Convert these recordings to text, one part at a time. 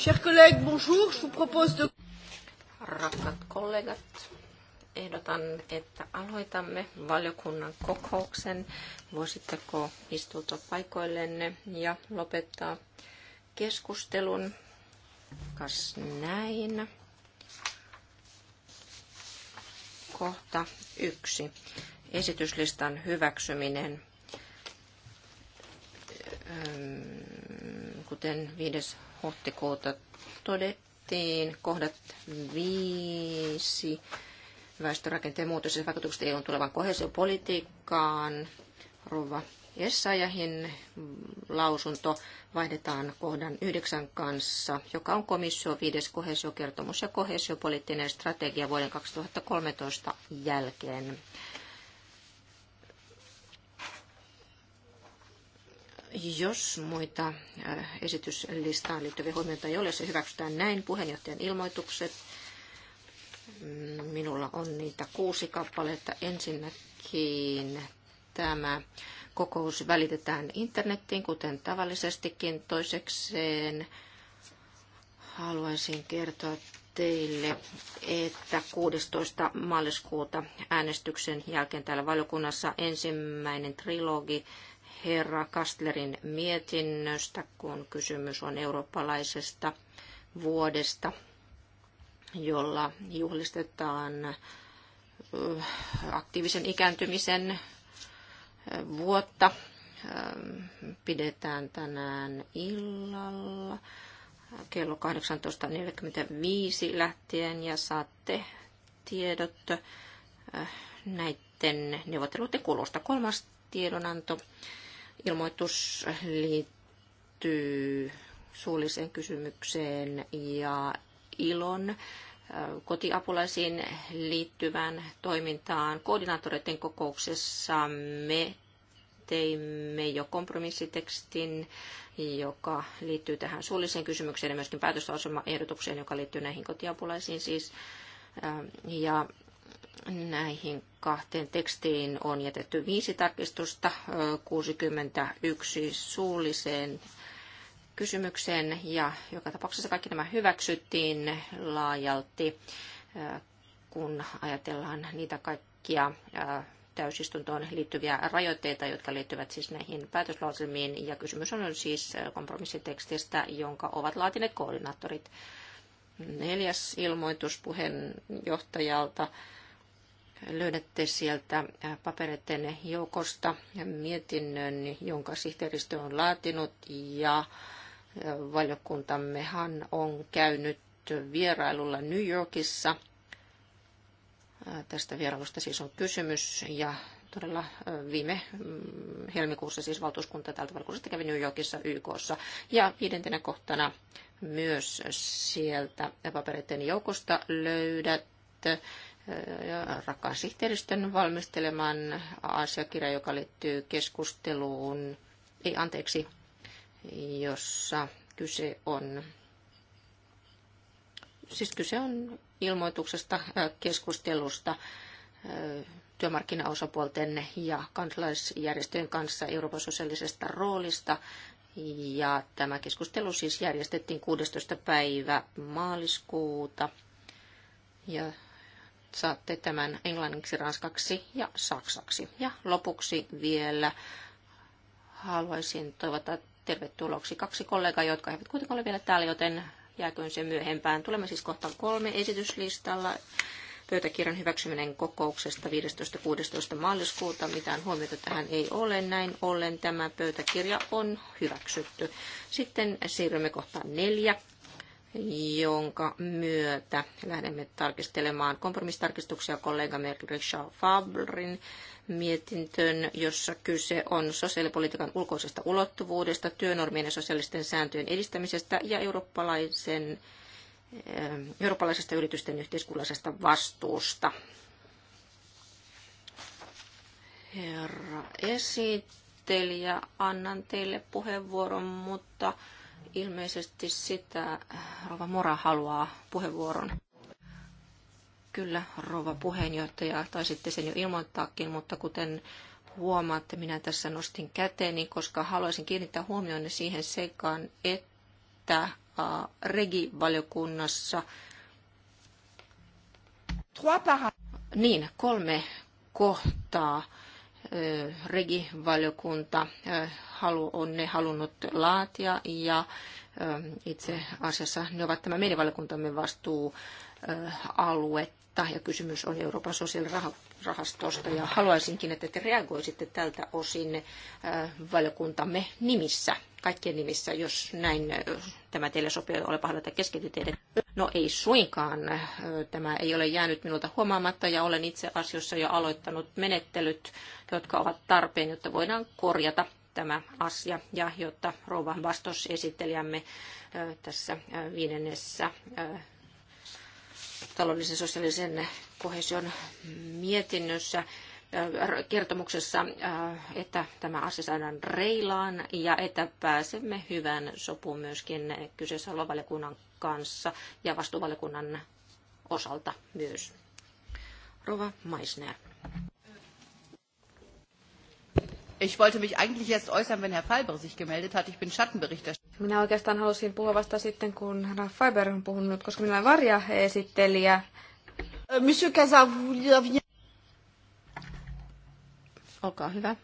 Chers collègues, bonjour. Je vous propose de... Rakkaat kollegat, ehdotan, että aloitamme valiokunnan kokouksen. Voisitteko istua paikoillenne ja lopettaa keskustelun? Kas näin. Kohta yksi. Esityslistan hyväksyminen kuten viides huhtikuuta todettiin. Kohdat 5. Väestörakenteen muutos ja vaikutukset EUn tulevan kohesiopolitiikkaan. Rova Essayahin lausunto vaihdetaan kohdan yhdeksän kanssa, joka on komissio viides kohesiokertomus ja kohesiopoliittinen strategia vuoden 2013 jälkeen. Jos muita esityslistaan liittyviä huomioita ei ole, se hyväksytään näin. Puheenjohtajan ilmoitukset. Minulla on niitä kuusi kappaletta. Ensinnäkin tämä kokous välitetään internettiin, kuten tavallisestikin. Toisekseen haluaisin kertoa teille, että 16. maaliskuuta äänestyksen jälkeen täällä valiokunnassa ensimmäinen trilogi herra Kastlerin mietinnöstä, kun kysymys on eurooppalaisesta vuodesta, jolla juhlistetaan aktiivisen ikääntymisen vuotta. Pidetään tänään illalla kello 18.45 lähtien ja saatte tiedot näiden neuvotteluiden kulusta. Kolmas tiedonanto Ilmoitus liittyy suulliseen kysymykseen ja ilon äh, kotiapulaisiin liittyvään toimintaan. Koordinaattoreiden kokouksessa me teimme jo kompromissitekstin, joka liittyy tähän suulliseen kysymykseen ja myöskin päätöslauselmaehdotukseen, joka liittyy näihin kotiapulaisiin siis. Ähm, ja Näihin kahteen tekstiin on jätetty viisi tarkistusta, 61 suulliseen kysymykseen ja joka tapauksessa kaikki nämä hyväksyttiin laajalti, kun ajatellaan niitä kaikkia täysistuntoon liittyviä rajoitteita, jotka liittyvät siis näihin päätöslauselmiin. Ja kysymys on siis kompromissitekstistä, jonka ovat laatineet koordinaattorit. Neljäs ilmoitus puheenjohtajalta löydätte sieltä äh, papereiden joukosta mietinnön, jonka sihteeristö on laatinut ja äh, valiokuntammehan on käynyt vierailulla New Yorkissa. Äh, tästä vierailusta siis on kysymys ja todella viime mm, helmikuussa siis valtuuskunta tältä valkuusta kävi New Yorkissa YKssa. Ja viidentenä kohtana myös sieltä papereiden joukosta löydät ja rakkaan valmistelemaan valmisteleman asiakirja, joka liittyy keskusteluun, ei anteeksi, jossa kyse on, siis kyse on ilmoituksesta, keskustelusta työmarkkinaosapuolten ja kansalaisjärjestöjen kanssa Euroopan sosiaalisesta roolista. Ja tämä keskustelu siis järjestettiin 16. päivä maaliskuuta. Ja saatte tämän englanniksi, ranskaksi ja saksaksi. Ja lopuksi vielä haluaisin toivottaa tervetuloksi kaksi kollegaa, jotka eivät kuitenkaan ole vielä täällä, joten jääköön se myöhempään. Tulemme siis kohtaan kolme esityslistalla. Pöytäkirjan hyväksyminen kokouksesta 15.16. maaliskuuta. Mitään huomiota tähän ei ole. Näin ollen tämä pöytäkirja on hyväksytty. Sitten siirrymme kohtaan neljä jonka myötä lähdemme tarkistelemaan kompromistarkistuksia kollegamme Richard Fabrin mietintöön, jossa kyse on sosiaalipolitiikan ulkoisesta ulottuvuudesta, työnormien ja sosiaalisten sääntöjen edistämisestä ja eurooppalaisen, eh, eurooppalaisesta yritysten yhteiskunnallisesta vastuusta. Herra esittelijä, annan teille puheenvuoron, mutta Ilmeisesti sitä Rova Mora haluaa puheenvuoron. Kyllä, rouva puheenjohtaja, sitten sen jo ilmoittaakin, mutta kuten huomaatte, minä tässä nostin niin koska haluaisin kiinnittää huomioon siihen sekaan, että regivaliokunnassa niin, kolme kohtaa regivaliokunta on ne halunnut laatia ja itse asiassa ne ovat tämä meidän valiokuntamme vastuualuetta ja kysymys on Euroopan sosiaalirahaston rahastosta ja haluaisinkin, että te reagoisitte tältä osin äh, valiokuntamme nimissä, kaikkien nimissä, jos näin äh, tämä teille sopii, ole pahoilla, että keskity teille. No ei suinkaan, äh, tämä ei ole jäänyt minulta huomaamatta ja olen itse asiassa jo aloittanut menettelyt, jotka ovat tarpeen, jotta voidaan korjata tämä asia ja jotta rouva vastusesittelijämme tässä viidennessä taloudellisen sosiaalisen kohesion mietinnössä äh, kertomuksessa, äh, että tämä asia saadaan reilaan ja että pääsemme hyvään sopuun myöskin kyseessä olevan kanssa ja vastuuvaliokunnan osalta myös. Rova Meisner. Ich wollte mich eigentlich erst äußern, wenn Herr Falber sich gemeldet hat. Ich bin Schattenberichterstatter. Minä oikeastaan halusin puhua vasta sitten, kun Ralf Fiber on puhunut, koska minä olen varjaesittelijä. Euh, Monsieur Casa, Olkaa hyvä. I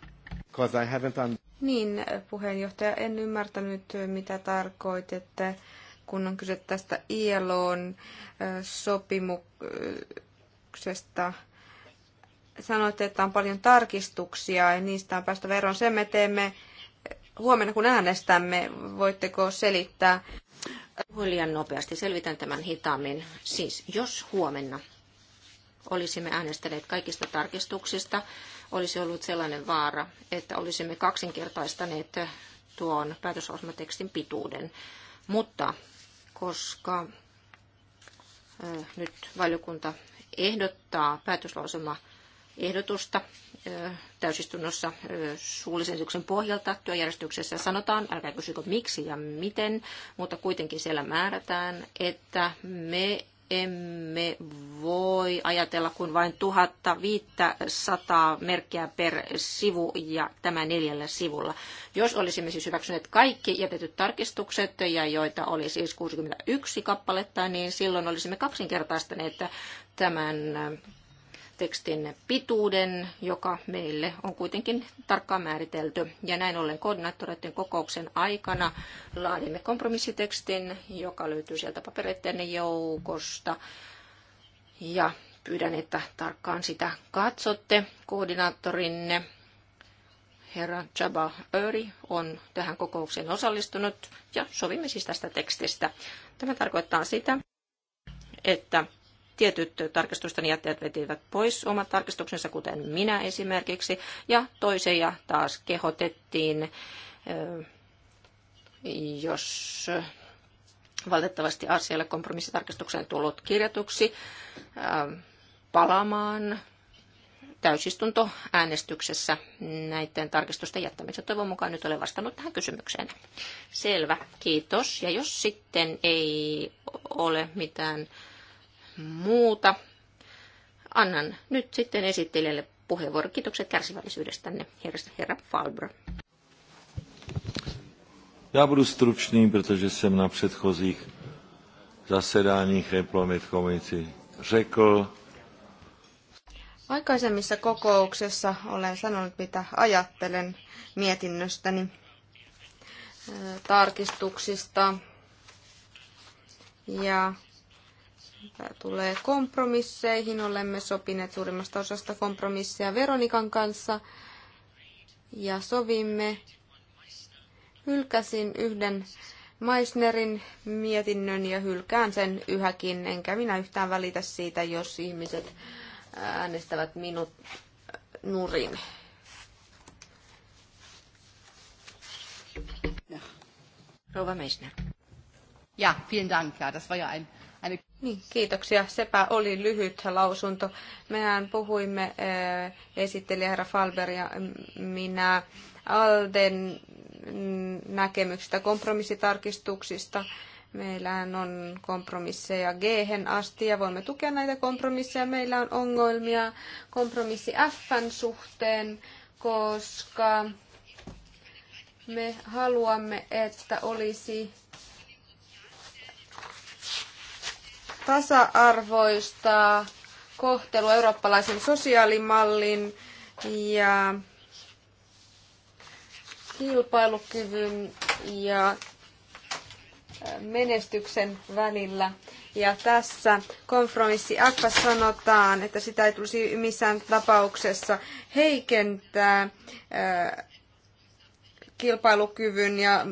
haven't un- niin, puheenjohtaja, en ymmärtänyt, mitä tarkoititte, kun on kyse tästä ILOn sopimuksesta. Sanoitte, että on paljon tarkistuksia ja niistä on päästä veron. Sen me teemme huomenna kun äänestämme, voitteko selittää? Puhun liian nopeasti, selvitän tämän hitaammin. Siis jos huomenna olisimme äänestäneet kaikista tarkistuksista, olisi ollut sellainen vaara, että olisimme kaksinkertaistaneet tuon päätösosmatekstin pituuden. Mutta koska nyt valiokunta ehdottaa päätöslausumaa, ehdotusta täysistunnossa suullisen esityksen pohjalta työjärjestyksessä sanotaan, älkää kysykö miksi ja miten, mutta kuitenkin siellä määrätään, että me emme voi ajatella kuin vain 1500 merkkiä per sivu ja tämä neljällä sivulla. Jos olisimme siis hyväksyneet kaikki jätetyt tarkistukset, ja joita oli siis 61 kappaletta, niin silloin olisimme kaksinkertaistaneet tämän tekstin pituuden, joka meille on kuitenkin tarkkaan määritelty. Ja näin ollen koordinaattoreiden kokouksen aikana laadimme kompromissitekstin, joka löytyy sieltä papereiden joukosta. Ja pyydän, että tarkkaan sitä katsotte. Koordinaattorinne herra Jabba Öri on tähän kokoukseen osallistunut ja sovimme siis tästä tekstistä. Tämä tarkoittaa sitä, että Tietyt tarkistusten jättäjät vetivät pois omat tarkistuksensa, kuten minä esimerkiksi, ja toiseja taas kehotettiin, jos valitettavasti asialle kompromissitarkistukseen tullut kirjatuksi, palaamaan äänestyksessä näiden tarkistusten jättämisen. Toivon mukaan nyt olen vastannut tähän kysymykseen. Selvä, kiitos. Ja jos sitten ei ole mitään muuta. Annan nyt sitten esittelijälle puheenvuoron. Kiitokset kärsivällisyydestänne, herra Falbra. Já budu stručný, protože jsem na předchozích zasedáních Employment Committee řekl. Aikaisemmissa kokouksessa olen sanonut, mitä ajattelen mietinnöstäni tarkistuksista ja tulee kompromisseihin. Olemme sopineet suurimmasta osasta kompromisseja Veronikan kanssa ja sovimme. Hylkäsin yhden Meissnerin mietinnön ja hylkään sen yhäkin, enkä minä yhtään välitä siitä, jos ihmiset äänestävät minut nurin. Rova Meissner. Ja, vielen Dank. Ja, das war ja ein niin, kiitoksia. Sepä oli lyhyt lausunto. Mehän puhuimme eh, esittelijä herra Falber ja minä Alden näkemyksistä, kompromissitarkistuksista. Meillähän on kompromisseja g asti ja voimme tukea näitä kompromisseja. Meillä on ongelmia kompromissi Fn suhteen, koska me haluamme, että olisi tasa-arvoista kohtelua eurooppalaisen sosiaalimallin ja kilpailukyvyn ja menestyksen välillä. Ja tässä kompromissi akka sanotaan, että sitä ei tulisi missään tapauksessa heikentää äh, kilpailukyvyn ja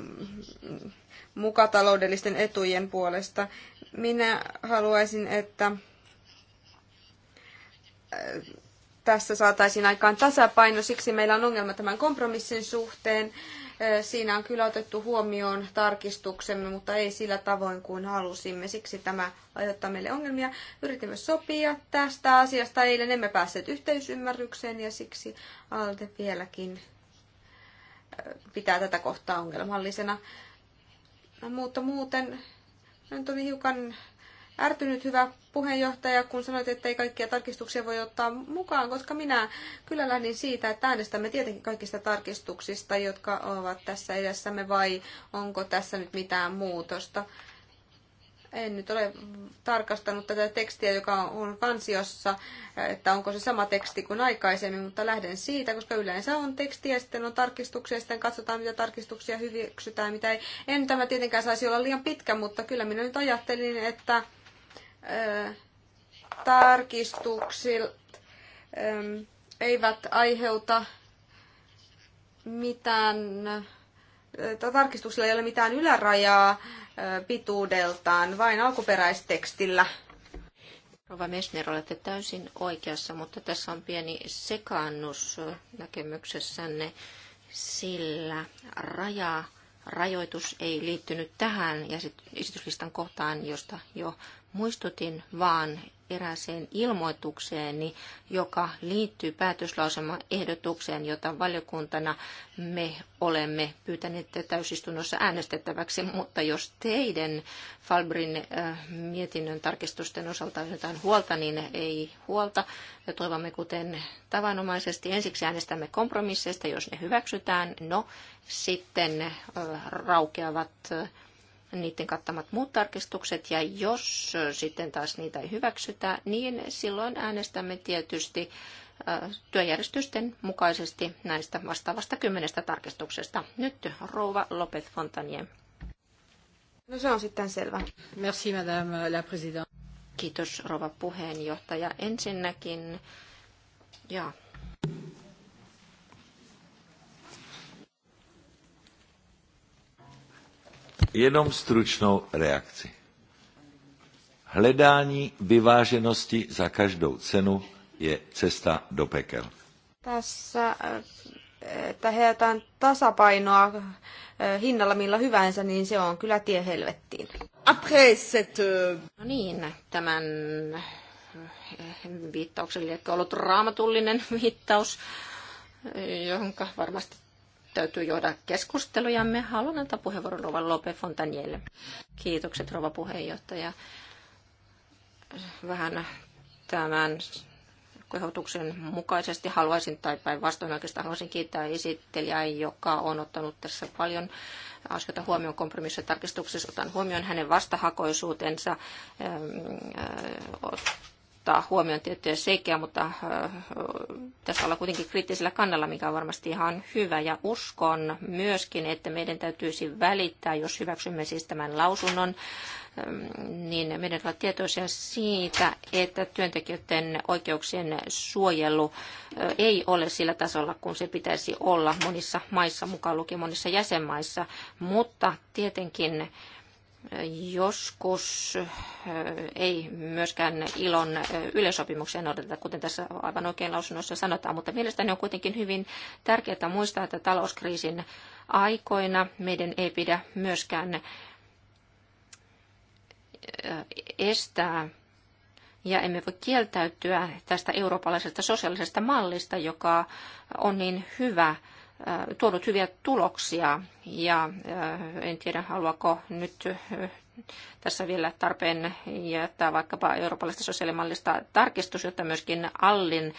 mukataloudellisten etujen puolesta. Minä haluaisin, että äh, tässä saataisiin aikaan tasapaino, siksi meillä on ongelma tämän kompromissin suhteen. Äh, siinä on kyllä otettu huomioon tarkistuksemme, mutta ei sillä tavoin kuin halusimme. Siksi tämä aiheuttaa meille ongelmia. Yritimme sopia tästä asiasta eilen, emme päässeet yhteisymmärrykseen ja siksi Alte vieläkin äh, pitää tätä kohtaa ongelmallisena. No, mutta muuten nyt oli hiukan ärtynyt hyvä puheenjohtaja, kun sanoit, että ei kaikkia tarkistuksia voi ottaa mukaan, koska minä kyllä lähdin siitä, että äänestämme tietenkin kaikista tarkistuksista, jotka ovat tässä edessämme, vai onko tässä nyt mitään muutosta. En nyt ole tarkastanut tätä tekstiä, joka on kansiossa, että onko se sama teksti kuin aikaisemmin, mutta lähden siitä, koska yleensä on tekstiä, sitten on tarkistuksia, sitten katsotaan, mitä tarkistuksia hyväksytään, mitä ei. En tämä tietenkään saisi olla liian pitkä, mutta kyllä minä nyt ajattelin, että tarkistuksilla eivät aiheuta mitään tarkistuksella ei ole mitään ylärajaa pituudeltaan, vain alkuperäistekstillä. Rova Mesner, olette täysin oikeassa, mutta tässä on pieni sekaannus näkemyksessänne, sillä raja, rajoitus ei liittynyt tähän esityslistan kohtaan, josta jo muistutin, vaan erääseen ilmoitukseeni, joka liittyy ehdotukseen, jota valiokuntana me olemme pyytäneet täysistunnossa äänestettäväksi, mutta jos teidän Falbrin äh, mietinnön tarkistusten osalta on jotain huolta, niin ei huolta. Ja toivomme kuten tavanomaisesti ensiksi äänestämme kompromisseista, jos ne hyväksytään, no sitten äh, raukeavat äh, niiden kattamat muut tarkistukset, ja jos sitten taas niitä ei hyväksytä, niin silloin äänestämme tietysti työjärjestysten mukaisesti näistä vastaavasta kymmenestä tarkistuksesta. Nyt rouva Lopet Fontanier. No se on sitten selvä. Merci madame la présidente. Kiitos rouva puheenjohtaja. Ensinnäkin, ja jenom stručnou reakci. Hledání vyváženosti za každou cenu je cesta do pekel. Tässä eh, että tasapainoa eh, hinnalla millä hyvänsä, niin se on kyllä tie helvettiin. Eh, no niin, tämän viittauksen eli ollut raamatullinen viittaus, johon varmasti täytyy johda keskustelujamme. Haluan antaa puheenvuoron Rova Lope Fontanielle. Kiitokset Rova puheenjohtaja. Vähän tämän kehotuksen mukaisesti haluaisin, tai päinvastoin oikeastaan haluaisin kiittää esittelijää, joka on ottanut tässä paljon asioita huomioon kompromissitarkistuksessa, otan huomioon hänen vastahakoisuutensa, ottaa huomioon tiettyjä seikkoja, mutta äh, tässä olla kuitenkin kriittisellä kannalla, mikä on varmasti ihan hyvä. Ja uskon myöskin, että meidän täytyisi välittää, jos hyväksymme siis tämän lausunnon, ähm, niin meidän olla tietoisia siitä, että työntekijöiden oikeuksien suojelu äh, ei ole sillä tasolla, kun se pitäisi olla monissa maissa, mukaan lukien monissa jäsenmaissa, mutta tietenkin joskus eh, ei myöskään ilon eh, yleisopimukseen noudateta, kuten tässä aivan oikein lausunnossa sanotaan, mutta mielestäni on kuitenkin hyvin tärkeää muistaa, että talouskriisin aikoina meidän ei pidä myöskään eh, estää ja emme voi kieltäytyä tästä eurooppalaisesta sosiaalisesta mallista, joka on niin hyvä – Äh, tuonut hyviä tuloksia ja äh, en tiedä haluako nyt äh, tässä vielä tarpeen jättää vaikkapa eurooppalaista sosiaalimallista tarkistus, jotta myöskin Allin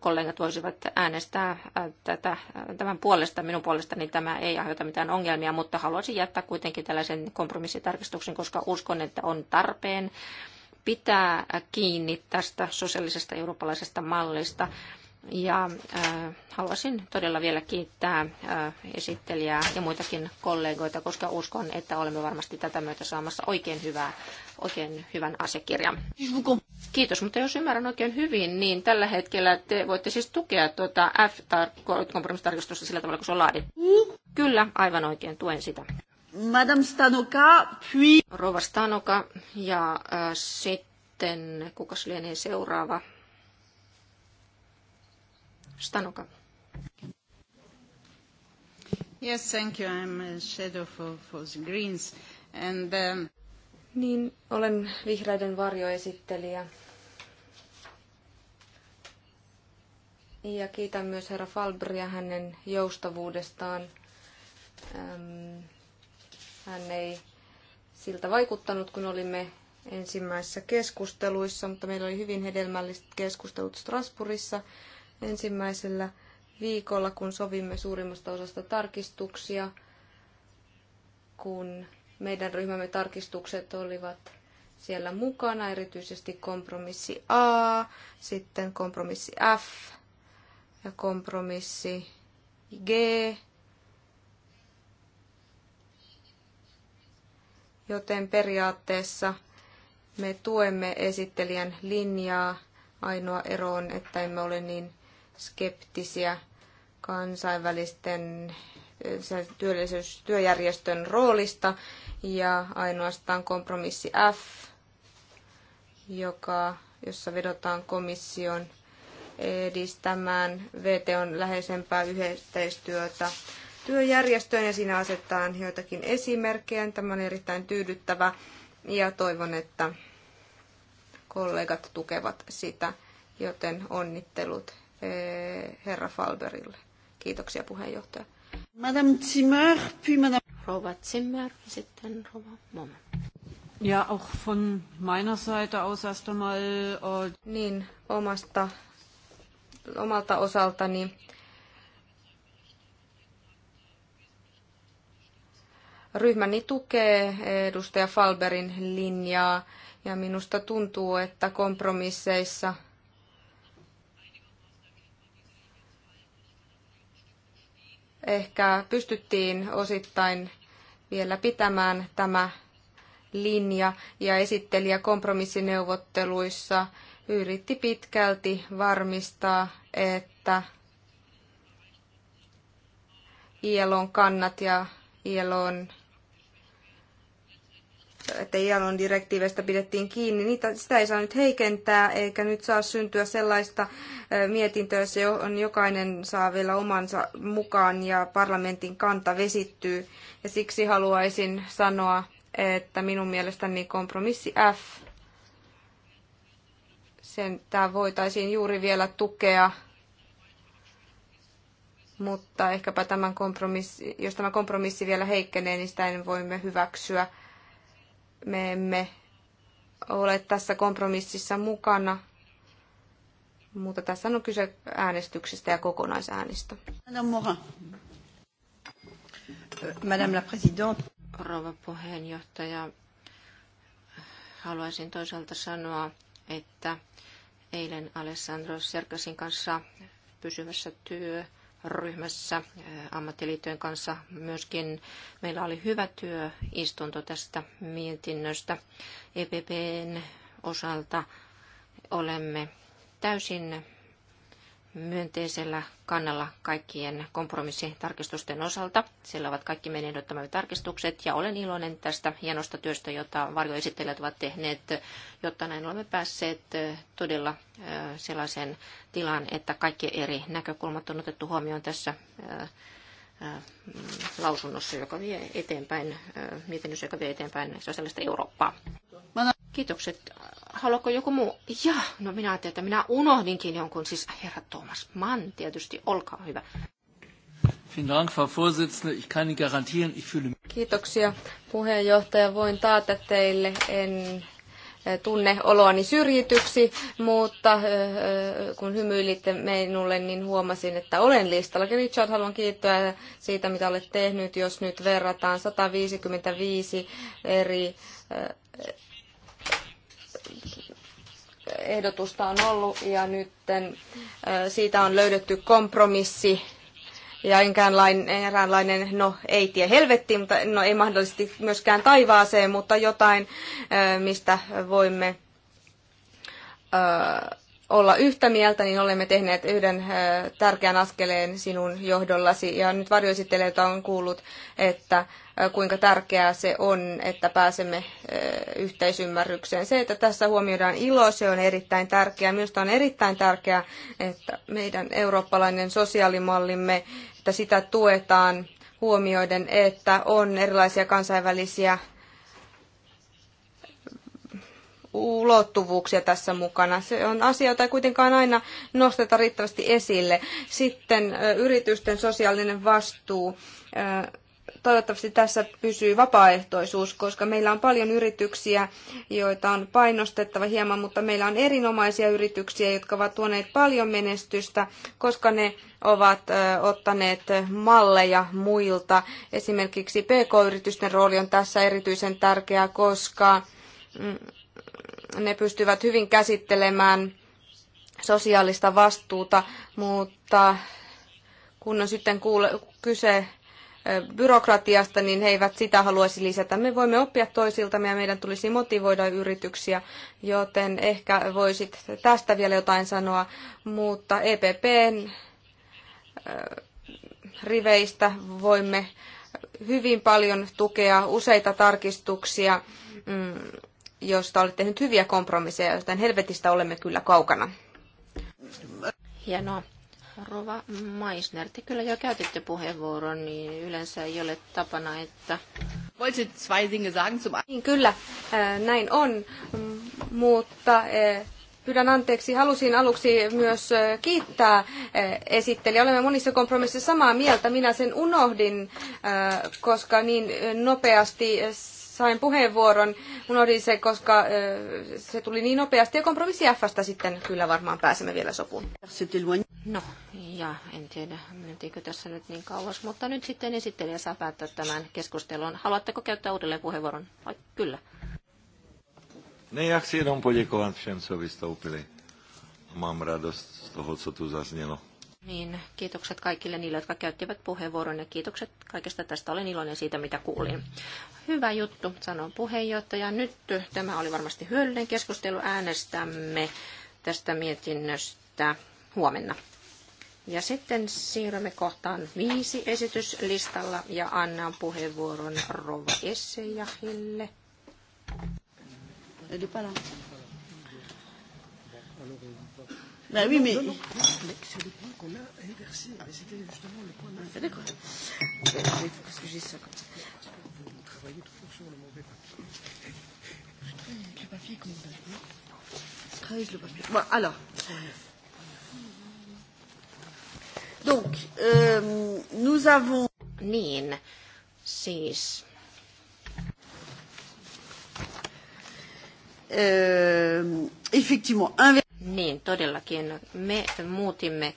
kollegat voisivat äänestää tätä, tämän puolesta. Minun puolestani tämä ei aiheuta mitään ongelmia, mutta haluaisin jättää kuitenkin tällaisen kompromissitarkistuksen, koska uskon, että on tarpeen pitää kiinni tästä sosiaalisesta eurooppalaisesta mallista ja äh, haluaisin todella vielä kiittää äh, esittelijää ja muitakin kollegoita, koska uskon, että olemme varmasti tätä myötä saamassa oikein, hyvää, oikein hyvän asiakirjan. Kiitos, mutta jos ymmärrän oikein hyvin, niin tällä hetkellä te voitte siis tukea tuota F-kompromissitarkistusta sillä tavalla, kun se on laadittu. Kyllä, aivan oikein, tuen sitä. Madame Stanoka, puis... Rova Stanoka ja äh, sitten, kukas lienee seuraava? Stanuka. Yes, thank you. I'm a shadow for, for the Greens. And, um... Niin, olen vihreiden varjoesittelijä. Ja kiitän myös herra Falbria hänen joustavuudestaan. Ähm, hän ei siltä vaikuttanut, kun olimme ensimmäisissä keskusteluissa, mutta meillä oli hyvin hedelmälliset keskustelut Strasbourgissa ensimmäisellä viikolla, kun sovimme suurimmasta osasta tarkistuksia, kun meidän ryhmämme tarkistukset olivat siellä mukana, erityisesti kompromissi A, sitten kompromissi F ja kompromissi G. Joten periaatteessa me tuemme esittelijän linjaa. Ainoa ero on, että emme ole niin skeptisiä kansainvälisten työjärjestön roolista ja ainoastaan kompromissi F, joka, jossa vedotaan komission edistämään VTOn läheisempää yhteistyötä työjärjestöön ja siinä asetetaan joitakin esimerkkejä. Tämä on erittäin tyydyttävä ja toivon, että kollegat tukevat sitä, joten onnittelut Eh, herra Falberille. Kiitoksia puheenjohtaja. Madame Zimmer, puis Madame... Zimmer, sitten Ja auch von meiner Seite aus erst einmal... Uh... Niin, omasta, omalta osaltani ryhmäni tukee edustaja Falberin linjaa ja minusta tuntuu, että kompromisseissa – ehkä pystyttiin osittain vielä pitämään tämä linja ja esittelijä kompromissineuvotteluissa yritti pitkälti varmistaa, että ILOn kannat ja ILOn että ILOn direktiivestä pidettiin kiinni, niitä, sitä ei saa nyt heikentää, eikä nyt saa syntyä sellaista mietintöä, on jokainen saa vielä omansa mukaan ja parlamentin kanta vesittyy. Ja siksi haluaisin sanoa, että minun mielestäni kompromissi F, sen tämä voitaisiin juuri vielä tukea, mutta ehkäpä tämän kompromissi, jos tämä kompromissi vielä heikkenee, niin sitä en voimme hyväksyä me emme ole tässä kompromississa mukana, mutta tässä on kyse äänestyksestä ja kokonaisäänistä. Madame euh, la Présidente. Rouva puheenjohtaja, haluaisin toisaalta sanoa, että eilen Alessandro Serkasin kanssa pysyvässä työ ryhmässä äh, ammattiliittojen kanssa myöskin. Meillä oli hyvä työistunto tästä mietinnöstä. EPPn osalta olemme täysin myönteisellä kannalla kaikkien kompromissitarkistusten osalta. Siellä ovat kaikki meidän ehdottamamme tarkistukset ja olen iloinen tästä hienosta työstä, jota varjoesittelijät ovat tehneet, jotta näin olemme päässeet todella sellaiseen tilaan, että kaikki eri näkökulmat on otettu huomioon tässä lausunnossa, joka vie eteenpäin, mietinnössä, joka vie eteenpäin sosiaalista Eurooppaa. Kiitokset haluatko joku muu? Ja, no minä ajattelin, että minä unohdinkin jonkun, siis herra Thomas Mann tietysti, olkaa hyvä. Kiitoksia puheenjohtaja. Voin taata teille, en eh, tunne oloani syrjityksi, mutta eh, eh, kun hymyilitte minulle, niin huomasin, että olen listalla. Richard, haluan kiittää siitä, mitä olet tehnyt, jos nyt verrataan 155 eri ehdotusta on ollut ja nyt siitä on löydetty kompromissi ja eräänlainen, no ei tie helvettiin, mutta no ei mahdollisesti myöskään taivaaseen, mutta jotain, mistä voimme olla yhtä mieltä, niin olemme tehneet yhden tärkeän askeleen sinun johdollasi. Ja nyt varjoesittelijöiltä on kuullut, että kuinka tärkeää se on, että pääsemme yhteisymmärrykseen. Se, että tässä huomioidaan ilo, se on erittäin tärkeää. Minusta on erittäin tärkeää, että meidän eurooppalainen sosiaalimallimme, että sitä tuetaan huomioiden, että on erilaisia kansainvälisiä ulottuvuuksia tässä mukana. Se on asia, jota ei kuitenkaan aina nosteta riittävästi esille. Sitten yritysten sosiaalinen vastuu toivottavasti tässä pysyy vapaaehtoisuus, koska meillä on paljon yrityksiä, joita on painostettava hieman, mutta meillä on erinomaisia yrityksiä, jotka ovat tuoneet paljon menestystä, koska ne ovat ottaneet malleja muilta. Esimerkiksi PK-yritysten rooli on tässä erityisen tärkeä, koska mm, ne pystyvät hyvin käsittelemään sosiaalista vastuuta, mutta kun on sitten kuule, kyse byrokratiasta, niin he eivät sitä haluaisi lisätä. Me voimme oppia toisiltamme ja meidän tulisi motivoida yrityksiä, joten ehkä voisit tästä vielä jotain sanoa, mutta EPPn riveistä voimme hyvin paljon tukea useita tarkistuksia mm, josta olet tehnyt hyviä kompromisseja, joten helvetistä olemme kyllä kaukana. Hienoa. Rova Maisner, te kyllä jo käytitte puheenvuoron, niin yleensä ei ole tapana, että... Voisit zwei Dinge sagen zum Niin kyllä, näin on, mutta pyydän anteeksi. Halusin aluksi myös kiittää esittelijä. Olemme monissa kompromisseissa samaa mieltä. Minä sen unohdin, koska niin nopeasti sain puheenvuoron, unohdin se, koska se tuli niin nopeasti. Ja kompromissi Fstä sitten kyllä varmaan pääsemme vielä sopuun. No, ja en tiedä, mentiinkö tässä nyt niin kauas, mutta nyt sitten esittelijä saa päättää tämän keskustelun. Haluatteko käyttää uudelleen puheenvuoron? Vai, kyllä. Ne, jaksi chci jenom poděkovat všem, co vystoupili. Mám radost z toho, co tu zaznělo. Niin, kiitokset kaikille niille, jotka käyttivät puheenvuoron ja kiitokset kaikesta tästä. Olen iloinen siitä, mitä kuulin. Hyvä juttu, sanoo puheenjohtaja. Nyt tämä oli varmasti hyödyllinen keskustelu. Äänestämme tästä mietinnöstä huomenna. Ja sitten siirrymme kohtaan viisi esityslistalla ja annan puheenvuoron Rova Essejahille. Elle Ben oui, mais. le point qu'on a inversé, c'était justement le point. D'accord. Parce euh, que j'ai ça comme ça. Vous travaillez toujours sur le mauvais papier. Je travaille avec le papier comme ça. Je travaille avec le papier. Bon, alors. Donc, euh, nous avons. Niin, siis. Euh, effectivement, niin, todellakin. Me muutimme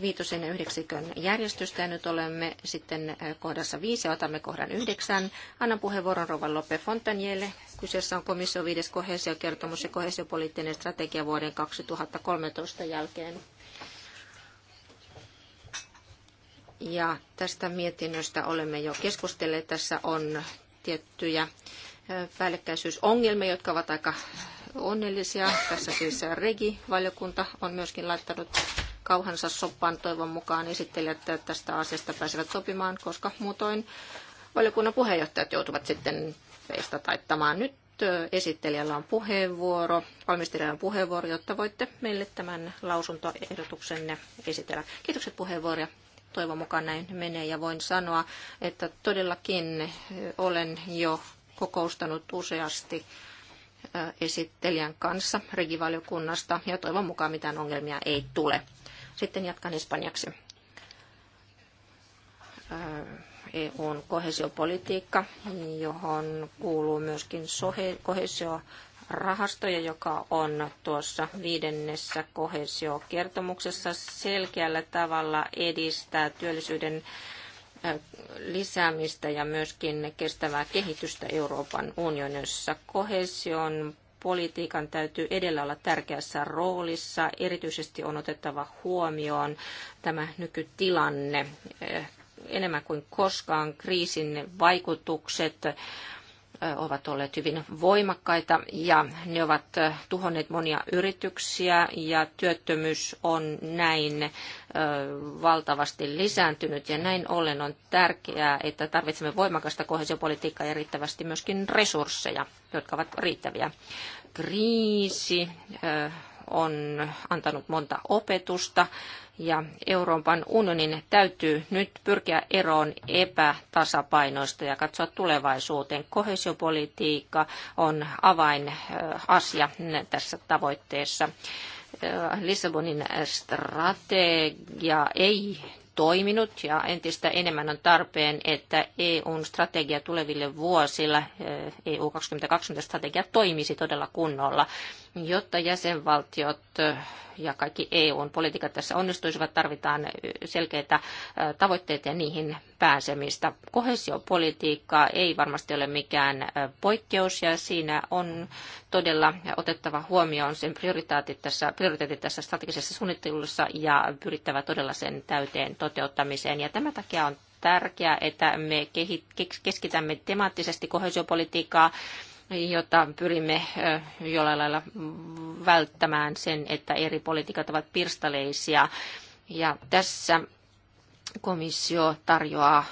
viitosen yhdeksikön järjestystä ja nyt olemme sitten äh, kohdassa viisi ja otamme kohdan yhdeksän. Annan puheenvuoron Rovan Lope Fontanielle. Kyseessä on komission viides kohesiokertomus ja kohesiopoliittinen strategia vuoden 2013 jälkeen. Ja tästä mietinnöstä olemme jo keskustelleet. Tässä on tiettyjä äh, päällekkäisyysongelmia, jotka ovat aika onnellisia. Tässä siis Regi-valiokunta on myöskin laittanut kauhansa soppaan toivon mukaan esittelijät tästä asiasta pääsevät sopimaan, koska muutoin valiokunnan puheenjohtajat joutuvat sitten peistä taittamaan. Nyt esittelijällä on puheenvuoro, valmistelijalla on puheenvuoro, jotta voitte meille tämän lausuntoehdotuksenne esitellä. Kiitokset puheenvuoroja. Toivon mukaan näin menee ja voin sanoa, että todellakin olen jo kokoustanut useasti Äh, esittelijän kanssa regivaliokunnasta ja toivon mukaan mitään ongelmia ei tule. Sitten jatkan espanjaksi. Äh, EUn kohesiopolitiikka, johon kuuluu myöskin kohesio rahastoja, joka on tuossa viidennessä kohesiokertomuksessa selkeällä tavalla edistää työllisyyden lisäämistä ja myöskin kestävää kehitystä Euroopan unionissa. Kohesion politiikan täytyy edellä olla tärkeässä roolissa. Erityisesti on otettava huomioon tämä nykytilanne eh, enemmän kuin koskaan kriisin vaikutukset ovat olleet hyvin voimakkaita ja ne ovat tuhonneet monia yrityksiä ja työttömyys on näin valtavasti lisääntynyt ja näin ollen on tärkeää, että tarvitsemme voimakasta kohesiopolitiikkaa ja riittävästi myöskin resursseja, jotka ovat riittäviä. Kriisi on antanut monta opetusta ja Euroopan unionin täytyy nyt pyrkiä eroon epätasapainoista ja katsoa tulevaisuuteen. Kohesiopolitiikka on avainasia tässä tavoitteessa. Äh, Lissabonin strategia ei toiminut ja entistä enemmän on tarpeen, että EUn strategia tuleville vuosilla, EU 2020 strategia toimisi todella kunnolla, jotta jäsenvaltiot äh, ja kaikki EUn politiikat tässä onnistuisivat, tarvitaan selkeitä tavoitteita ja niihin pääsemistä. Kohesiopolitiikka ei varmasti ole mikään poikkeus ja siinä on todella otettava huomioon sen prioriteetit tässä, prioriteetit tässä strategisessa suunnittelussa ja pyrittävä todella sen täyteen toteuttamiseen. Ja tämän takia on tärkeää, että me keskitämme temaattisesti kohesiopolitiikkaa jota pyrimme jollain lailla välttämään sen, että eri politiikat ovat pirstaleisia. Ja tässä komissio tarjoaa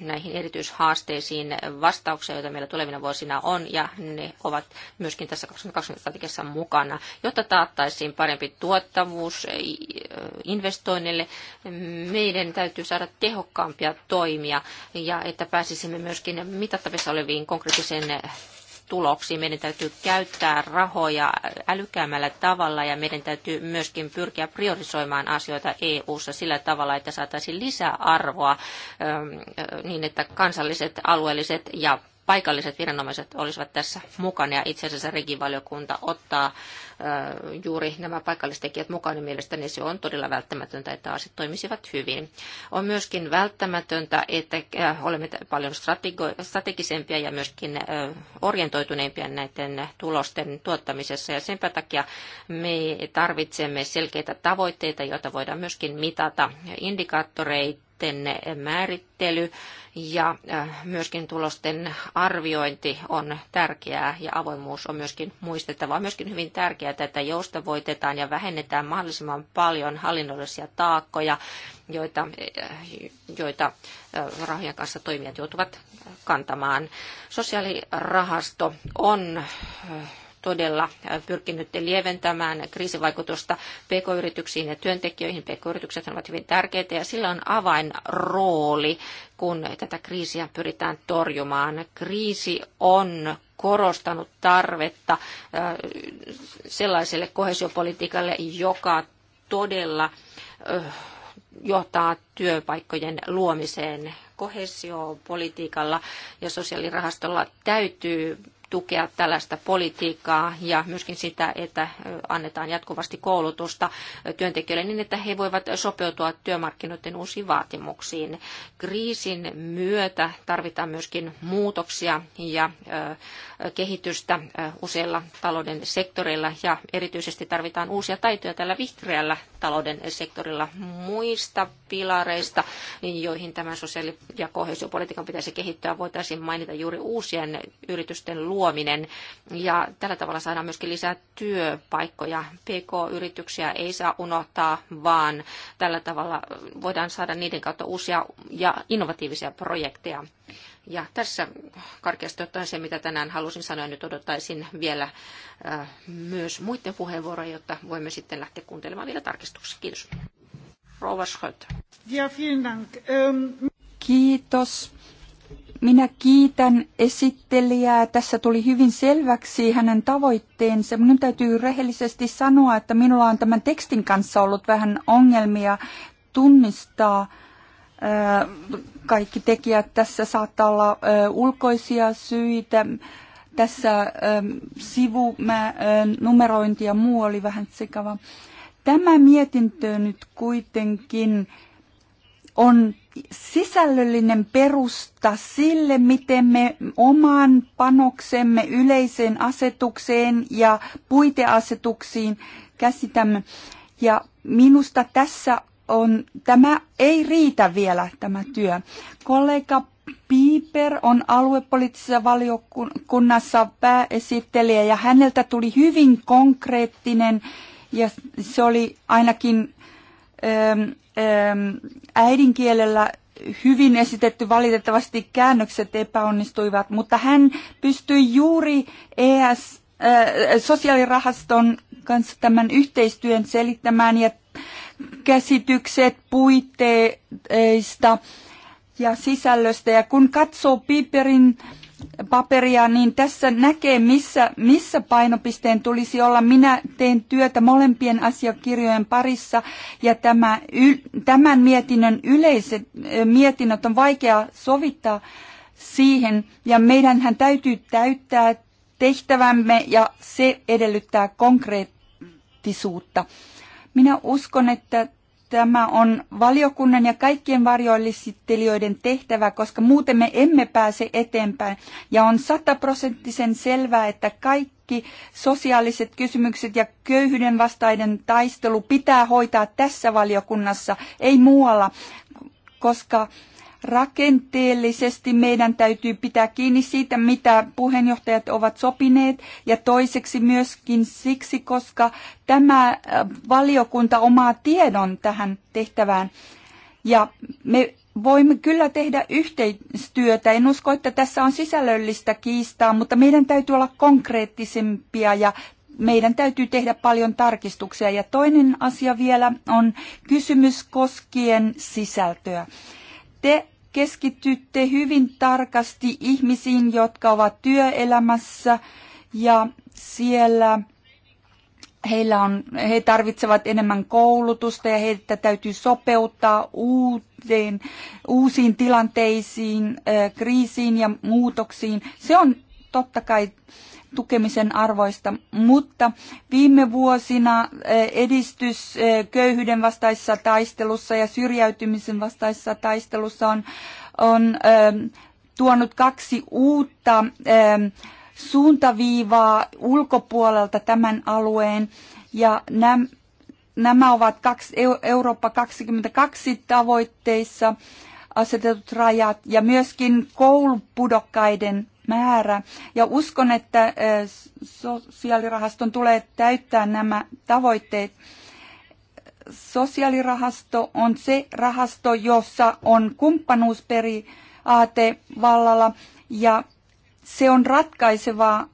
näihin erityishaasteisiin vastauksia, joita meillä tulevina vuosina on, ja ne ovat myöskin tässä 2020-strategiassa mukana, jotta taattaisiin parempi tuottavuus investoinneille. Meidän täytyy saada tehokkaampia toimia, ja että pääsisimme myöskin mitattavissa oleviin konkreettiseen tuloksiin. Meidän täytyy käyttää rahoja älykäämällä tavalla ja meidän täytyy myöskin pyrkiä priorisoimaan asioita EU-ssa sillä tavalla, että saataisiin lisäarvoa ähm, niin, että kansalliset, alueelliset ja paikalliset viranomaiset olisivat tässä mukana ja itse asiassa regivaliokunta ottaa juuri nämä paikallistekijät mukaan, niin mielestäni se on todella välttämätöntä, että asiat toimisivat hyvin. On myöskin välttämätöntä, että olemme paljon strategisempia ja myöskin orientoituneempia näiden tulosten tuottamisessa ja sen takia me tarvitsemme selkeitä tavoitteita, joita voidaan myöskin mitata indikaattoreita tulosten määrittely ja äh, myöskin tulosten arviointi on tärkeää ja avoimuus on myöskin muistettava. On myöskin hyvin tärkeää, että joustavoitetaan ja vähennetään mahdollisimman paljon hallinnollisia taakkoja, joita, äh, joita äh, rahojen kanssa toimijat joutuvat kantamaan. Sosiaalirahasto on todella pyrkinyt lieventämään kriisivaikutusta pk-yrityksiin ja työntekijöihin. Pk-yritykset ovat hyvin tärkeitä ja sillä on avainrooli, kun tätä kriisiä pyritään torjumaan. Kriisi on korostanut tarvetta äh, sellaiselle kohesiopolitiikalle, joka todella äh, johtaa työpaikkojen luomiseen kohesiopolitiikalla ja sosiaalirahastolla täytyy tukea tällaista politiikkaa ja myöskin sitä, että annetaan jatkuvasti koulutusta työntekijöille niin, että he voivat sopeutua työmarkkinoiden uusiin vaatimuksiin. Kriisin myötä tarvitaan myöskin muutoksia ja kehitystä useilla talouden sektoreilla ja erityisesti tarvitaan uusia taitoja tällä vihreällä talouden sektorilla muista pilareista, joihin tämän sosiaali- ja kohesiopolitiikan pitäisi kehittyä. Voitaisiin mainita juuri uusien yritysten luominen ja tällä tavalla saadaan myöskin lisää työpaikkoja. PK-yrityksiä ei saa unohtaa, vaan tällä tavalla voidaan saada niiden kautta uusia ja innovatiivisia projekteja. Ja tässä karkeasti ottaen se, mitä tänään halusin sanoa, nyt odottaisin vielä äh, myös muiden puheenvuoroja, jotta voimme sitten lähteä kuuntelemaan vielä tarkistuksia. Kiitos. Rova Ja, vielen ähm, Kiitos. Minä kiitän esittelijää. Tässä tuli hyvin selväksi hänen tavoitteensa. Minun täytyy rehellisesti sanoa, että minulla on tämän tekstin kanssa ollut vähän ongelmia tunnistaa äh, kaikki tekijät. Tässä saattaa olla ulkoisia syitä. Tässä sivunumerointi ja muu oli vähän sekava. Tämä mietintö nyt kuitenkin on sisällöllinen perusta sille, miten me oman panoksemme yleiseen asetukseen ja puiteasetuksiin käsitämme. Ja minusta tässä on, tämä ei riitä vielä tämä työ. Kollega Piper on aluepoliittisessa valiokunnassa pääesittelijä ja häneltä tuli hyvin konkreettinen ja se oli ainakin äm, äm, äidinkielellä hyvin esitetty. Valitettavasti käännökset epäonnistuivat, mutta hän pystyi juuri ES, äh, sosiaalirahaston kanssa tämän yhteistyön selittämään ja käsitykset puitteista ja sisällöstä. Ja kun katsoo paperin, paperia, niin tässä näkee, missä, missä painopisteen tulisi olla. Minä teen työtä molempien asiakirjojen parissa ja tämä, y, tämän mietinnön yleiset mietinnöt on vaikea sovittaa siihen. Ja meidänhän täytyy täyttää tehtävämme ja se edellyttää konkreettisuutta. Minä uskon, että tämä on valiokunnan ja kaikkien varjoillisittelijoiden tehtävä, koska muuten me emme pääse eteenpäin. Ja on sataprosenttisen selvää, että kaikki sosiaaliset kysymykset ja köyhyyden vastaiden taistelu pitää hoitaa tässä valiokunnassa, ei muualla, koska rakenteellisesti meidän täytyy pitää kiinni siitä, mitä puheenjohtajat ovat sopineet ja toiseksi myöskin siksi, koska tämä äh, valiokunta omaa tiedon tähän tehtävään ja me voimme kyllä tehdä yhteistyötä. En usko, että tässä on sisällöllistä kiistaa, mutta meidän täytyy olla konkreettisempia ja meidän täytyy tehdä paljon tarkistuksia. Ja toinen asia vielä on kysymys koskien sisältöä. Te keskitytte hyvin tarkasti ihmisiin, jotka ovat työelämässä ja siellä heillä on, he tarvitsevat enemmän koulutusta ja heitä täytyy sopeuttaa uuteen, uusiin tilanteisiin, kriisiin ja muutoksiin. Se on totta kai tukemisen arvoista, mutta viime vuosina eh, edistys eh, köyhyyden vastaisessa taistelussa ja syrjäytymisen vastaisessa taistelussa on, on eh, tuonut kaksi uutta suuntaviivaa ulkopuolelta tämän alueen ja nämä Nämä ovat kaksi, Eurooppa 22 tavoitteissa asetetut rajat ja myöskin koulupudokkaiden määrä. Ja uskon, että äh, sosiaalirahaston tulee täyttää nämä tavoitteet. Sosiaalirahasto on se rahasto, jossa on kumppanuusperiaate vallalla ja se on ratkaisevaa.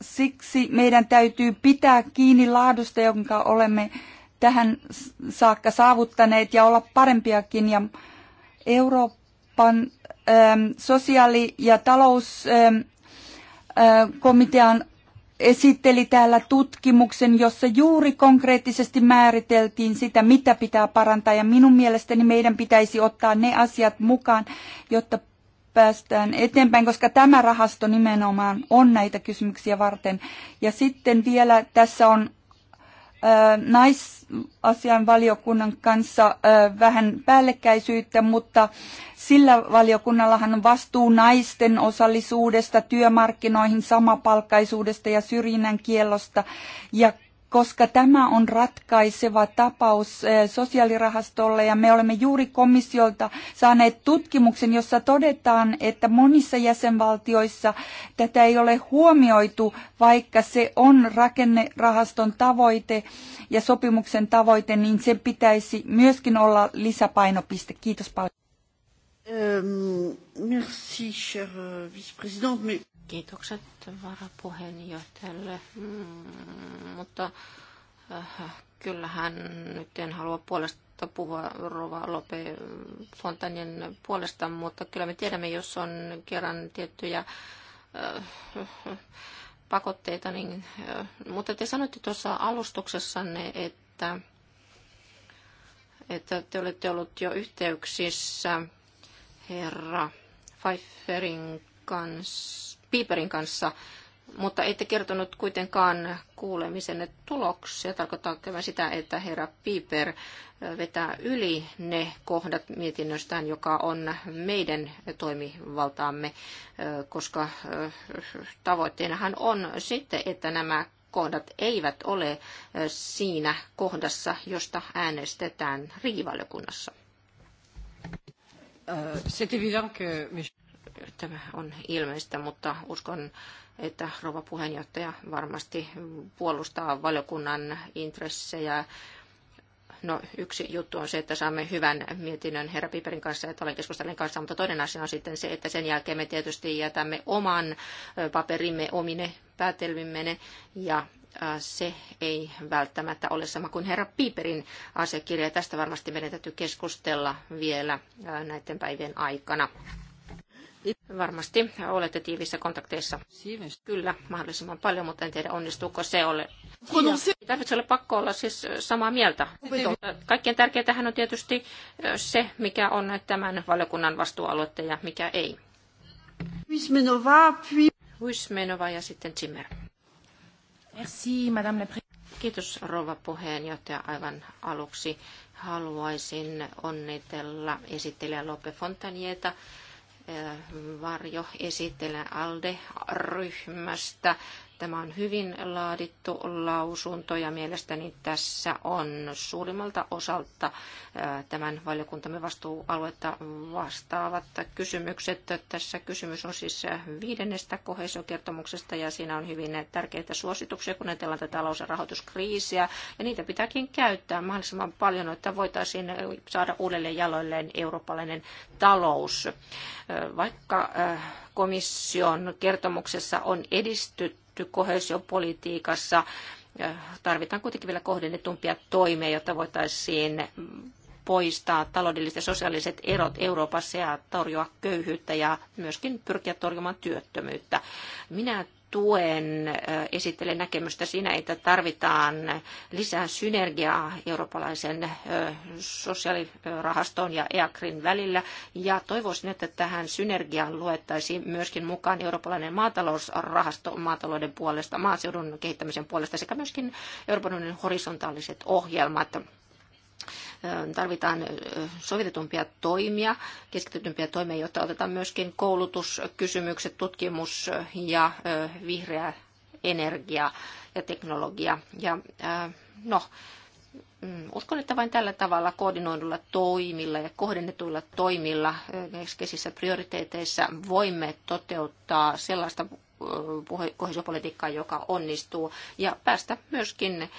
Siksi meidän täytyy pitää kiinni laadusta, jonka olemme tähän saakka saavuttaneet ja olla parempiakin. Ja Euroopan Ähm, sosiaali- ja talouskomitean ähm, äh, esitteli täällä tutkimuksen, jossa juuri konkreettisesti määriteltiin sitä, mitä pitää parantaa. Ja minun mielestäni meidän pitäisi ottaa ne asiat mukaan, jotta päästään eteenpäin, koska tämä rahasto nimenomaan on näitä kysymyksiä varten. Ja sitten vielä tässä on valiokunnan kanssa vähän päällekkäisyyttä, mutta sillä valiokunnallahan on vastuu naisten osallisuudesta, työmarkkinoihin, samapalkkaisuudesta ja syrjinnän kiellosta. Ja koska tämä on ratkaiseva tapaus eh, sosiaalirahastolle ja me olemme juuri komissiolta saaneet tutkimuksen, jossa todetaan, että monissa jäsenvaltioissa tätä ei ole huomioitu, vaikka se on rakennerahaston tavoite ja sopimuksen tavoite, niin sen pitäisi myöskin olla lisäpainopiste. Kiitos paljon. Euh, merci, äh, vice Mais... Kiitokset varapuheenjohtajalle, mm, mutta äh, kyllähän nyt en halua puolesta puhua Rova Lope Fontanien puolesta, mutta kyllä me tiedämme, jos on kerran tiettyjä äh, pakotteita, niin, äh, mutta te sanoitte tuossa alustuksessanne, että, että te olette ollut jo yhteyksissä herra Pfeifferin kanssa Piiperin kanssa, mutta ette kertonut kuitenkaan kuulemisenne tuloksia. Tarkoittaa tämä sitä, että herra Piiper vetää yli ne kohdat mietinnöstään, joka on meidän toimivaltaamme, koska tavoitteenahan on sitten, että nämä kohdat eivät ole siinä kohdassa, josta äänestetään riivaliokunnassa. Euh, että on ilmeistä, mutta uskon, että rouva puheenjohtaja varmasti puolustaa valiokunnan intressejä No, yksi juttu on se, että saamme hyvän mietinnön herra Piperin kanssa ja olen keskustelun kanssa, mutta toinen asia on sitten se, että sen jälkeen me tietysti jätämme oman paperimme omine päätelmimmene ja se ei välttämättä ole sama kuin herra Piperin asiakirja. Tästä varmasti meidän täytyy keskustella vielä näiden päivien aikana. Varmasti olette tiivissä kontakteissa. Kyllä, mahdollisimman paljon, mutta en tiedä onnistuuko se ole. Ei tarvitse olla pakko olla siis samaa mieltä. Kaikkien tärkeintähän on tietysti se, mikä on tämän valiokunnan vastuualuetta ja mikä ei. Huismenova ja sitten Zimmer. Merci, madame la Kiitos rouva puheenjohtaja. Aivan aluksi haluaisin onnitella esittelijä Lope Fontanieta varjo esitellä ALDE-ryhmästä Tämä on hyvin laadittu lausunto ja mielestäni tässä on suurimmalta osalta tämän valiokuntamme vastuualuetta vastaavat kysymykset. Tässä kysymys on siis viidennestä kohesiokertomuksesta ja siinä on hyvin tärkeitä suosituksia, kun ajatellaan tätä talous- ja rahoituskriisiä. Ja niitä pitääkin käyttää mahdollisimman paljon, että voitaisiin saada uudelleen jaloilleen eurooppalainen talous. Vaikka komission kertomuksessa on edistytty, tehty kohesiopolitiikassa. Tarvitaan kuitenkin vielä kohdennetumpia toimia, jotta voitaisiin poistaa taloudelliset ja sosiaaliset erot Euroopassa ja torjua köyhyyttä ja myöskin pyrkiä torjumaan työttömyyttä. Minä tuen esittelen näkemystä siinä, että tarvitaan lisää synergiaa eurooppalaisen sosiaalirahaston ja EACRin välillä. Ja toivoisin, että tähän synergiaan luettaisiin myöskin mukaan eurooppalainen maatalousrahasto maatalouden puolesta, maaseudun kehittämisen puolesta sekä myöskin Euroopan unionin horisontaaliset ohjelmat. Tarvitaan sovitetumpia toimia, keskitetympiä toimia, jotta otetaan myöskin koulutuskysymykset, tutkimus ja vihreä energia ja teknologia. Ja no, mm, uskon, että vain tällä tavalla koordinoidulla toimilla ja kohdennetuilla toimilla keskeisissä prioriteeteissa voimme toteuttaa sellaista kohesiopolitiikkaa, joka onnistuu, ja päästä myöskin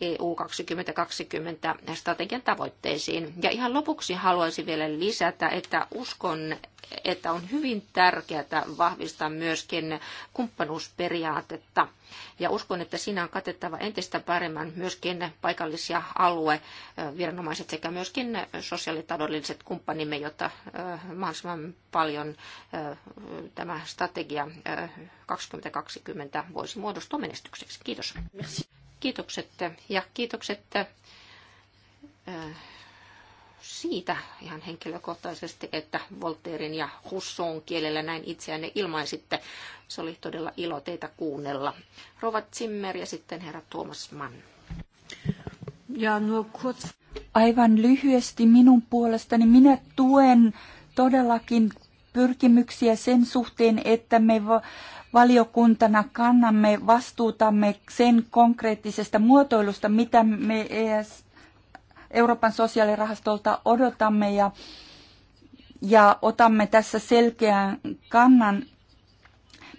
EU 2020 strategian tavoitteisiin. Ja ihan lopuksi haluaisin vielä lisätä, että uskon, että on hyvin tärkeää vahvistaa myöskin kumppanuusperiaatetta ja uskon, että siinä on katettava entistä paremmin myöskin paikallisia alueviranomaiset sekä myöskin sosiaalitaloudelliset kumppanimme, jotta mahdollisimman paljon tämä strategia 2020 voisi muodostua menestykseksi. Kiitos. Kiitokset ja kiitokset siitä ihan henkilökohtaisesti, että Voltairin ja Husson kielellä näin itseänne ilmaisitte. Se oli todella ilo teitä kuunnella. Rova Zimmer ja sitten herra Thomas Mann. Ja no, Aivan lyhyesti minun puolestani minä tuen todellakin pyrkimyksiä sen suhteen, että me valiokuntana kannamme vastuutamme sen konkreettisesta muotoilusta, mitä me ES Euroopan sosiaalirahastolta odotamme ja, ja otamme tässä selkeän kannan.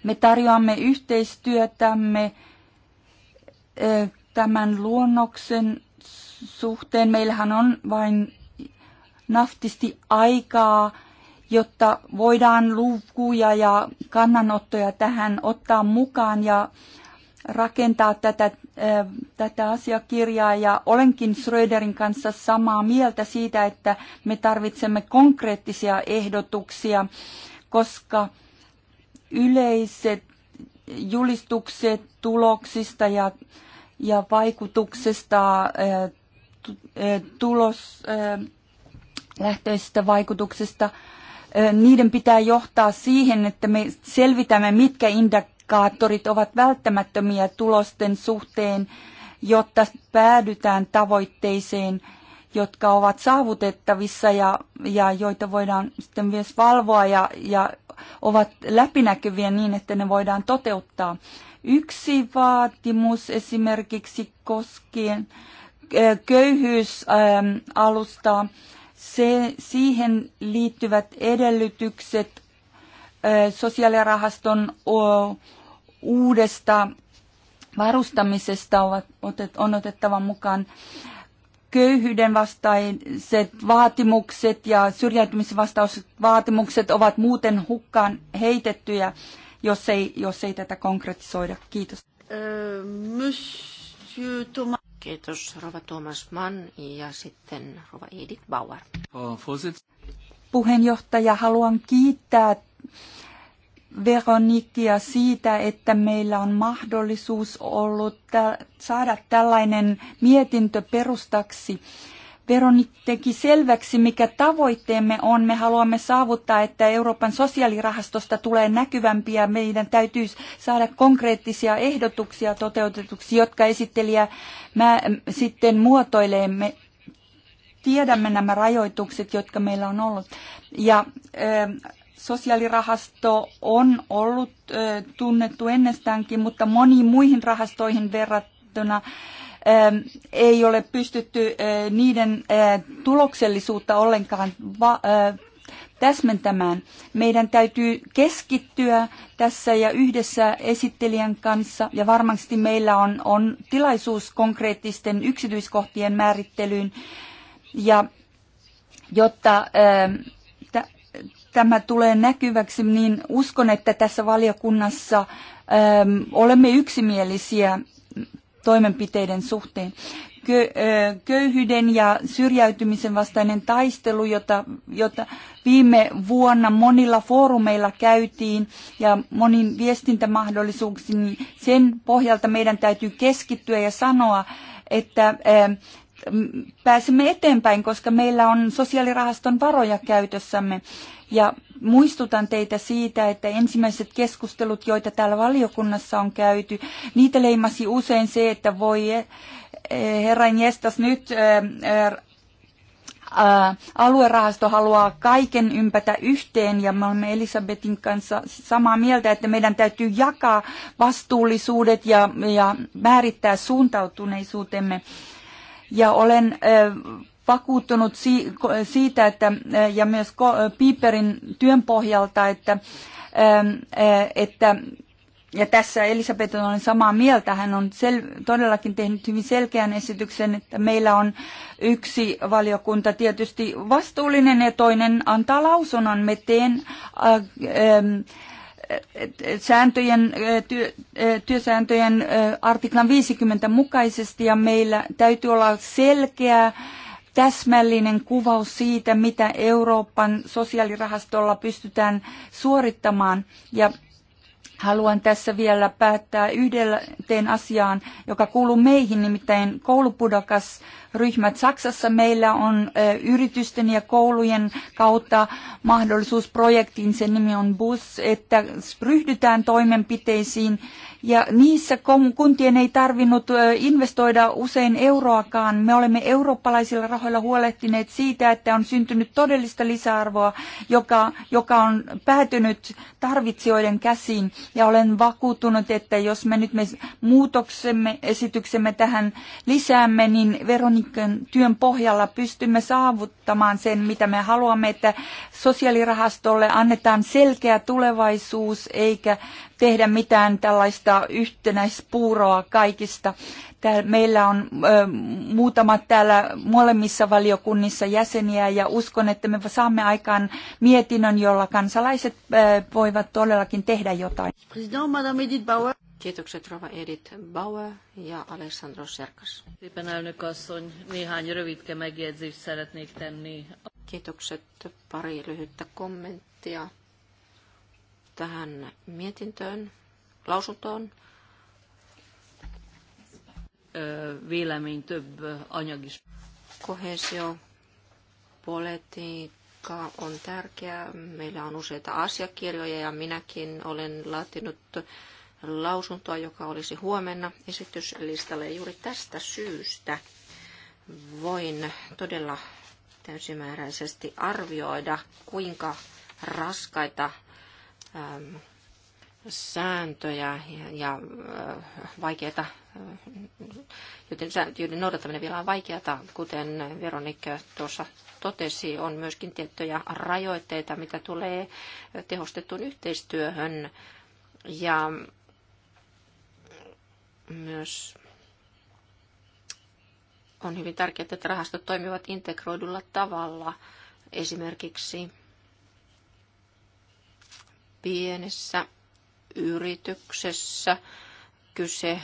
Me tarjoamme yhteistyötämme tämän luonnoksen suhteen. Meillähän on vain naftisti aikaa, jotta voidaan lukuja ja kannanottoja tähän ottaa mukaan ja rakentaa tätä tätä asiakirjaa ja olenkin Schröderin kanssa samaa mieltä siitä, että me tarvitsemme konkreettisia ehdotuksia, koska yleiset julistukset tuloksista ja, ja vaikutuksesta tulos, lähteistä vaikutuksista, niiden pitää johtaa siihen, että me selvitämme, mitkä indikaattorit ovat välttämättömiä tulosten suhteen, jotta päädytään tavoitteeseen, jotka ovat saavutettavissa ja, ja joita voidaan sitten myös valvoa ja, ja ovat läpinäkyviä niin, että ne voidaan toteuttaa. Yksi vaatimus esimerkiksi koskien köyhyysalusta, se, siihen liittyvät edellytykset sosiaalirahaston uudesta varustamisesta on otettava mukaan köyhyyden vastaiset vaatimukset ja syrjäytymisvastausvaatimukset ovat muuten hukkaan heitettyjä, jos ei, jos ei tätä konkretisoida. Kiitos. Kiitos Rova Thomas Mann ja sitten Rova Edith Bauer. Puheenjohtaja, haluan kiittää Veronikia siitä, että meillä on mahdollisuus ollut saada tällainen mietintö perustaksi. Veronik teki selväksi, mikä tavoitteemme on. Me haluamme saavuttaa, että Euroopan sosiaalirahastosta tulee näkyvämpi ja meidän täytyy saada konkreettisia ehdotuksia toteutetuksi, jotka esittelijä mä, sitten muotoilee. Me tiedämme nämä rajoitukset, jotka meillä on ollut. Ja ö, sosiaalirahasto on ollut tunnettu ennestäänkin, mutta moniin muihin rahastoihin verrattuna ei ole pystytty niiden tuloksellisuutta ollenkaan täsmentämään. Meidän täytyy keskittyä tässä ja yhdessä esittelijän kanssa, ja varmasti meillä on, on tilaisuus konkreettisten yksityiskohtien määrittelyyn, ja jotta tämä tulee näkyväksi, niin uskon, että tässä valiokunnassa ö, ähm, olemme yksimielisiä toimenpiteiden suhteen. Kö, ö, äh, köyhyyden ja syrjäytymisen vastainen taistelu, jota, jota viime vuonna monilla foorumeilla käytiin ja monin viestintämahdollisuuksiin, niin sen pohjalta meidän täytyy keskittyä ja sanoa, että äh, pääsemme eteenpäin, koska meillä on sosiaalirahaston varoja käytössämme. Ja muistutan teitä siitä, että ensimmäiset keskustelut, joita täällä valiokunnassa on käyty, niitä leimasi usein se, että voi eh, herran jestas nyt eh, eh, aluerahasto haluaa kaiken ympätä yhteen ja me olemme Elisabetin kanssa samaa mieltä, että meidän täytyy jakaa vastuullisuudet ja, ja määrittää suuntautuneisuutemme ja olen vakuuttunut siitä, että, ja myös Piperin työn pohjalta, että, että ja tässä Elisabeth on samaa mieltä. Hän on sel- todellakin tehnyt hyvin selkeän esityksen, että meillä on yksi valiokunta tietysti vastuullinen ja toinen antaa lausunnon. Me teen äh, äh, sääntöjen, työ, työsääntöjen artiklan 50 mukaisesti ja meillä täytyy olla selkeä täsmällinen kuvaus siitä, mitä Euroopan sosiaalirahastolla pystytään suorittamaan. Ja haluan tässä vielä päättää teen asiaan, joka kuuluu meihin, nimittäin koulupudokas ryhmät Saksassa. Meillä on yritysten ja koulujen kautta mahdollisuus projektiin, sen nimi on BUS, että ryhdytään toimenpiteisiin. Ja niissä kuntien ei tarvinnut investoida usein euroakaan. Me olemme eurooppalaisilla rahoilla huolehtineet siitä, että on syntynyt todellista lisäarvoa, joka, joka on päätynyt tarvitsijoiden käsiin. Ja olen vakuuttunut, että jos me nyt me muutoksemme, esityksemme tähän lisäämme, niin veron tekniikan työn pohjalla pystymme saavuttamaan sen, mitä me haluamme, että sosiaalirahastolle annetaan selkeä tulevaisuus eikä tehdä mitään tällaista yhtenäispuuroa kaikista. Täällä meillä on ö, muutama täällä molemmissa valiokunnissa jäseniä ja uskon, että me saamme aikaan mietinnön, jolla kansalaiset ö, voivat todellakin tehdä jotain. President, Madame Edith Bauer. Kiitokset Rova Edith Bauer ja Alessandro Serkas. Szépen elnök asszony, néhány rövidke megjegyzést szeretnék tenni. Kiitokset pari lyhyttä kommenttia tähän mietintöön, lausuntoon. Vélemény több anyag is. Kohesio, politiikka on tärkeä, Meillä on useita asiakirjoja ja minäkin olen laatinut lausuntoa, joka olisi huomenna esityslistalle. Juuri tästä syystä voin todella täysimääräisesti arvioida, kuinka raskaita ähm, sääntöjä ja, ja äh, vaikeita, äh, joten sääntöjen noudattaminen vielä on vaikeata, kuten Veronikka tuossa totesi, on myöskin tiettyjä rajoitteita, mitä tulee tehostettuun yhteistyöhön. Ja myös on hyvin tärkeää, että rahastot toimivat integroidulla tavalla. Esimerkiksi pienessä yrityksessä kyse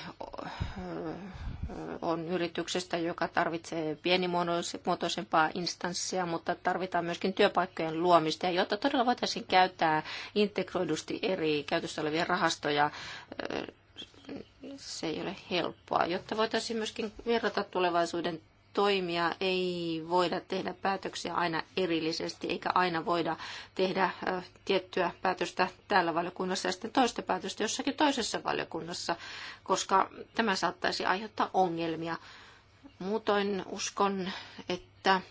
on yrityksestä, joka tarvitsee pienimuotoisempaa instanssia, mutta tarvitaan myöskin työpaikkojen luomista. Ja jotta todella voitaisiin käyttää integroidusti eri käytössä olevia rahastoja, se ei ole helppoa. Jotta voitaisiin myöskin verrata tulevaisuuden toimia, ei voida tehdä päätöksiä aina erillisesti, eikä aina voida tehdä tiettyä päätöstä täällä valiokunnassa ja sitten toista päätöstä jossakin toisessa valiokunnassa, koska tämä saattaisi aiheuttaa ongelmia. Muutoin uskon, että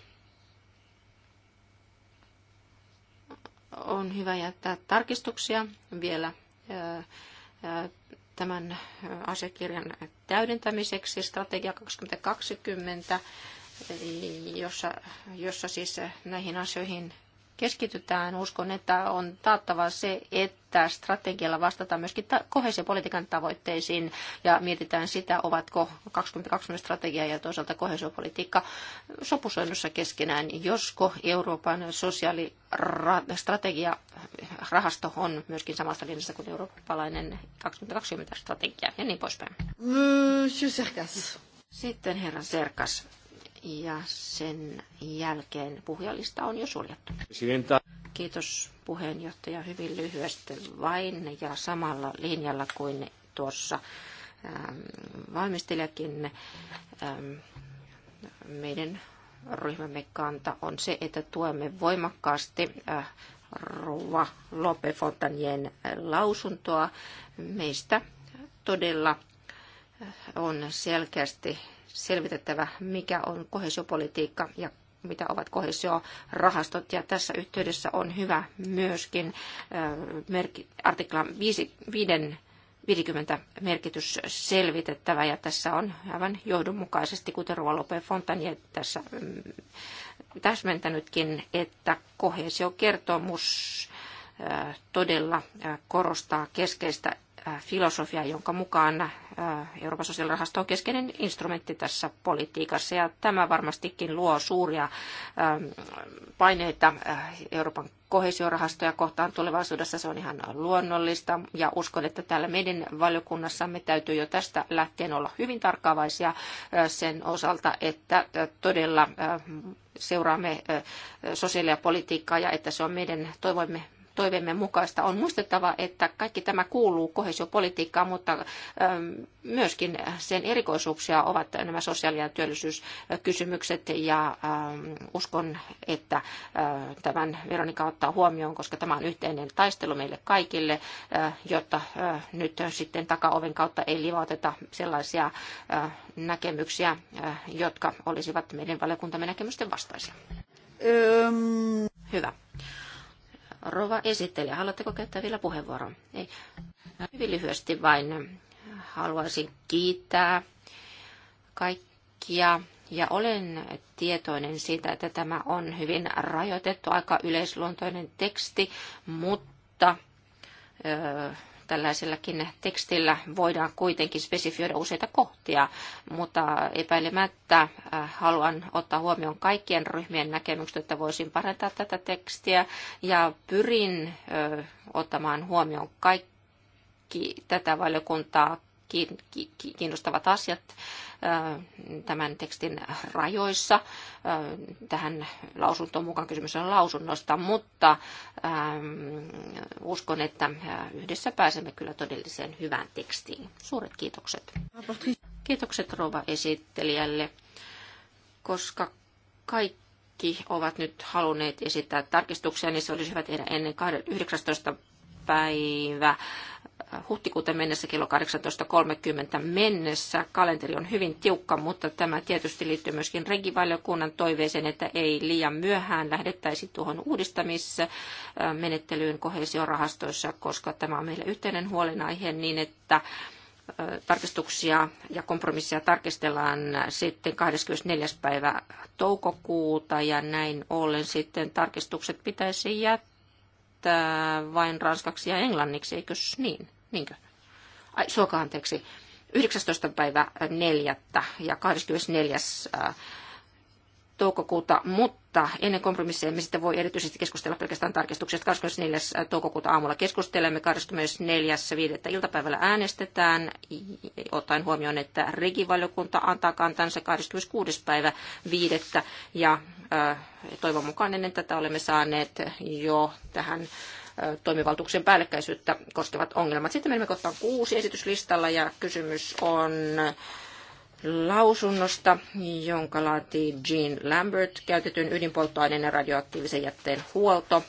on hyvä jättää tarkistuksia vielä tämän asiakirjan täydentämiseksi strategia 2020, jossa, jossa siis näihin asioihin keskitytään, uskon, että on taattava se, että strategialla vastataan myöskin ta- kohesiopolitiikan tavoitteisiin ja mietitään sitä, ovatko 2020 strategia ja toisaalta kohesiopolitiikka sopusoinnussa keskenään, josko Euroopan sosiaalistrategia rahasto on myöskin samassa linjassa kuin eurooppalainen 2020 strategia ja niin poispäin. Monsieur Serkas. Sitten herra Serkas ja sen jälkeen puhujalista on jo suljettu. Presidenta. Kiitos puheenjohtaja hyvin lyhyesti vain ja samalla linjalla kuin tuossa ähm, valmistelijakin ähm, meidän ryhmämme kanta on se, että tuemme voimakkaasti äh, Rova Lope Fontanien lausuntoa. Meistä todella äh, on selkeästi selvitettävä, mikä on kohesiopolitiikka ja mitä ovat kohesiorahastot. Ja tässä yhteydessä on hyvä myöskin merki, artiklan 50 merkitys selvitettävä ja tässä on aivan johdonmukaisesti, kuten Ruo Lope Fontanier tässä mm, täsmentänytkin, että kohesiokertomus todella korostaa keskeistä Äh, filosofia, jonka mukaan äh, Euroopan sosiaalirahasto on keskeinen instrumentti tässä politiikassa. Ja tämä varmastikin luo suuria ähm, paineita äh, Euroopan kohesiorahastoja kohtaan tulevaisuudessa. Se on ihan luonnollista ja uskon, että täällä meidän valiokunnassamme täytyy jo tästä lähtien olla hyvin tarkkaavaisia sen osalta, että todella seuraamme sosiaalipolitiikkaa ja, ja että se on meidän toivomme toivemme mukaista. On muistettava, että kaikki tämä kuuluu kohesiopolitiikkaan, mutta myöskin sen erikoisuuksia ovat nämä sosiaali- ja työllisyyskysymykset ja uskon, että tämän Veronika ottaa huomioon, koska tämä on yhteinen taistelu meille kaikille, jotta nyt sitten takaoven kautta ei livauteta sellaisia näkemyksiä, jotka olisivat meidän valiokuntamme näkemysten vastaisia. Hyvä. Rova esittelijä, haluatteko käyttää vielä puheenvuoron? Ei. Hyvin lyhyesti vain haluaisin kiittää kaikkia ja olen tietoinen siitä, että tämä on hyvin rajoitettu, aika yleisluontoinen teksti, mutta tällaisellakin tekstillä voidaan kuitenkin spesifioida useita kohtia, mutta epäilemättä äh, haluan ottaa huomioon kaikkien ryhmien näkemykset, että voisin parantaa tätä tekstiä ja pyrin ottamaan huomioon kaikki tätä valiokuntaa kiinnostavat asiat tämän tekstin rajoissa. Tähän lausuntoon mukaan kysymys on lausunnosta, mutta uskon, että yhdessä pääsemme kyllä todelliseen hyvään tekstiin. Suuret kiitokset. Kiitokset rouva esittelijälle, koska kaikki ovat nyt halunneet esittää tarkistuksia, niin se olisi hyvä tehdä ennen 19. päivä huhtikuuta mennessä kello 18.30 mennessä. Kalenteri on hyvin tiukka, mutta tämä tietysti liittyy myöskin regivaliokunnan toiveeseen, että ei liian myöhään lähdettäisi tuohon uudistamismenettelyyn kohesiorahastoissa, koska tämä on meille yhteinen huolenaihe niin, että tarkistuksia ja kompromisseja tarkistellaan sitten 24. päivä toukokuuta ja näin ollen sitten tarkistukset pitäisi jättää vain ranskaksi ja englanniksi, eikös niin? Niinkö? Ai, suokaa anteeksi. 19. päivä 4. ja 24. Äh, toukokuuta, mutta ennen kompromisseja me sitten voi erityisesti keskustella pelkästään tarkistuksesta. 24. Äh, toukokuuta aamulla keskustelemme, 24.5. iltapäivällä äänestetään, ottaen huomioon, että regivaliokunta antaa kantansa 26. päivä 5. ja äh, toivon mukaan ennen tätä olemme saaneet jo tähän toimivaltuuksien päällekkäisyyttä koskevat ongelmat. Sitten menemme kohtaan kuusi esityslistalla ja kysymys on lausunnosta, jonka laati Jean Lambert, käytetyn ydinpolttoaineen ja radioaktiivisen jätteen huolto.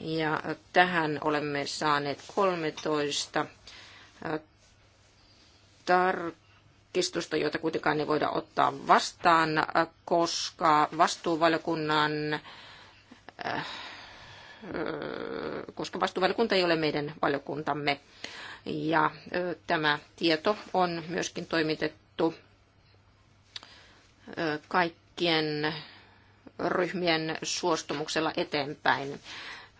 Ja tähän olemme saaneet 13 tarkistusta, joita kuitenkaan ei voida ottaa vastaan, koska vastuuvaliokunnan koska vastuuvaliokunta ei ole meidän valiokuntamme. Ja tämä tieto on myöskin toimitettu kaikkien ryhmien suostumuksella eteenpäin.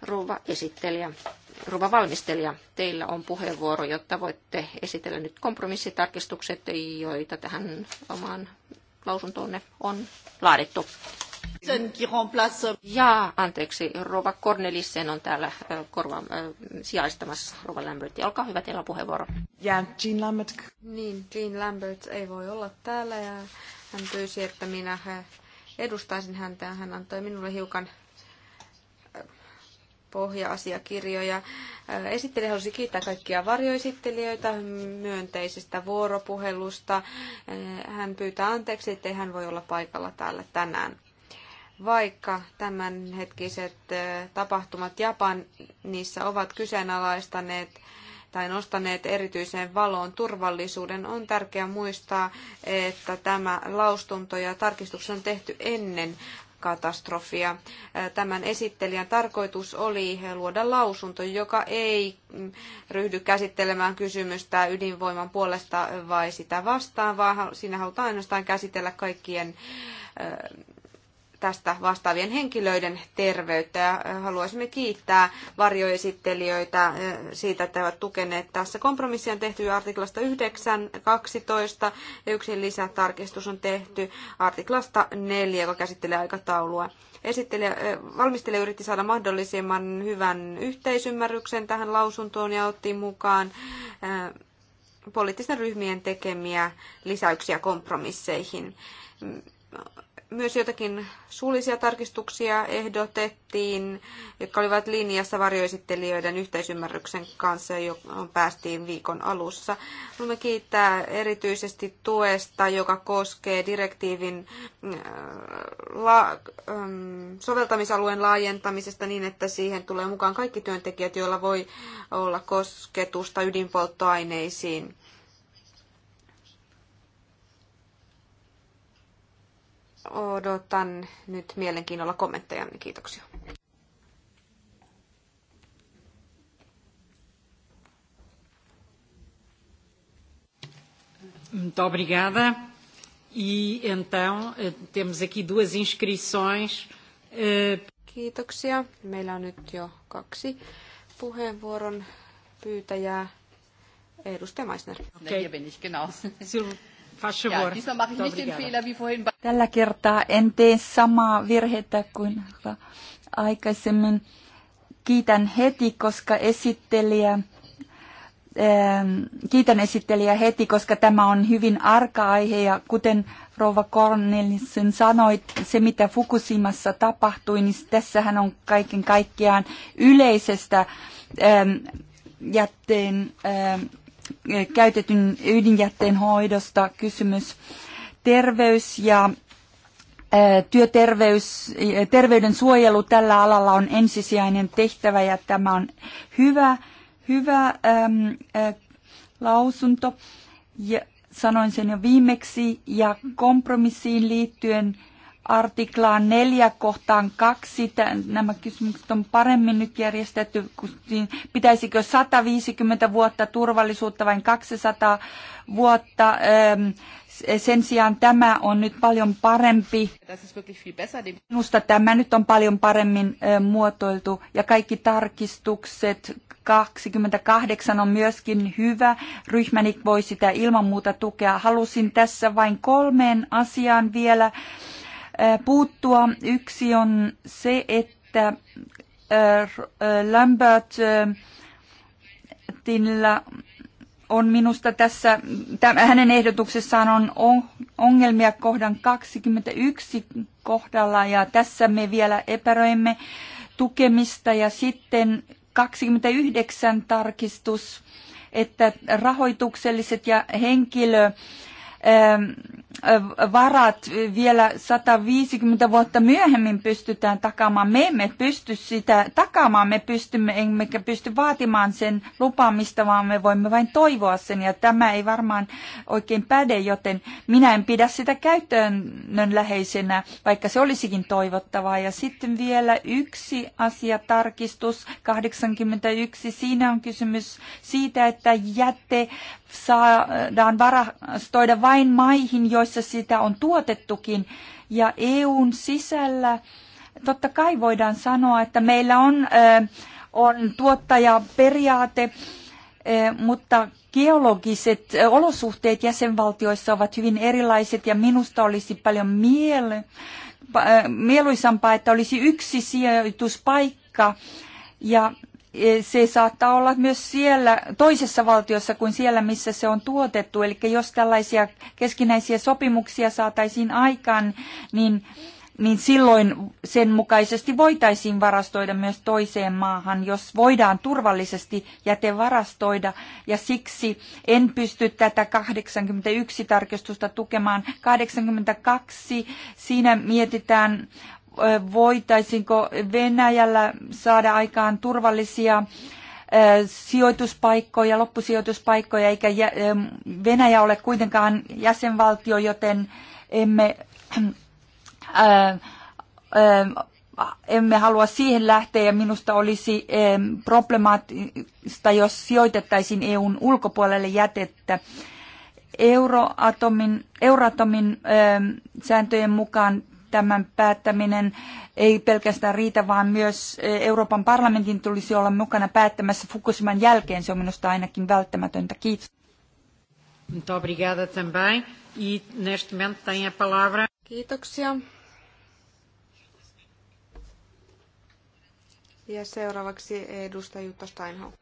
Rouva esittelijä, rouva valmistelija, teillä on puheenvuoro, jotta voitte esitellä nyt kompromissitarkistukset, joita tähän omaan lausuntoonne on laadittu. Ja anteeksi, Rova Cornelissen on täällä korva, sijaistamassa Rova Lambert. Olkaa hyvä, teillä on puheenvuoro. Ja Jean Lambert. Niin, Jean Lambert ei voi olla täällä ja hän pyysi, että minä edustaisin häntä. ja Hän antoi minulle hiukan pohja-asiakirjoja. Esittelijä halusi kiittää kaikkia varjoesittelijöitä myönteisestä vuoropuhelusta. Hän pyytää anteeksi, ettei hän voi olla paikalla täällä tänään vaikka tämänhetkiset tapahtumat Japanissa ovat kyseenalaistaneet tai nostaneet erityiseen valoon turvallisuuden, on tärkeää muistaa, että tämä laustunto ja tarkistukset on tehty ennen katastrofia. Tämän esittelijän tarkoitus oli luoda lausunto, joka ei mm, ryhdy käsittelemään kysymystä ydinvoiman puolesta vai sitä vastaan, vaan siinä halutaan ainoastaan käsitellä kaikkien tästä vastaavien henkilöiden terveyttä ja haluaisimme kiittää varjoesittelijöitä siitä, että he ovat tukeneet tässä. kompromissia on tehty artiklasta 9, 12 ja yksi lisätarkistus on tehty artiklasta 4, joka käsittelee aikataulua. Esittelijä, valmistelija yritti saada mahdollisimman hyvän yhteisymmärryksen tähän lausuntoon ja otti mukaan poliittisten ryhmien tekemiä lisäyksiä kompromisseihin myös jotakin suullisia tarkistuksia ehdotettiin, jotka olivat linjassa varjoesittelijöiden yhteisymmärryksen kanssa, johon päästiin viikon alussa. Haluamme kiittää erityisesti tuesta, joka koskee direktiivin äh, la- ähm, soveltamisalueen laajentamisesta niin, että siihen tulee mukaan kaikki työntekijät, joilla voi olla kosketusta ydinpolttoaineisiin Odotan nyt mielenkiinnolla kommentteja. Niin kiitoksia. Muito obrigada. E então eh, temos aqui duas inscrições. Eh, kiitoksia. Meillä on nyt jo kaksi puheenvuoron pyytäjää. Edustaja Meissner. Okay. Hier bin ich, genau. Tällä kertaa en tee samaa virhettä kuin aikaisemmin. Kiitän heti, koska esittelijä ähm, kiitän esittelijä heti, koska tämä on hyvin arka aihe ja kuten Rova Cornelissen sanoit se mitä Fukushimassa tapahtui, niin tässähän on kaiken kaikkiaan yleisestä ähm, jätteen ähm, käytetyn ydinjätteen hoidosta kysymys, terveys ja työterveys, terveyden suojelu tällä alalla on ensisijainen tehtävä ja tämä on hyvä, hyvä äm, ä, lausunto. Ja sanoin sen jo viimeksi ja kompromissiin liittyen äh, artiklaan neljä kohtaan kaksi. Nämä kysymykset on paremmin nyt järjestetty. Pitäisikö 150 vuotta turvallisuutta vai 200 vuotta? Sen sijaan tämä on nyt paljon parempi. Minusta tämä nyt on paljon paremmin muotoiltu ja kaikki tarkistukset 28 on myöskin hyvä. Ryhmäni voi sitä ilman muuta tukea. Halusin tässä vain kolmeen asiaan vielä puuttua. Yksi on se, että Lambertilla on minusta tässä, hänen ehdotuksessaan on ongelmia kohdan 21 kohdalla ja tässä me vielä epäröimme tukemista ja sitten 29 tarkistus, että rahoitukselliset ja henkilö Ähm, äh, varat vielä 150 vuotta myöhemmin pystytään takaamaan. Me emme pysty sitä takaamaan, me pystymme, emmekä pysty vaatimaan sen lupaamista, vaan me voimme vain toivoa sen. Ja tämä ei varmaan oikein päde, joten minä en pidä sitä käytännönläheisenä, vaikka se olisikin toivottavaa. Ja sitten vielä yksi asia, tarkistus 81. Siinä on kysymys siitä, että jäte saadaan varastoida vain vain maihin, joissa sitä on tuotettukin. Ja EUn sisällä totta kai voidaan sanoa, että meillä on, on tuottajaperiaate, mutta geologiset olosuhteet jäsenvaltioissa ovat hyvin erilaiset ja minusta olisi paljon miele, mieluisampaa, että olisi yksi sijoituspaikka ja E, se saattaa olla myös siellä toisessa valtiossa kuin siellä, missä se on tuotettu. Eli jos tällaisia keskinäisiä sopimuksia saataisiin aikaan, niin, niin silloin sen mukaisesti voitaisiin varastoida myös toiseen maahan, jos voidaan turvallisesti jäte varastoida. Ja siksi en pysty tätä 81 tarkistusta tukemaan. 82 siinä mietitään voitaisinko Venäjällä saada aikaan turvallisia sijoituspaikkoja, loppusijoituspaikkoja, eikä Venäjä ole kuitenkaan jäsenvaltio, joten emme, emme halua siihen lähteä ja minusta olisi problemaattista, jos sijoitettaisiin EUn ulkopuolelle jätettä. Euroatomin, euroatomin sääntöjen mukaan tämän päättäminen ei pelkästään riitä, vaan myös e, Euroopan parlamentin tulisi olla mukana päättämässä Fukushiman jälkeen. Se on minusta ainakin välttämätöntä. Kiitos. Muito obrigada também. E, neste momento a palavra. Kiitoksia. Ja seuraavaksi edustaja Jutta Steinhoff.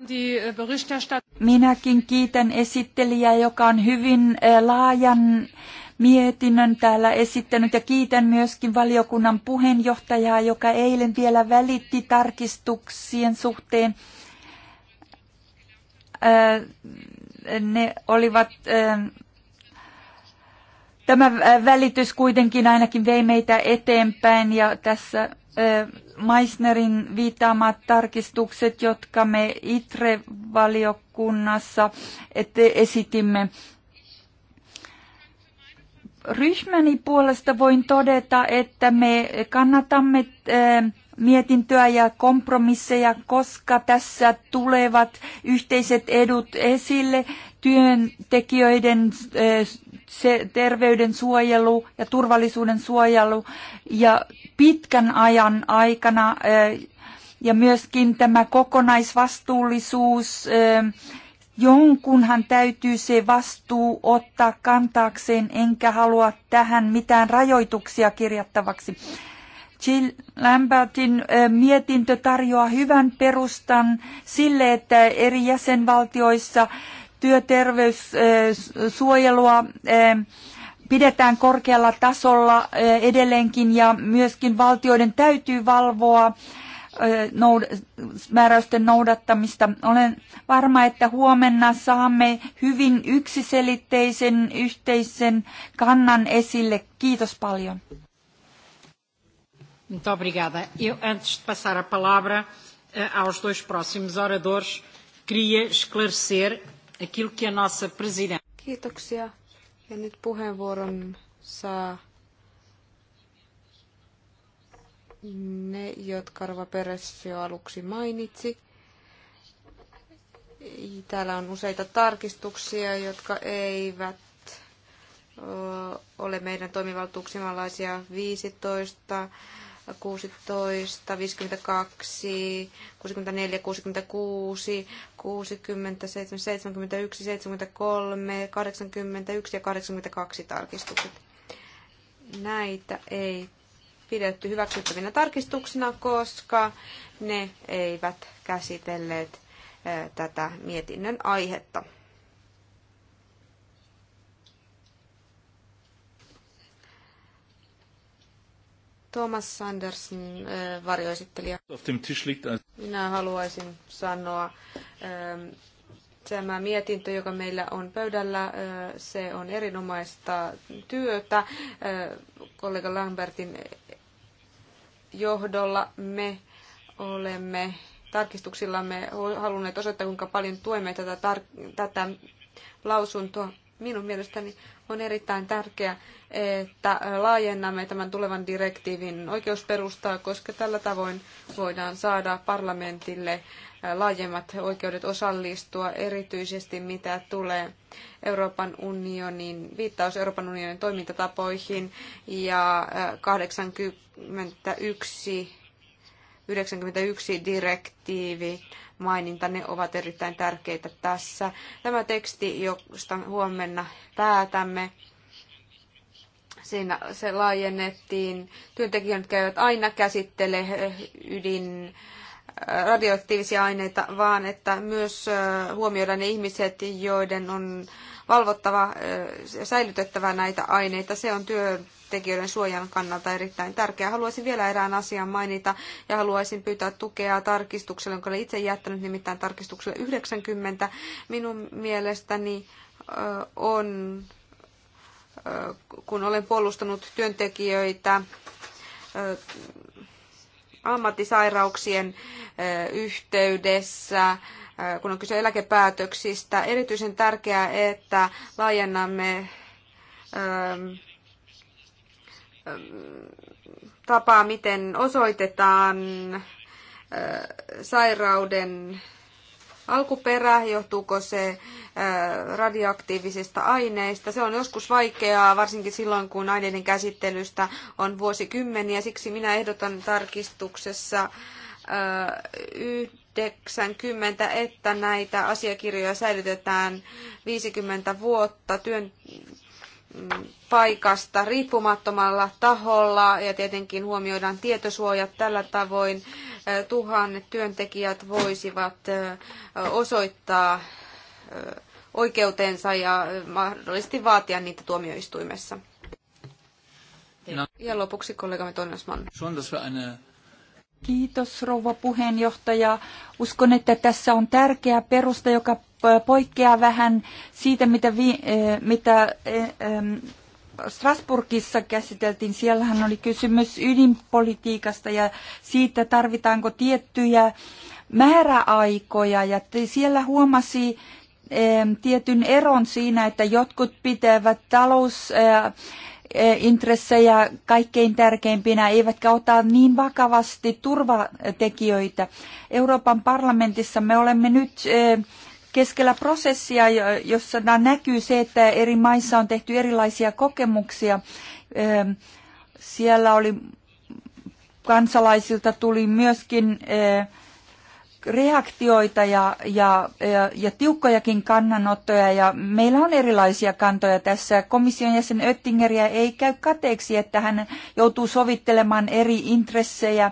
Äh, Minäkin kiitän esittelijää, joka on hyvin äh, laajan mietinnön täällä esittänyt ja kiitän myöskin valiokunnan puheenjohtajaa, joka eilen vielä välitti tarkistuksien suhteen. Ne olivat Tämä välitys kuitenkin ainakin vei meitä eteenpäin ja tässä Meissnerin viittaamat tarkistukset, jotka me ITRE-valiokunnassa esitimme ryhmäni puolesta voin todeta, että me kannatamme eh, mietintöä ja kompromisseja, koska tässä tulevat yhteiset edut esille, työntekijöiden eh, se, terveyden suojelu ja turvallisuuden suojelu ja pitkän ajan aikana eh, ja myöskin tämä kokonaisvastuullisuus Jonkunhan täytyy se vastuu ottaa kantaakseen, enkä halua tähän mitään rajoituksia kirjattavaksi. Jill Lambertin mietintö tarjoaa hyvän perustan sille, että eri jäsenvaltioissa työterveyssuojelua pidetään korkealla tasolla edelleenkin ja myöskin valtioiden täytyy valvoa määräysten noudattamista. Olen varma, että huomenna saamme hyvin yksiselitteisen yhteisen kannan esille. Kiitos paljon. Muito obrigada. Eu, antes de passar a palavra uh, aos dois próximos oradores, queria esclarecer aquilo que a nossa presidente. Kiitoksia. Ja nyt puheenvuoron saa ne, jotka Rova Peres jo aluksi mainitsi. Täällä on useita tarkistuksia, jotka eivät ole meidän toimivaltuuksien alaisia 15, 16, 52, 64, 66, 67, 71, 73, 81 ja 82 tarkistukset. Näitä ei pidetty hyväksyttävinä tarkistuksina, koska ne eivät käsitelleet tätä mietinnön aihetta. Thomas Sanderson varjoesittelijä. Minä haluaisin sanoa, tämä mietintö, joka meillä on pöydällä, se on erinomaista työtä. Kollega Lambertin johdolla me olemme tarkistuksillamme halunneet osoittaa, kuinka paljon tuemme tätä, tar- tätä lausuntoa. Minun mielestäni on erittäin tärkeää, että laajennamme tämän tulevan direktiivin oikeusperustaa, koska tällä tavoin voidaan saada parlamentille laajemmat oikeudet osallistua, erityisesti mitä tulee Euroopan unionin, viittaus Euroopan unionin toimintatapoihin ja 81 91 direktiivi maininta, ne ovat erittäin tärkeitä tässä. Tämä teksti, josta huomenna päätämme, siinä se laajennettiin. Työntekijät käyvät aina käsittele eh, ydin eh, radioaktiivisia aineita, vaan että myös eh, huomioidaan ne ihmiset, joiden on valvottava ja säilytettävä näitä aineita. Se on työn tekijöiden suojan kannalta erittäin tärkeää. Haluaisin vielä erään asian mainita ja haluaisin pyytää tukea tarkistukselle, jonka olen itse jättänyt nimittäin tarkistukselle 90. Minun mielestäni on, kun olen puolustanut työntekijöitä, ammattisairauksien yhteydessä, kun on kyse eläkepäätöksistä. Erityisen tärkeää, että laajennamme tapa, miten osoitetaan sairauden alkuperä, johtuuko se radioaktiivisista aineista. Se on joskus vaikeaa, varsinkin silloin, kun aineiden käsittelystä on vuosikymmeniä. Siksi minä ehdotan tarkistuksessa 90, että näitä asiakirjoja säilytetään 50 vuotta työn paikasta riippumattomalla taholla ja tietenkin huomioidaan tietosuojat tällä tavoin. Tuhannet työntekijät voisivat osoittaa oikeutensa ja mahdollisesti vaatia niitä tuomioistuimessa. No. Ja lopuksi kollegamme Tonjas Kiitos rouva puheenjohtaja. Uskon, että tässä on tärkeä perusta, joka poikkeaa vähän siitä, mitä, vi, eh, mitä eh, Strasburgissa käsiteltiin. Siellähän oli kysymys ydinpolitiikasta ja siitä, tarvitaanko tiettyjä määräaikoja. Ja siellä huomasi tietyn eron siinä, että jotkut pitävät talous eh, intressejä kaikkein tärkeimpinä, eivätkä ota niin vakavasti turvatekijöitä. Euroopan parlamentissa me olemme nyt keskellä prosessia, jossa näkyy se, että eri maissa on tehty erilaisia kokemuksia. Ehm, siellä oli kansalaisilta tuli myöskin eh, reaktioita ja, ja, ja, ja tiukkojakin kannanottoja ja meillä on erilaisia kantoja tässä. Komission jäsen Öttingeriä ei käy kateeksi, että hän joutuu sovittelemaan eri intressejä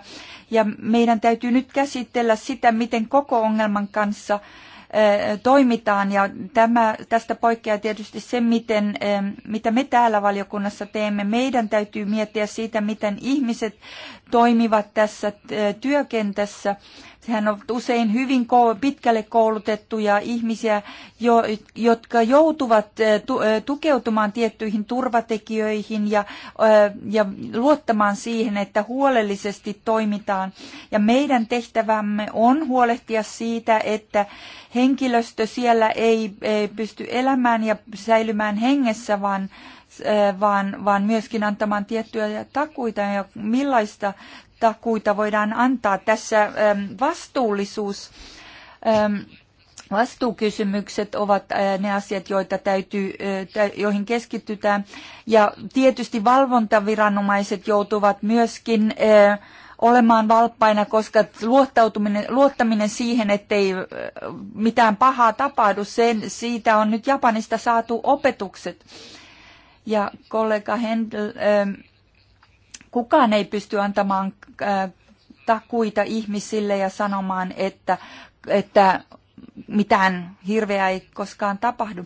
ja meidän täytyy nyt käsitellä sitä, miten koko ongelman kanssa äh, toimitaan ja tämä, tästä poikkeaa tietysti se, miten, mitä me täällä valiokunnassa teemme. Meidän täytyy miettiä siitä, miten ihmiset toimivat tässä työkentässä Sehän on usein hyvin pitkälle koulutettuja ihmisiä, jotka joutuvat eh, eh, tukeutumaan tiettyihin turvatekijöihin ja, eh, ja luottamaan siihen, että huolellisesti toimitaan. Ja meidän tehtävämme on huolehtia siitä, että henkilöstö siellä ei, ei pysty elämään ja säilymään hengessä, vaan vaan, vaan myöskin antamaan tiettyjä takuita ja millaista takuita voidaan antaa. Tässä ähm, vastuullisuus ähm, Vastuukysymykset ovat äh, ne asiat, joita täytyy, äh, joihin keskitytään. Ja tietysti valvontaviranomaiset joutuvat myöskin äh, olemaan valppaina, koska luottautuminen, luottaminen siihen, ettei mitään pahaa tapahdu, sen, siitä on nyt Japanista saatu opetukset. Ja kollega Hendel, ähm, Kukaan ei pysty antamaan äh, takuita ihmisille ja sanomaan, että, että mitään hirveää ei koskaan tapahdu.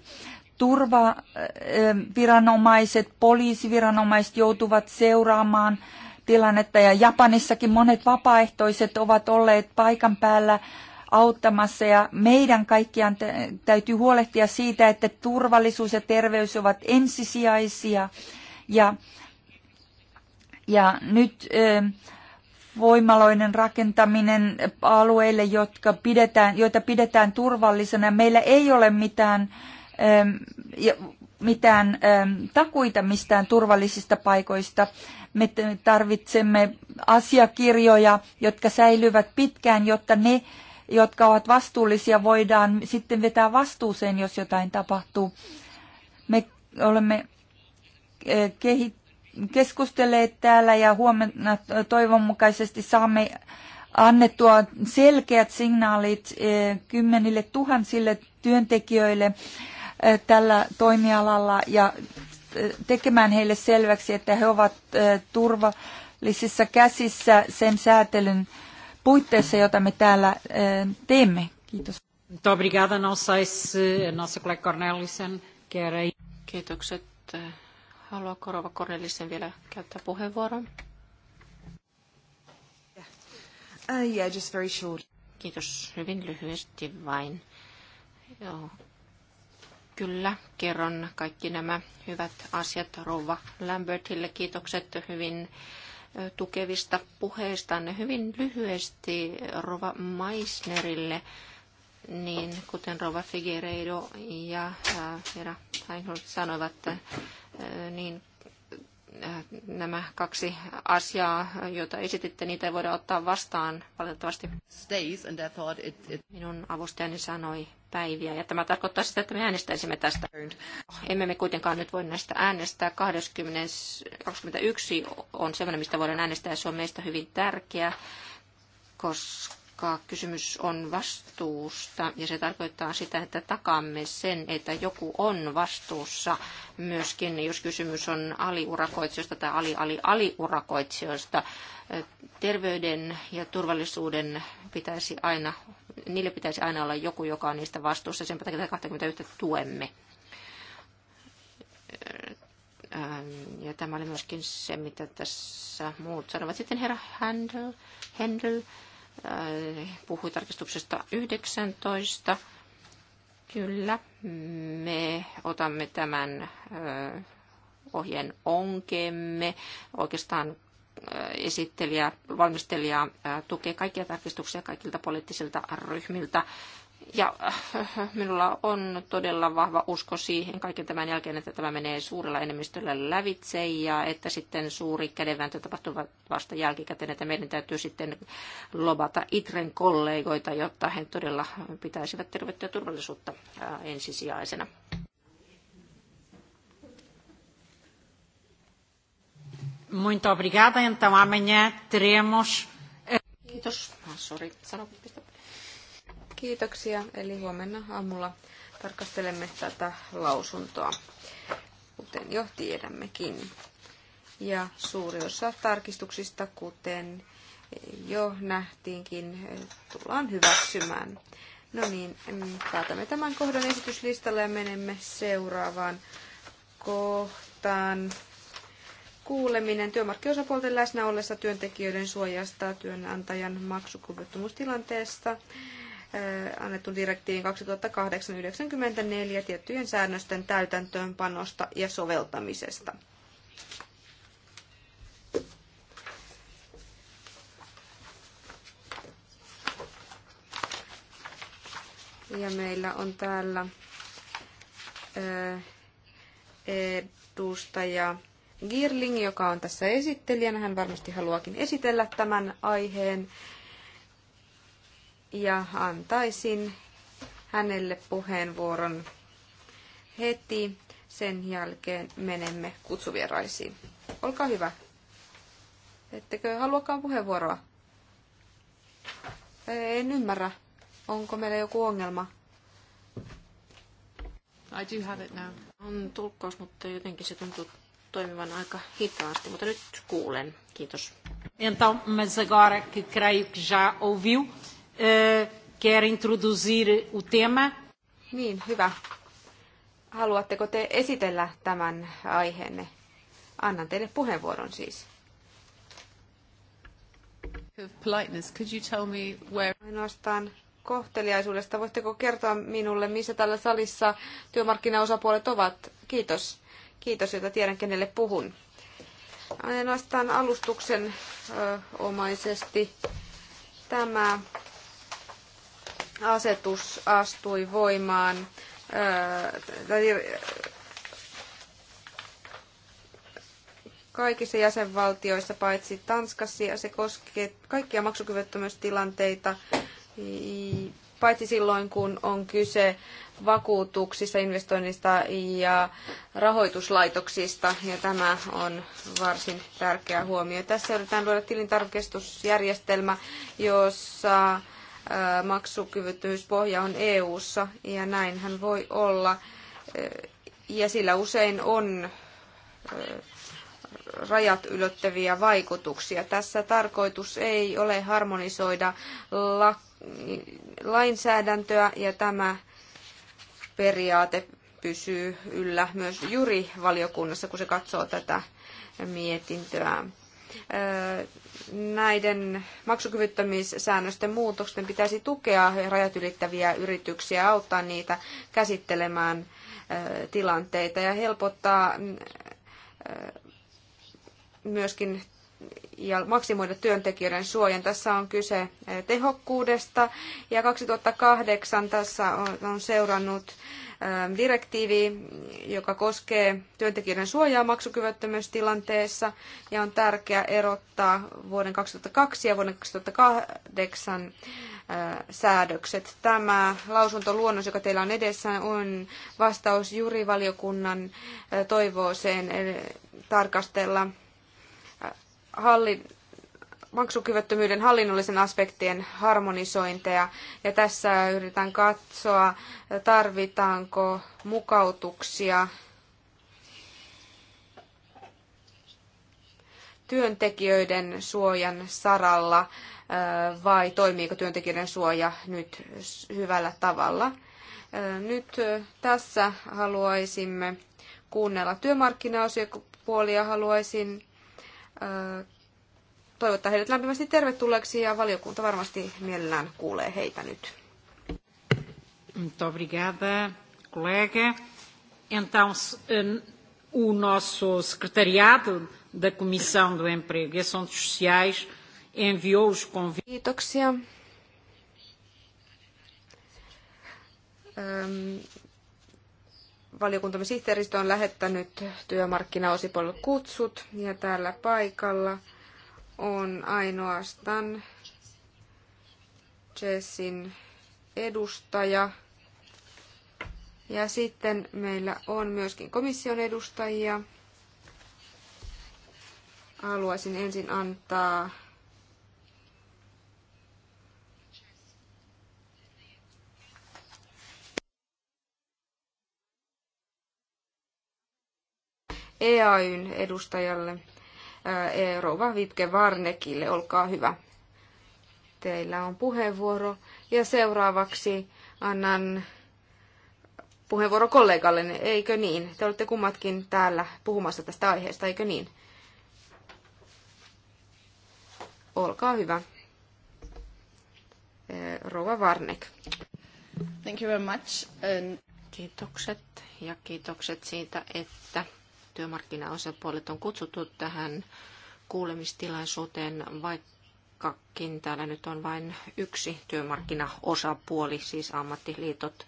Turvaviranomaiset, äh, poliisiviranomaiset joutuvat seuraamaan tilannetta ja Japanissakin monet vapaaehtoiset ovat olleet paikan päällä auttamassa ja meidän kaikkiaan täytyy huolehtia siitä, että turvallisuus ja terveys ovat ensisijaisia ja ja nyt voimaloinen rakentaminen alueille, jotka pidetään, joita pidetään turvallisena. Meillä ei ole mitään, mitään takuita mistään turvallisista paikoista. Me tarvitsemme asiakirjoja, jotka säilyvät pitkään, jotta ne, jotka ovat vastuullisia, voidaan sitten vetää vastuuseen, jos jotain tapahtuu. Me olemme kehit keskustelleet täällä ja huomenna toivon mukaisesti saamme annettua selkeät signaalit eh, kymmenille tuhansille työntekijöille eh, tällä toimialalla ja eh, tekemään heille selväksi, että he ovat turvallisissa käsissä sen säätelyn puitteissa, jota me täällä teemme. Kiitos. Kiitokset Haluaako Rova Cornelissen vielä käyttää puheenvuoron? Uh, yeah, just very short. Kiitos. Hyvin lyhyesti vain. Joo. Kyllä, kerron kaikki nämä hyvät asiat Rova Lambertille. Kiitokset hyvin tukevista puheistanne. Hyvin lyhyesti Rova Meissnerille niin kuten Rova Figueiredo ja Vera Heinhold sanoivat, niin nämä kaksi asiaa, joita esititte, niitä ei voida ottaa vastaan valitettavasti. Minun avustajani sanoi päiviä, ja tämä tarkoittaa sitä, että me äänestäisimme tästä. Emme me kuitenkaan nyt voi näistä äänestää. 20, on sellainen, mistä voidaan äänestää, ja se on meistä hyvin tärkeä, koska koska kysymys on vastuusta ja se tarkoittaa sitä, että takaamme sen, että joku on vastuussa myöskin, jos kysymys on aliurakoitsijoista tai ali, ali, aliurakoitsijoista. Terveyden ja turvallisuuden pitäisi aina, niille pitäisi aina olla joku, joka on niistä vastuussa. Sen takia 21 tuemme öö, ja tämä oli myöskin se, mitä tässä muut sanovat. Sitten herra Händel, Händel Äh, puhui tarkistuksesta 19. Kyllä, me otamme tämän äh, ohjeen onkemme. Oikeastaan äh, esittelijä, valmistelija tukee kaikkia tarkistuksia kaikilta poliittisilta ryhmiltä. Ja minulla on todella vahva usko siihen kaiken tämän jälkeen, että tämä menee suurella enemmistöllä lävitse ja että sitten suuri kädenvääntö tapahtuu vasta jälkikäteen, että meidän täytyy sitten lobata ITREN kollegoita, jotta he todella pitäisivät terveyttä ja turvallisuutta ensisijaisena. Muito obrigada. Então amanhã teremos... Eh, Kiitos. Ah, sorry. Sano, pistä Kiitoksia. Eli huomenna aamulla tarkastelemme tätä lausuntoa, kuten jo tiedämmekin. Ja suuri osa tarkistuksista, kuten jo nähtiinkin, tullaan hyväksymään. No niin, päätämme tämän kohdan esityslistalle ja menemme seuraavaan kohtaan. Kuuleminen työmarkkiosapuolten läsnä ollessa työntekijöiden suojasta työnantajan maksukyvyttömyystilanteesta. Äh, annetun direktiivin 2008-94 tiettyjen säännösten täytäntöönpanosta ja soveltamisesta. Ja meillä on täällä äh, edustaja Girling, joka on tässä esittelijänä. Hän varmasti haluakin esitellä tämän aiheen ja antaisin hänelle puheenvuoron heti. Sen jälkeen menemme kutsuvieraisiin. Olkaa hyvä. Ettekö haluakaan puheenvuoroa? En ymmärrä. Onko meillä joku ongelma? I do have it now. On tulkkaus, mutta jotenkin se tuntuu toimivan aika hitaasti, mutta nyt kuulen. Kiitos. Então, mas agora que creio que já ouviu, Eh, quer introduzir o tema? Niin, hyvä. Haluatteko te esitellä tämän aiheenne? Annan teille puheenvuoron siis. Politeness. Could you tell me where... Ainoastaan kohteliaisuudesta. Voitteko kertoa minulle, missä tällä salissa työmarkkinaosapuolet ovat? Kiitos. Kiitos, jota tiedän, kenelle puhun. Ainoastaan alustuksen ö, omaisesti tämä asetus astui voimaan, kaikissa jäsenvaltioissa paitsi Tanskassa ja se koskee kaikkia maksukyvyttömyystilanteita, paitsi silloin kun on kyse vakuutuksista, investoinnista ja rahoituslaitoksista. Ja tämä on varsin tärkeä huomio. Tässä yritetään luoda tilintarkistusjärjestelmä, jossa maksukyvyttömyyspohja on EU-ssa ja näinhän voi olla. Ja sillä usein on rajat ylöttäviä vaikutuksia. Tässä tarkoitus ei ole harmonisoida la- lainsäädäntöä ja tämä periaate pysyy yllä myös jurivaliokunnassa, kun se katsoo tätä mietintöä näiden maksukyvyttömyyssäännösten muutosten pitäisi tukea rajat ylittäviä yrityksiä, auttaa niitä käsittelemään tilanteita ja helpottaa myöskin ja maksimoida työntekijöiden suojan. Tässä on kyse tehokkuudesta ja 2008 tässä on seurannut Ähm, direktiivi, joka koskee työntekijöiden suojaa maksukyvyttömyystilanteessa ja on tärkeää erottaa vuoden 2002 ja vuoden 2008 äh, säädökset. Tämä lausuntoluonnos, joka teillä on edessä, on vastaus jurivaliokunnan äh, toivooseen tarkastella äh, hallin maksukyvyttömyyden hallinnollisen aspektien harmonisointeja. Ja tässä yritän katsoa, tarvitaanko mukautuksia työntekijöiden suojan saralla vai toimiiko työntekijöiden suoja nyt hyvällä tavalla. Nyt tässä haluaisimme kuunnella työmarkkinaosiopuolia. Haluaisin toivottaa heidät lämpimästi tervetulleeksi ja valiokunta varmasti mielellään kuulee heitä nyt. Muito obrigada, colega. Então, eh, o nosso secretariado da Comissão do Emprego e Assuntos Sociais enviou os convites. Kiitoksia. Ehm, valiokuntamme sihteeristö on lähettänyt työmarkkinaosipuolelle kutsut ja täällä paikalla on ainoastaan Jessin edustaja. Ja sitten meillä on myöskin komission edustajia. Haluaisin ensin antaa EAYn edustajalle Eh, rouva Vipke Varnekille. Olkaa hyvä. Teillä on puheenvuoro. Ja seuraavaksi annan puheenvuoro kollegalle, eikö niin? Te olette kummatkin täällä puhumassa tästä aiheesta, eikö niin? Olkaa hyvä. Eh, Rova Varnek. Thank you very much. Kiitokset ja kiitokset siitä, että työmarkkinaosapuolet on kutsuttu tähän kuulemistilaisuuteen, vaikkakin täällä nyt on vain yksi työmarkkinaosapuoli, siis ammattiliitot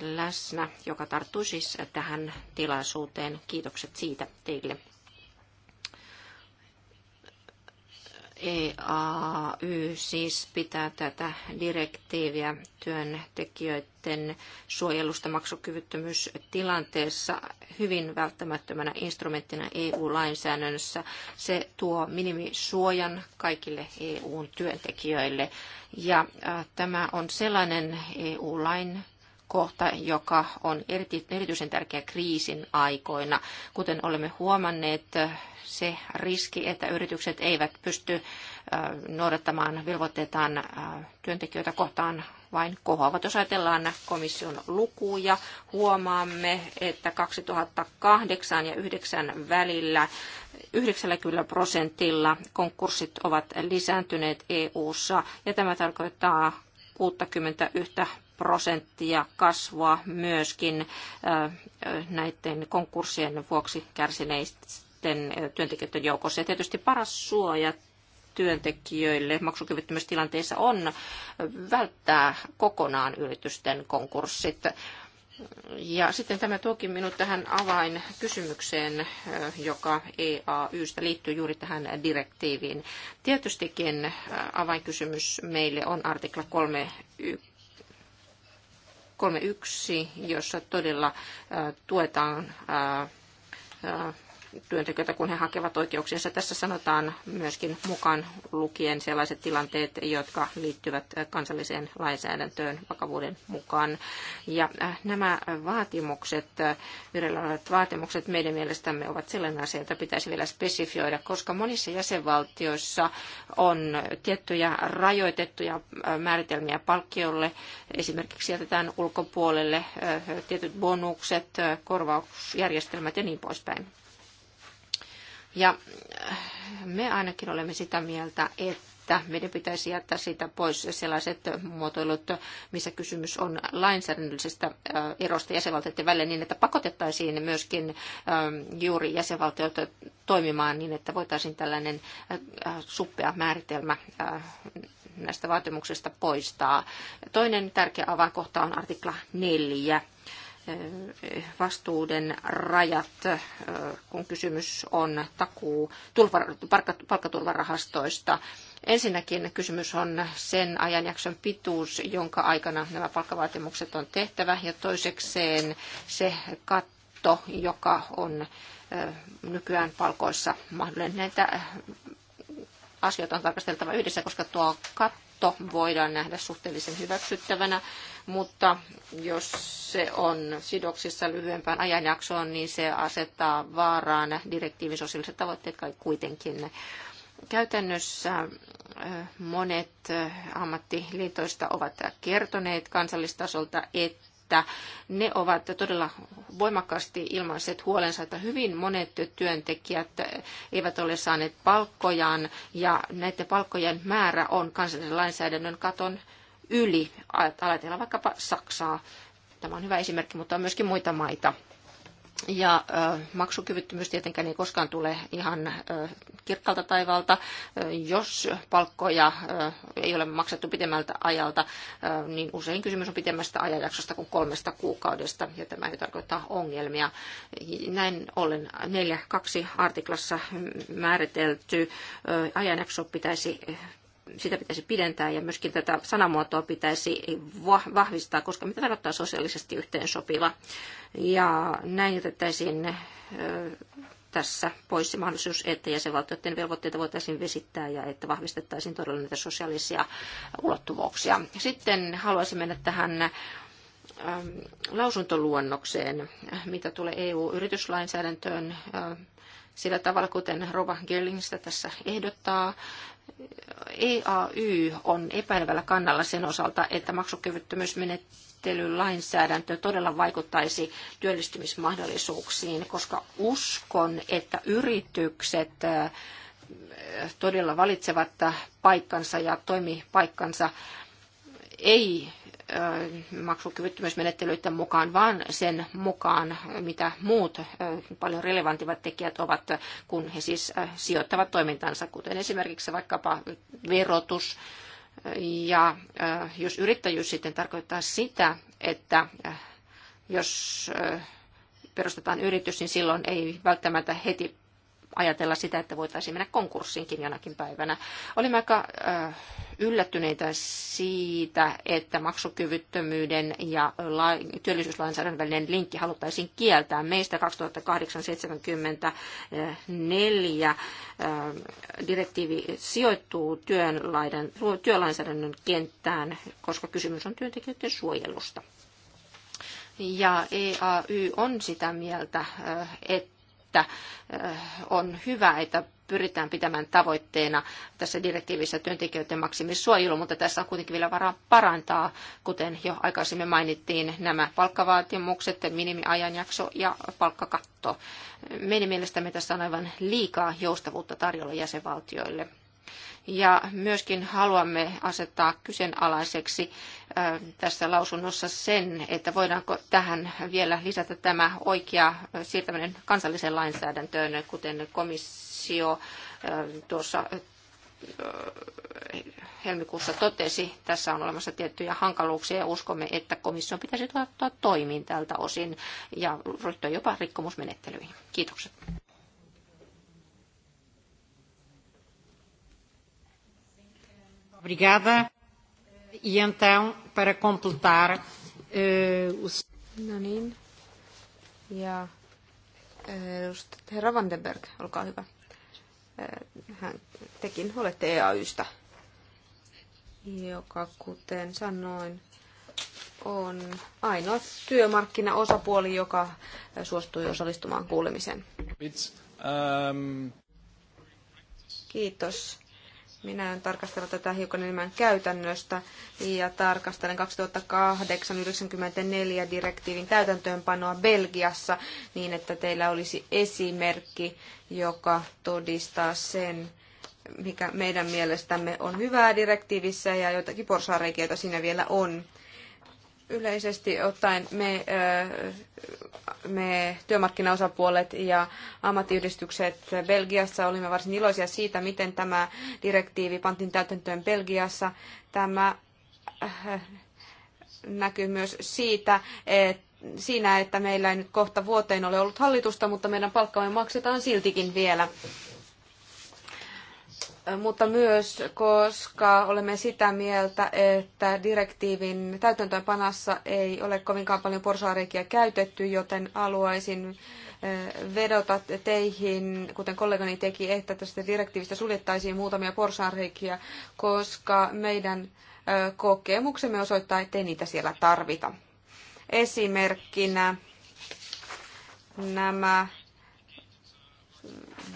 läsnä, joka tarttuu siis tähän tilaisuuteen. Kiitokset siitä teille. EAY siis pitää tätä direktiiviä työntekijöiden suojelusta maksukyvyttömyystilanteessa hyvin välttämättömänä instrumenttina EU-lainsäädännössä. Se tuo minimisuojan kaikille eu työntekijöille ja tämä on sellainen EU-lain kohta, joka on erityisen tärkeä kriisin aikoina. Kuten olemme huomanneet, se riski, että yritykset eivät pysty noudattamaan velvoitteitaan työntekijöitä kohtaan vain kohoavat. Jos ajatellaan komission lukuja, huomaamme, että 2008 ja 2009 välillä 90 prosentilla konkurssit ovat lisääntyneet EU-ssa ja tämä tarkoittaa 61 prosenttia kasvua myöskin näiden konkurssien vuoksi kärsineisten työntekijöiden joukossa. Ja tietysti paras suoja työntekijöille maksukyvyttömyystilanteissa on välttää kokonaan yritysten konkurssit. Ja sitten tämä tuokin minut tähän avainkysymykseen, joka EAYstä liittyy juuri tähän direktiiviin. Tietystikin avainkysymys meille on artikla 3.1 31, jossa todella tuetaan työntekijöitä, kun he hakevat oikeuksiensa. Tässä sanotaan myöskin mukaan lukien sellaiset tilanteet, jotka liittyvät kansalliseen lainsäädäntöön vakavuuden mukaan. Ja äh, nämä vaatimukset, äh, vireillä olevat vaatimukset meidän mielestämme ovat sellainen asia, jota pitäisi vielä spesifioida, koska monissa jäsenvaltioissa on tiettyjä rajoitettuja äh, määritelmiä palkkiolle. Esimerkiksi jätetään ulkopuolelle tietyt bonukset, korvausjärjestelmät ja niin poispäin. Ja äh, me ainakin olemme sitä mieltä, että meidän pitäisi jättää siitä pois sellaiset muotoilut, missä kysymys on lainsäädännöllisestä äh, erosta jäsenvaltioiden välillä niin, että pakotettaisiin myöskin äh, juuri jäsenvaltioita toimimaan niin, että voitaisiin tällainen suppea määritelmä näistä vaatimuksista poistaa. Toinen tärkeä avainkohta on artikla 4 vastuuden rajat, kun kysymys on takuu palkkaturvarahastoista. Ensinnäkin kysymys on sen ajanjakson pituus, jonka aikana nämä palkkavaatimukset on tehtävä, ja toisekseen se katto, joka on nykyään palkoissa mahdollinen. Näitä asioita on tarkasteltava yhdessä, koska tuo katto katto voidaan nähdä suhteellisen hyväksyttävänä, mutta jos se on sidoksissa lyhyempään ajanjaksoon, niin se asettaa vaaraan direktiivin sosiaaliset tavoitteet kai kuitenkin. Käytännössä eh, monet eh, ammattiliitoista ovat kertoneet kansallistasolta, että että ne ovat todella voimakkaasti ilmaiset huolensa, että hyvin monet työntekijät eivät ole saaneet palkkojaan ja näiden palkkojen määrä on kansallisen lainsäädännön katon yli. Ajatellaan vaikkapa Saksaa. Tämä on hyvä esimerkki, mutta on myöskin muita maita. Ja maksukyvyttömyys tietenkään ei koskaan tule ihan kirkkalta taivalta, Jos palkkoja ei ole maksettu pitemmältä ajalta, niin usein kysymys on pitemmästä ajanjaksosta kuin kolmesta kuukaudesta, ja tämä ei tarkoittaa ongelmia. Näin ollen 4.2 artiklassa määritelty ajanjakso pitäisi sitä pitäisi pidentää ja myöskin tätä sanamuotoa pitäisi vahvistaa, koska mitä tarkoittaa sosiaalisesti yhteensopiva. Ja näin jätettäisiin tässä pois se mahdollisuus, että jäsenvaltioiden velvoitteita voitaisiin vesittää ja että vahvistettaisiin todella näitä sosiaalisia ulottuvuuksia. Sitten haluaisin mennä tähän ähm, lausuntoluonnokseen, mitä tulee EU-yrityslainsäädäntöön äh, sillä tavalla, kuten Rova Gerlingstä tässä ehdottaa. EAY on epäilevällä kannalla sen osalta, että maksukyvyttömyysmenettelyn lainsäädäntö todella vaikuttaisi työllistymismahdollisuuksiin, koska uskon, että yritykset todella valitsevat paikkansa ja toimipaikkansa ei maksukyvyttömyysmenettelyiden mukaan, vaan sen mukaan, mitä muut paljon relevantivat tekijät ovat, kun he siis sijoittavat toimintansa, kuten esimerkiksi vaikkapa verotus, ja jos yrittäjyys sitten tarkoittaa sitä, että jos perustetaan yritys, niin silloin ei välttämättä heti ajatella sitä, että voitaisiin mennä konkurssiinkin jonakin päivänä. Olimme aika yllättyneitä siitä, että maksukyvyttömyyden ja työllisyyslainsäädännön välinen linkki haluttaisiin kieltää. Meistä 2874 direktiivi sijoittuu työlainsäädännön kenttään, koska kysymys on työntekijöiden suojelusta. Ja EAY on sitä mieltä, että että eh, on hyvä, että pyritään pitämään tavoitteena tässä direktiivissä työntekijöiden maksimissuojelu, mutta tässä on kuitenkin vielä varaa parantaa, kuten jo aikaisemmin mainittiin, nämä palkkavaatimukset, minimiajanjakso ja palkkakatto. Meidän mielestämme tässä on aivan liikaa joustavuutta tarjolla jäsenvaltioille. Ja myöskin haluamme asettaa kyseenalaiseksi tässä lausunnossa sen, että voidaanko tähän vielä lisätä tämä oikea siirtäminen kansalliseen lainsäädäntöön, kuten komissio tuossa helmikuussa totesi, tässä on olemassa tiettyjä hankaluuksia ja uskomme, että komission pitäisi ottaa toimiin tältä osin ja ryhtyä jopa rikkomusmenettelyihin. Kiitokset. Obrigada. E então, para completar, uh, No niin. Ja eh, herra Vandenberg, olkaa hyvä. Eh, hän, tekin olette EAYstä, joka kuten sanoin, on ainoa työmarkkinaosapuoli, joka suostui osallistumaan kuulemiseen. Um, Kiitos. Minä en tarkastella tätä hiukan enemmän käytännöstä ja tarkastelen 2008-94 direktiivin täytäntöönpanoa Belgiassa niin, että teillä olisi esimerkki, joka todistaa sen, mikä meidän mielestämme on hyvää direktiivissä ja joitakin porsaanreikiä, joita siinä vielä on yleisesti ottaen me, me työmarkkinaosapuolet ja ammattiyhdistykset Belgiassa olimme varsin iloisia siitä, miten tämä direktiivi pantiin täytäntöön Belgiassa. Tämä äh, näkyy myös siitä, että siinä, että meillä ei nyt kohta vuoteen ole ollut hallitusta, mutta meidän palkkamme maksetaan siltikin vielä mutta myös koska olemme sitä mieltä, että direktiivin täytäntöönpanassa ei ole kovinkaan paljon porsaareikiä käytetty, joten haluaisin eh, vedota teihin, kuten kollegani teki, että tästä direktiivistä suljettaisiin muutamia porsaareikiä, koska meidän eh, kokemuksemme osoittaa, ettei niitä siellä tarvita. Esimerkkinä nämä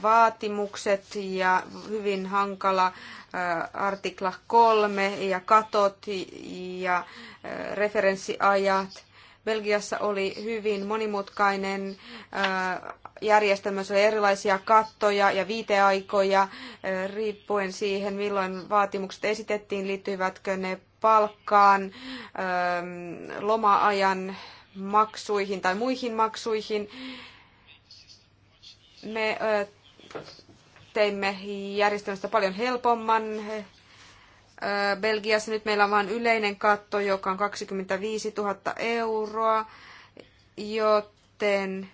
vaatimukset ja hyvin hankala artikla 3 ja katot ja referenssiajat. Belgiassa oli hyvin monimutkainen järjestelmä, se oli erilaisia kattoja ja viiteaikoja riippuen siihen, milloin vaatimukset esitettiin, liittyivätkö ne palkkaan, lomaajan maksuihin tai muihin maksuihin. Me teimme järjestelmästä paljon helpomman. Belgiassa nyt meillä on vain yleinen katto, joka on 25 000 euroa, joten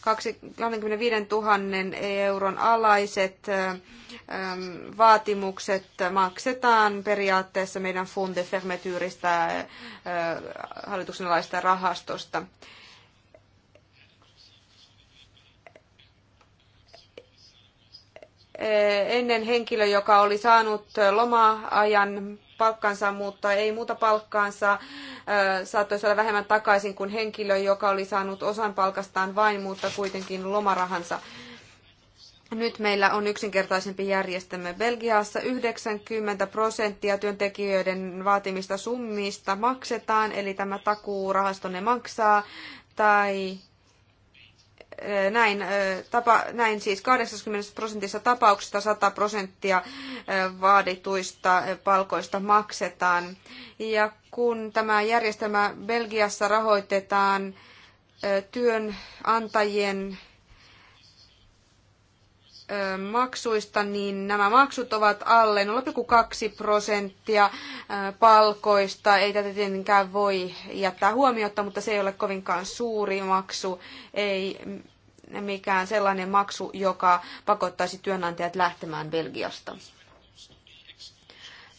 25 000 euron alaiset vaatimukset maksetaan periaatteessa meidän de Fermetyyristä hallituksen alaista rahastosta. Eh, ennen henkilö, joka oli saanut loma-ajan palkkansa, mutta ei muuta palkkaansa, eh, saattoi saada vähemmän takaisin kuin henkilö, joka oli saanut osan palkastaan vain, mutta kuitenkin lomarahansa. Nyt meillä on yksinkertaisempi järjestelmä. Belgiassa 90 prosenttia työntekijöiden vaatimista summista maksetaan, eli tämä takuurahasto ne maksaa, tai näin, tapa, näin siis 80 prosentissa tapauksista 100 prosenttia vaadituista palkoista maksetaan. Ja kun tämä järjestelmä Belgiassa rahoitetaan työnantajien maksuista, niin nämä maksut ovat alle 0,2 prosenttia palkoista. Ei tätä tietenkään voi jättää huomiota, mutta se ei ole kovinkaan suuri maksu, ei mikään sellainen maksu, joka pakottaisi työnantajat lähtemään Belgiasta.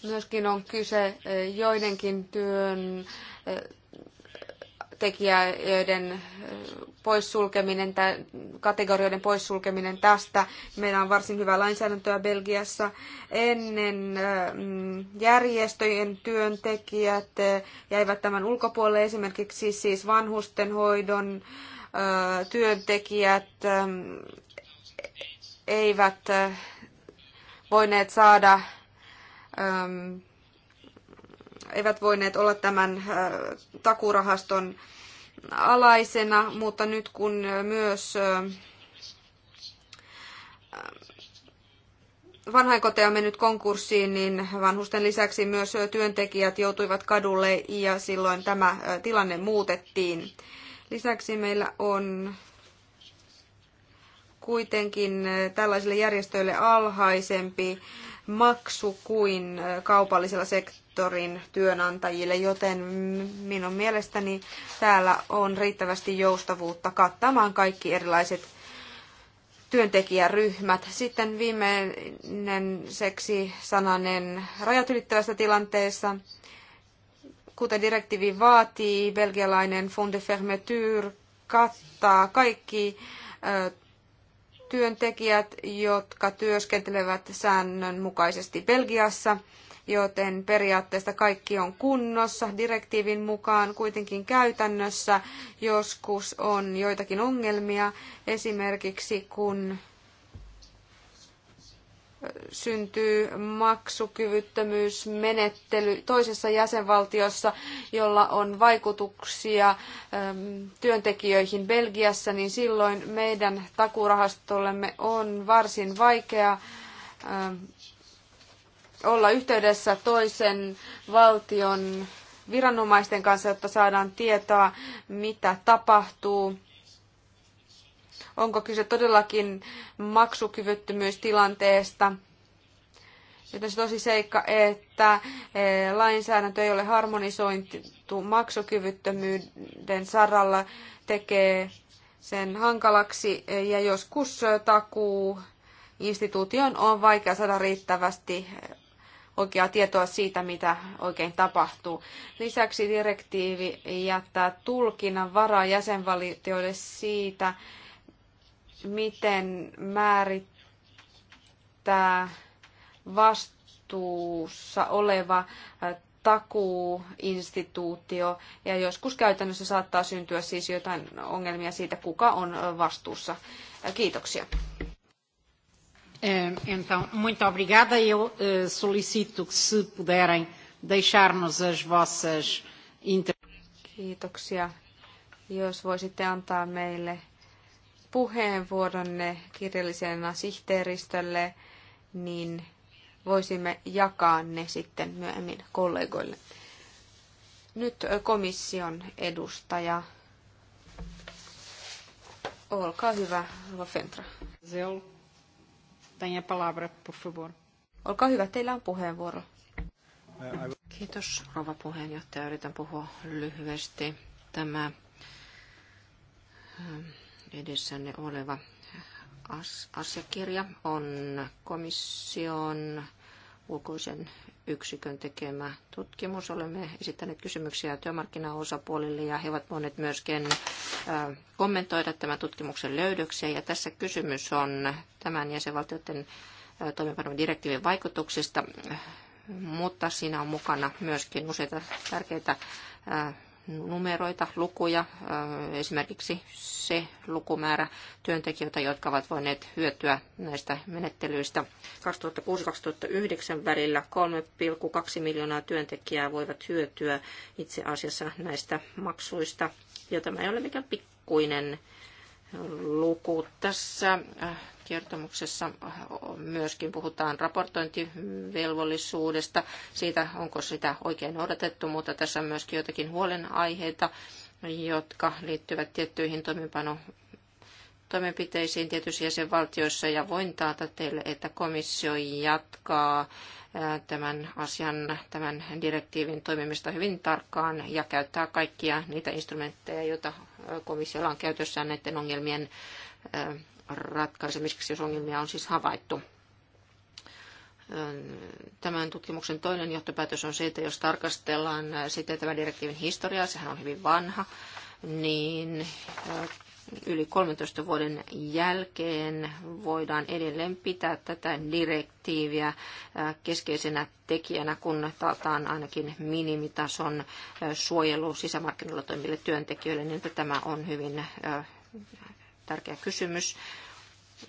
Myöskin on kyse joidenkin työn tekijöiden poissulkeminen, kategorioiden poissulkeminen tästä. Meillä on varsin hyvää lainsäädäntöä Belgiassa. Ennen mm, järjestöjen työntekijät jäivät tämän ulkopuolelle esimerkiksi siis vanhustenhoidon työntekijät e-, eivät voineet saada eivät voineet olla tämän äh, takurahaston alaisena, mutta nyt kun myös äh, vanhainkoteja mennyt konkurssiin, niin vanhusten lisäksi myös työntekijät joutuivat kadulle ja silloin tämä äh, tilanne muutettiin. Lisäksi meillä on kuitenkin tällaisille järjestöille alhaisempi maksu kuin kaupallisella sektorilla sektorin työnantajille, joten minun mielestäni täällä on riittävästi joustavuutta kattamaan kaikki erilaiset työntekijäryhmät. Sitten viimeinen seksi sananen rajat ylittävässä tilanteessa. Kuten direktiivi vaatii, belgialainen Fond de Fermeture kattaa kaikki työntekijät, jotka työskentelevät säännönmukaisesti Belgiassa – joten periaatteessa kaikki on kunnossa direktiivin mukaan. Kuitenkin käytännössä joskus on joitakin ongelmia, esimerkiksi kun syntyy maksukyvyttömyysmenettely toisessa jäsenvaltiossa, jolla on vaikutuksia työntekijöihin Belgiassa, niin silloin meidän takurahastollemme on varsin vaikea olla yhteydessä toisen valtion viranomaisten kanssa, jotta saadaan tietoa, mitä tapahtuu. Onko kyse todellakin maksukyvyttömyystilanteesta? Joten se tosi seikka, että e, lainsäädäntö ei ole harmonisointu maksukyvyttömyyden saralla, tekee sen hankalaksi e, ja jos takuu instituution on vaikea saada riittävästi oikeaa tietoa siitä, mitä oikein tapahtuu. Lisäksi direktiivi jättää tulkinnan varaa jäsenvaltioille siitä, miten määrittää vastuussa oleva takuuinstituutio ja joskus käytännössä saattaa syntyä siis jotain ongelmia siitä, kuka on vastuussa. Kiitoksia. Então, muito obrigada. Eu eh, solicito que, se puderem, deixar-nos as vossas Kiitoksia. Jos voisitte antaa meille puheenvuoronne kirjallisena sihteeristölle, niin voisimme jakaa ne sitten myöhemmin kollegoille. Nyt komission edustaja. Olkaa hyvä, Rova Fentra tem a palavra, por favor. Olkaa hyvä, teillä on puheenvuoro. Äh, Kiitos, rouva puheenjohtaja. Yritän puhua lyhyesti. Tämä ähm, edessänne oleva asiakirja on komission ulkoisen yksikön tekemä tutkimus. Olemme esittäneet kysymyksiä työmarkkinaosapuolille ja he ovat voineet myöskin kommentoida tämän tutkimuksen löydöksiä. Ja tässä kysymys on tämän jäsenvaltioiden toimivan direktiivin vaikutuksista, mutta siinä on mukana myöskin useita tärkeitä numeroita, lukuja, esimerkiksi se lukumäärä työntekijöitä, jotka ovat voineet hyötyä näistä menettelyistä. 2006-2009 välillä 3,2 miljoonaa työntekijää voivat hyötyä itse asiassa näistä maksuista, ja tämä ei ole mikään pikkuinen luku tässä äh, kertomuksessa äh, myöskin puhutaan raportointivelvollisuudesta, siitä onko sitä oikein noudatettu, mutta tässä on myöskin jotakin huolenaiheita, jotka liittyvät tiettyihin toimenpano toimenpiteisiin tietyissä jäsenvaltioissa ja voin taata teille, että komissio jatkaa tämän asian, tämän direktiivin toimimista hyvin tarkkaan ja käyttää kaikkia niitä instrumentteja, joita komissiolla on käytössään näiden ongelmien ratkaisemiseksi, jos ongelmia on siis havaittu. Tämän tutkimuksen toinen johtopäätös on se, että jos tarkastellaan sitten tämän direktiivin historiaa, sehän on hyvin vanha, niin yli 13 vuoden jälkeen voidaan edelleen pitää tätä direktiiviä äh, keskeisenä tekijänä, kun taataan ainakin minimitason äh, suojelu sisämarkkinoilla toimille työntekijöille, niin että tämä on hyvin äh, tärkeä kysymys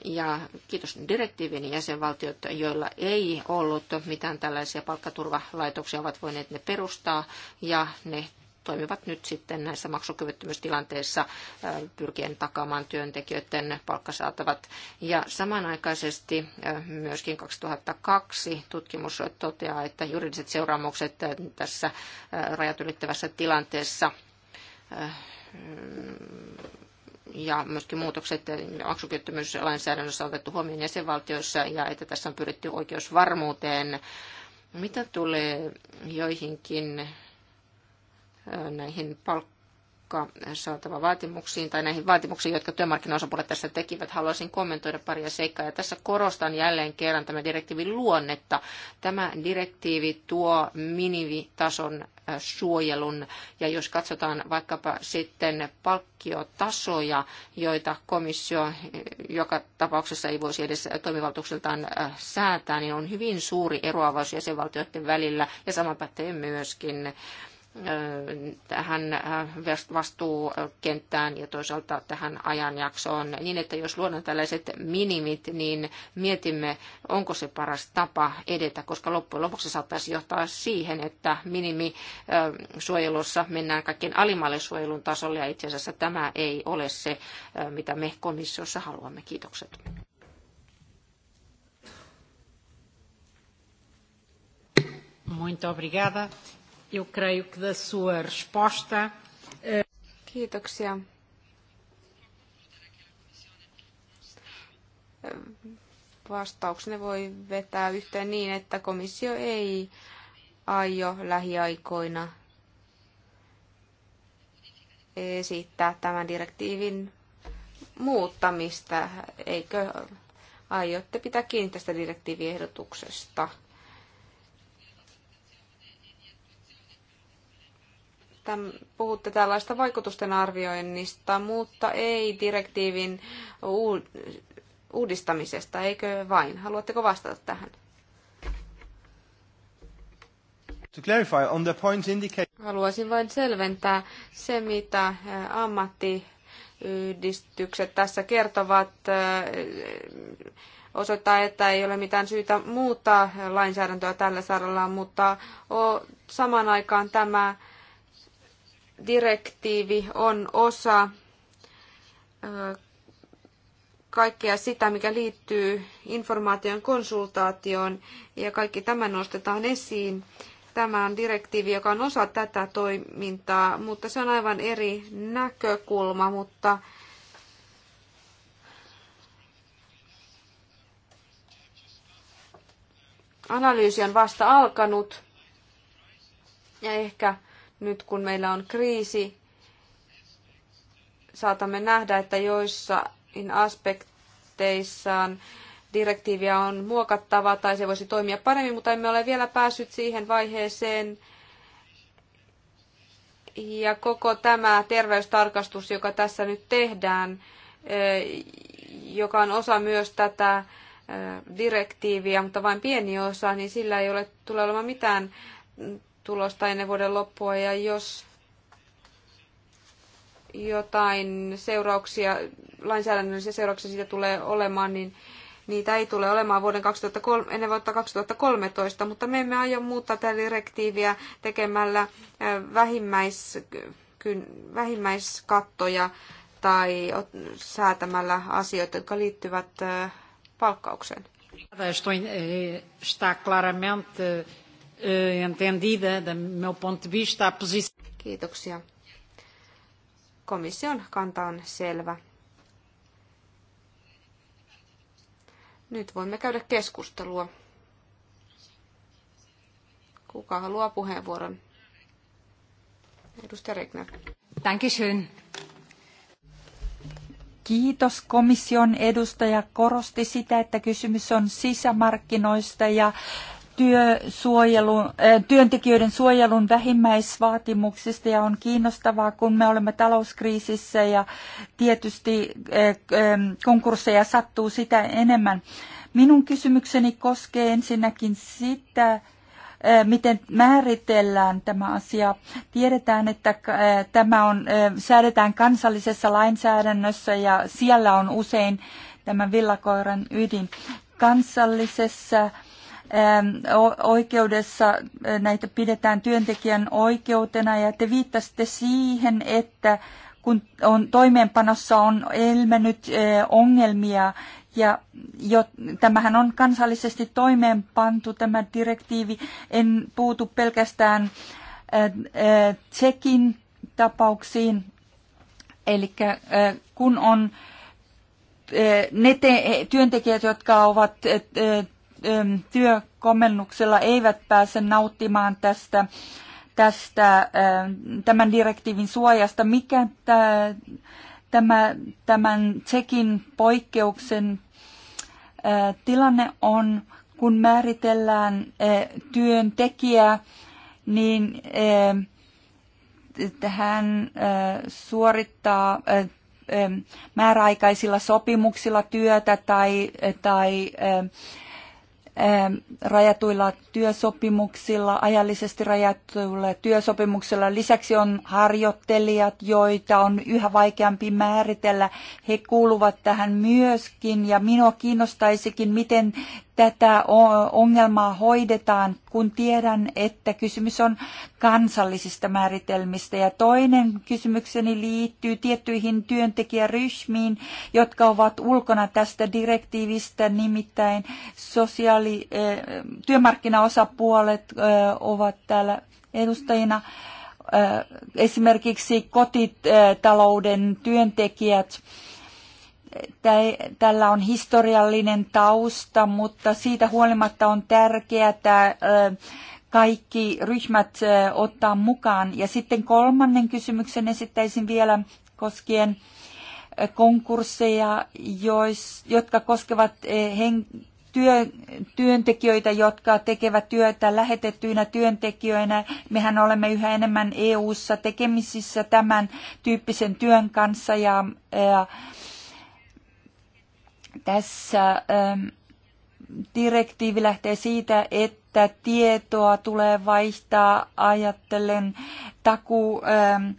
ja kiitos direktiivin jäsenvaltiot, joilla ei ollut mitään tällaisia palkkaturvalaitoksia, ovat voineet ne perustaa ja ne toimivat nyt sitten näissä maksukyvyttömyystilanteissa äh, pyrkien takaamaan työntekijöiden palkkasaatavat. Ja samanaikaisesti äh, myöskin 2002 tutkimus toteaa, että juridiset seuraamukset äh, tässä rajat ylittävässä tilanteessa ja myöskin muutokset maksukyvyttömyyslainsäädännössä on otettu huomioon jäsenvaltioissa ja että tässä on pyritty oikeusvarmuuteen. Mitä tulee joihinkin näihin palkkasaatava vaatimuksiin tai näihin vaatimuksiin, jotka työmarkkinaosapuolet tässä tekivät, haluaisin kommentoida paria seikkaa. Ja tässä korostan jälleen kerran tämän direktiivin luonnetta. Tämä direktiivi tuo minivitason suojelun. Ja jos katsotaan vaikkapa sitten palkkiotasoja, joita komissio joka tapauksessa ei voisi edes toimivaltuuksiltaan säätää, niin on hyvin suuri eroavaisuus jäsenvaltioiden välillä ja sama pätee myöskin tähän äh, vastuukenttään ja toisaalta tähän ajanjaksoon, niin että jos luodaan tällaiset minimit, niin mietimme, onko se paras tapa edetä, koska loppujen lopuksi saattaisi johtaa siihen, että minimisuojelussa äh, mennään kaikkien alimmalle suojelun tasolle, ja itse asiassa tämä ei ole se, äh, mitä me komissiossa haluamme. Kiitokset. Muito obrigada eu creio que da sua resposta. Eh, Kiitoksia. Vastauksenne voi vetää yhteen niin, että komissio ei aio lähiaikoina esittää tämän direktiivin muuttamista. Eikö aiotte pitää kiinni tästä direktiiviehdotuksesta? täm, puhutte tällaista vaikutusten arvioinnista, mutta ei direktiivin uudistamisesta, eikö vain? Haluatteko vastata tähän? Haluaisin vain selventää se, mitä eh, ammattiyhdistykset tässä kertovat eh, osoittaa, että ei ole mitään syytä muuttaa lainsäädäntöä tällä saralla, mutta samaan aikaan tämä direktiivi on osa kaikkea sitä, mikä liittyy informaation konsultaatioon, ja kaikki tämä nostetaan esiin. Tämä on direktiivi, joka on osa tätä toimintaa, mutta se on aivan eri näkökulma, mutta analyysi on vasta alkanut, ja ehkä nyt kun meillä on kriisi, saatamme nähdä, että joissain aspekteissaan direktiiviä on muokattava tai se voisi toimia paremmin, mutta emme ole vielä päässyt siihen vaiheeseen. Ja koko tämä terveystarkastus, joka tässä nyt tehdään, eh, joka on osa myös tätä eh, direktiiviä, mutta vain pieni osa, niin sillä ei ole, tule olemaan mitään tulosta ennen vuoden loppua ja jos jotain seurauksia, lainsäädännöllisiä seurauksia siitä tulee olemaan, niin niitä ei tule olemaan vuoden 2003, ennen vuotta 2013, mutta me emme aio muuttaa tätä direktiiviä tekemällä vähimmäis, vähimmäiskattoja tai säätämällä asioita, jotka liittyvät palkkaukseen. Está claramente Eh, entendida, do meu ponto de vista, a posição... Kiitoksia. Komission kanta on selvä. Nyt voimme käydä keskustelua. Kuka haluaa puheenvuoron? Edustaja Regner. Dankeschön. Kiitos komission edustaja korosti sitä, että kysymys on sisämarkkinoista ja työsuojelun, äh, työntekijöiden suojelun vähimmäisvaatimuksista ja on kiinnostavaa, kun me olemme talouskriisissä ja tietysti äh, ähm, konkursseja sattuu sitä enemmän. Minun kysymykseni koskee ensinnäkin sitä, äh, miten määritellään tämä asia. Tiedetään, että tämä on, säädetään kansallisessa lainsäädännössä ja siellä on usein tämän villakoiran ydin. Kansallisessa oikeudessa näitä pidetään työntekijän oikeutena ja te viittasitte siihen, että kun on, toimeenpanossa on ilmennyt ongelmia ja jo, tämähän on kansallisesti toimeenpantu tämä direktiivi. En puutu pelkästään Tsekin tapauksiin. Eli kun on ne te, työntekijät, jotka ovat työkomennuksella eivät pääse nauttimaan tästä, tästä tämän direktiivin suojasta. Mikä tämä, tämän Tsekin poikkeuksen tilanne on, kun määritellään työntekijää, niin hän suorittaa määräaikaisilla sopimuksilla työtä tai, tai rajatuilla työsopimuksilla, ajallisesti rajatuilla työsopimuksilla. Lisäksi on harjoittelijat, joita on yhä vaikeampi määritellä. He kuuluvat tähän myöskin ja minua kiinnostaisikin, miten tätä ongelmaa hoidetaan, kun tiedän, että kysymys on kansallisista määritelmistä. Ja toinen kysymykseni liittyy tiettyihin työntekijäryhmiin, jotka ovat ulkona tästä direktiivistä, nimittäin sosiaali- eh, työmarkkinaosapuolet eh, ovat täällä edustajina eh, esimerkiksi kotitalouden työntekijät tällä on historiallinen tausta, mutta siitä huolimatta on tärkeää että kaikki ryhmät ottaa mukaan. Ja sitten kolmannen kysymyksen esittäisin vielä koskien konkursseja, jotka koskevat työntekijöitä, jotka tekevät työtä lähetettyinä työntekijöinä. Mehän olemme yhä enemmän EU-ssa tekemisissä tämän tyyppisen työn kanssa ja, ja tässä ähm, direktiivi lähtee siitä, että tietoa tulee vaihtaa ajattelen takuu ähm,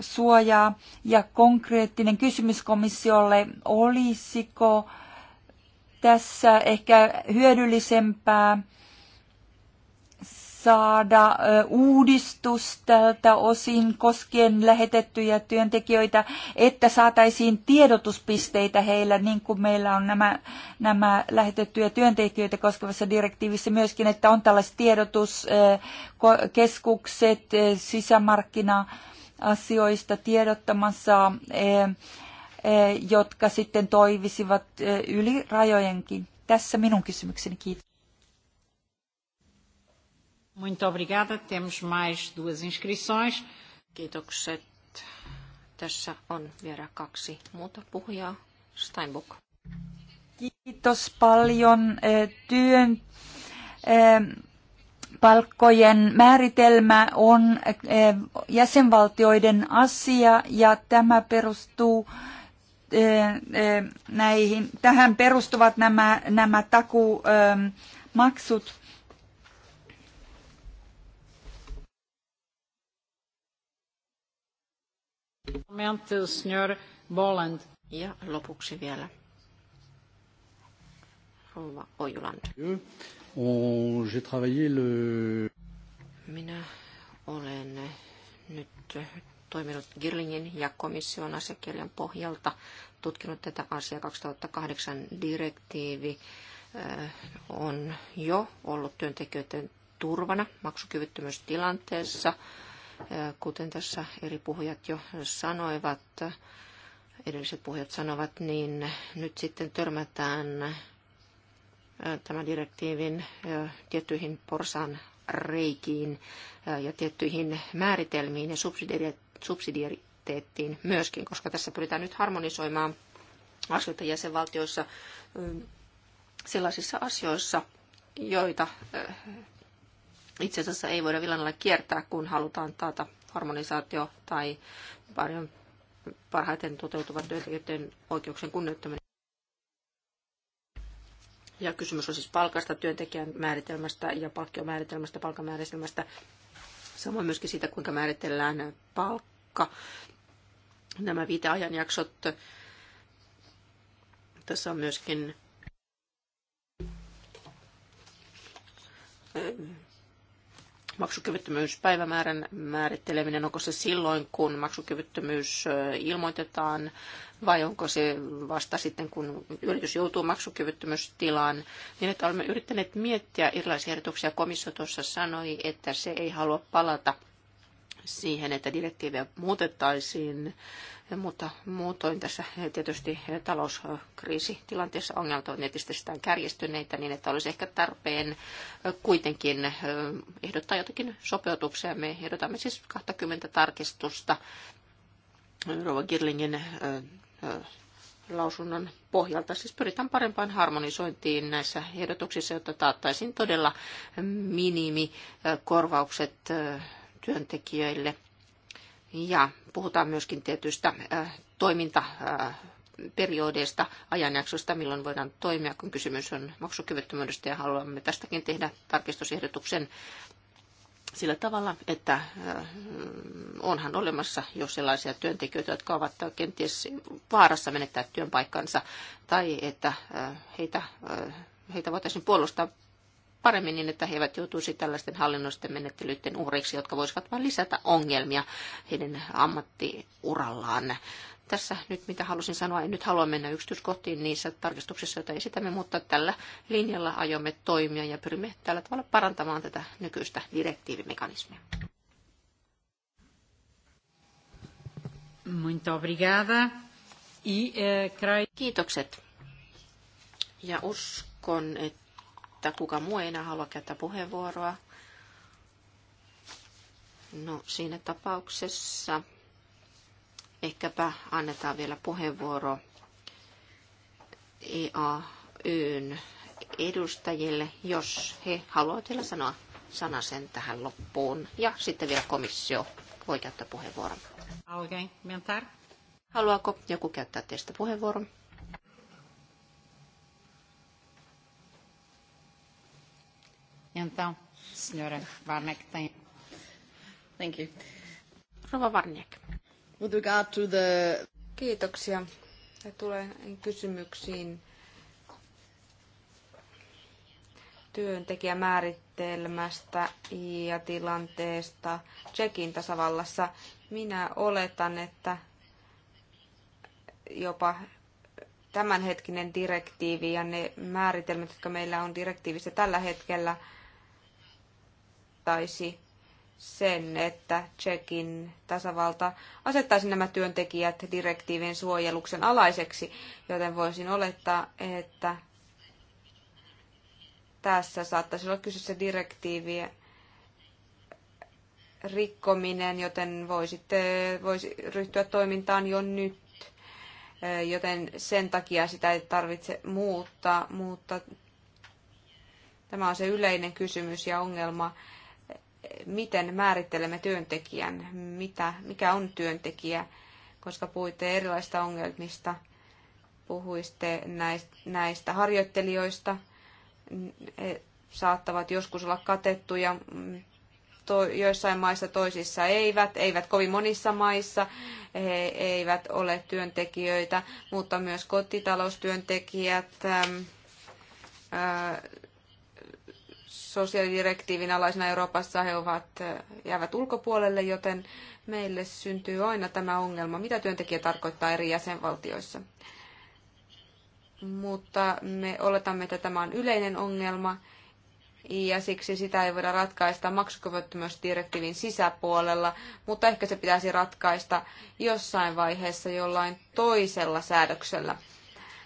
suojaa ja konkreettinen kysymys komissiolle, olisiko tässä ehkä hyödyllisempää saada uudistus tältä osin koskien lähetettyjä työntekijöitä, että saataisiin tiedotuspisteitä heillä, niin kuin meillä on nämä, nämä lähetettyjä työntekijöitä koskevassa direktiivissä myöskin, että on tällaiset tiedotuskeskukset sisämarkkina-asioista tiedottamassa, jotka sitten toivisivat yli rajojenkin. Tässä minun kysymykseni. Kiitos. Muito obrigada. Temos mais duas inscrições. Kiitokset. Tässä on vielä kaksi muuta puhujaa. Steinbock. Kiitos paljon eh, työn eh, palkkojen määritelmä on eh, jäsenvaltioiden asia ja tämä perustuu näihin, tähän perustuvat nämä, nämä takumaksut. Ja lopuksi vielä rouva Ojuland. Minä olen nyt toiminut Girlingin ja komission asiakirjan pohjalta, tutkinut tätä asiaa 2008 direktiivi eh, on jo ollut työntekijöiden turvana maksukyvyttömyystilanteessa. Kuten tässä eri puhujat jo sanoivat, edelliset puhujat sanovat, niin nyt sitten törmätään tämän direktiivin tiettyihin porsan reikiin ja tiettyihin määritelmiin ja subsidiariteettiin myöskin, koska tässä pyritään nyt harmonisoimaan asioita jäsenvaltioissa sellaisissa asioissa, joita itse asiassa ei voida Vilanalla kiertää, kun halutaan taata harmonisaatio tai paljon parhaiten toteutuvat työntekijöiden oikeuksien kunnioittaminen. Ja kysymys on siis palkasta, työntekijän määritelmästä ja palkkiomääritelmästä, palkamääritelmästä. Samoin myöskin siitä, kuinka määritellään palkka. Nämä viiteajanjaksot. Tässä on myöskin maksukyvyttömyyspäivämäärän määritteleminen, onko se silloin, kun maksukyvyttömyys ilmoitetaan vai onko se vasta sitten, kun yritys joutuu maksukyvyttömyystilaan, niin että olemme yrittäneet miettiä erilaisia ehdotuksia. Komissio tuossa sanoi, että se ei halua palata – siihen, että direktiivejä muutettaisiin, mutta muutoin tässä tietysti talouskriisitilanteessa ongelmat ovat entisestään kärjistyneitä niin, että olisi ehkä tarpeen kuitenkin ehdottaa jotakin sopeutuksia. Me ehdotamme siis 20 tarkistusta Rova Girlingin lausunnon pohjalta. Siis pyritään parempaan harmonisointiin näissä ehdotuksissa, jotta taattaisiin todella minimikorvaukset työntekijöille. Ja puhutaan myöskin tietystä toimintaperiodeista, ajanjaksoista, milloin voidaan toimia, kun kysymys on maksukyvyttömyydestä ja haluamme tästäkin tehdä tarkistusehdotuksen sillä tavalla, että onhan olemassa jo sellaisia työntekijöitä, jotka ovat kenties vaarassa menettää työpaikkansa tai että heitä, heitä voitaisiin puolustaa paremmin niin, että he eivät joutuisi tällaisten hallinnollisten menettelyiden uhreiksi, jotka voisivat vain lisätä ongelmia heidän ammattiurallaan. Tässä nyt mitä halusin sanoa, en nyt halua mennä yksityiskohtiin niissä tarkistuksissa, joita esitämme, mutta tällä linjalla aiomme toimia ja pyrimme tällä tavalla parantamaan tätä nykyistä direktiivimekanismia. Muito obrigada. E, eh, Kiitokset. Ja uskon, että että kuka muu ei enää halua käyttää puheenvuoroa. No siinä tapauksessa ehkäpä annetaan vielä puheenvuoro EAYn edustajille, jos he haluavat vielä sanoa sanasen tähän loppuun. Ja sitten vielä komissio voi käyttää puheenvuoron. Haluaako joku käyttää teistä puheenvuoron? Então, senhora Varnek tem. Thank you. Rova Varnek. With regard to the... Kiitoksia. Ja tulee kysymyksiin työntekijämääritelmästä ja tilanteesta Tsekin tasavallassa. Minä oletan, että jopa tämänhetkinen direktiivi ja ne määritelmät, jotka meillä on direktiivissä tällä hetkellä, tarkoittaisi sen, että Tsekin tasavalta asettaisi nämä työntekijät direktiivin suojeluksen alaiseksi, joten voisin olettaa, että tässä saattaisi olla kyseessä direktiiviä rikkominen, joten voisitte, voisi ryhtyä toimintaan jo nyt. Joten sen takia sitä ei tarvitse muuttaa, mutta tämä on se yleinen kysymys ja ongelma, miten määrittelemme työntekijän, mitä, mikä on työntekijä, koska puhuitte erilaisista ongelmista, puhuitte näistä, näistä harjoittelijoista, he saattavat joskus olla katettuja, to, joissain maissa toisissa eivät, eivät kovin monissa maissa, he eivät ole työntekijöitä, mutta myös kotitaloustyöntekijät, sosiaalidirektiivin alaisena Euroopassa he ovat, eh, jäävät ulkopuolelle, joten meille syntyy aina tämä ongelma, mitä työntekijä tarkoittaa eri jäsenvaltioissa. Mutta me oletamme, että tämä on yleinen ongelma ja siksi sitä ei voida ratkaista maksukyvyttömyysdirektiivin sisäpuolella, mutta ehkä se pitäisi ratkaista jossain vaiheessa jollain toisella säädöksellä.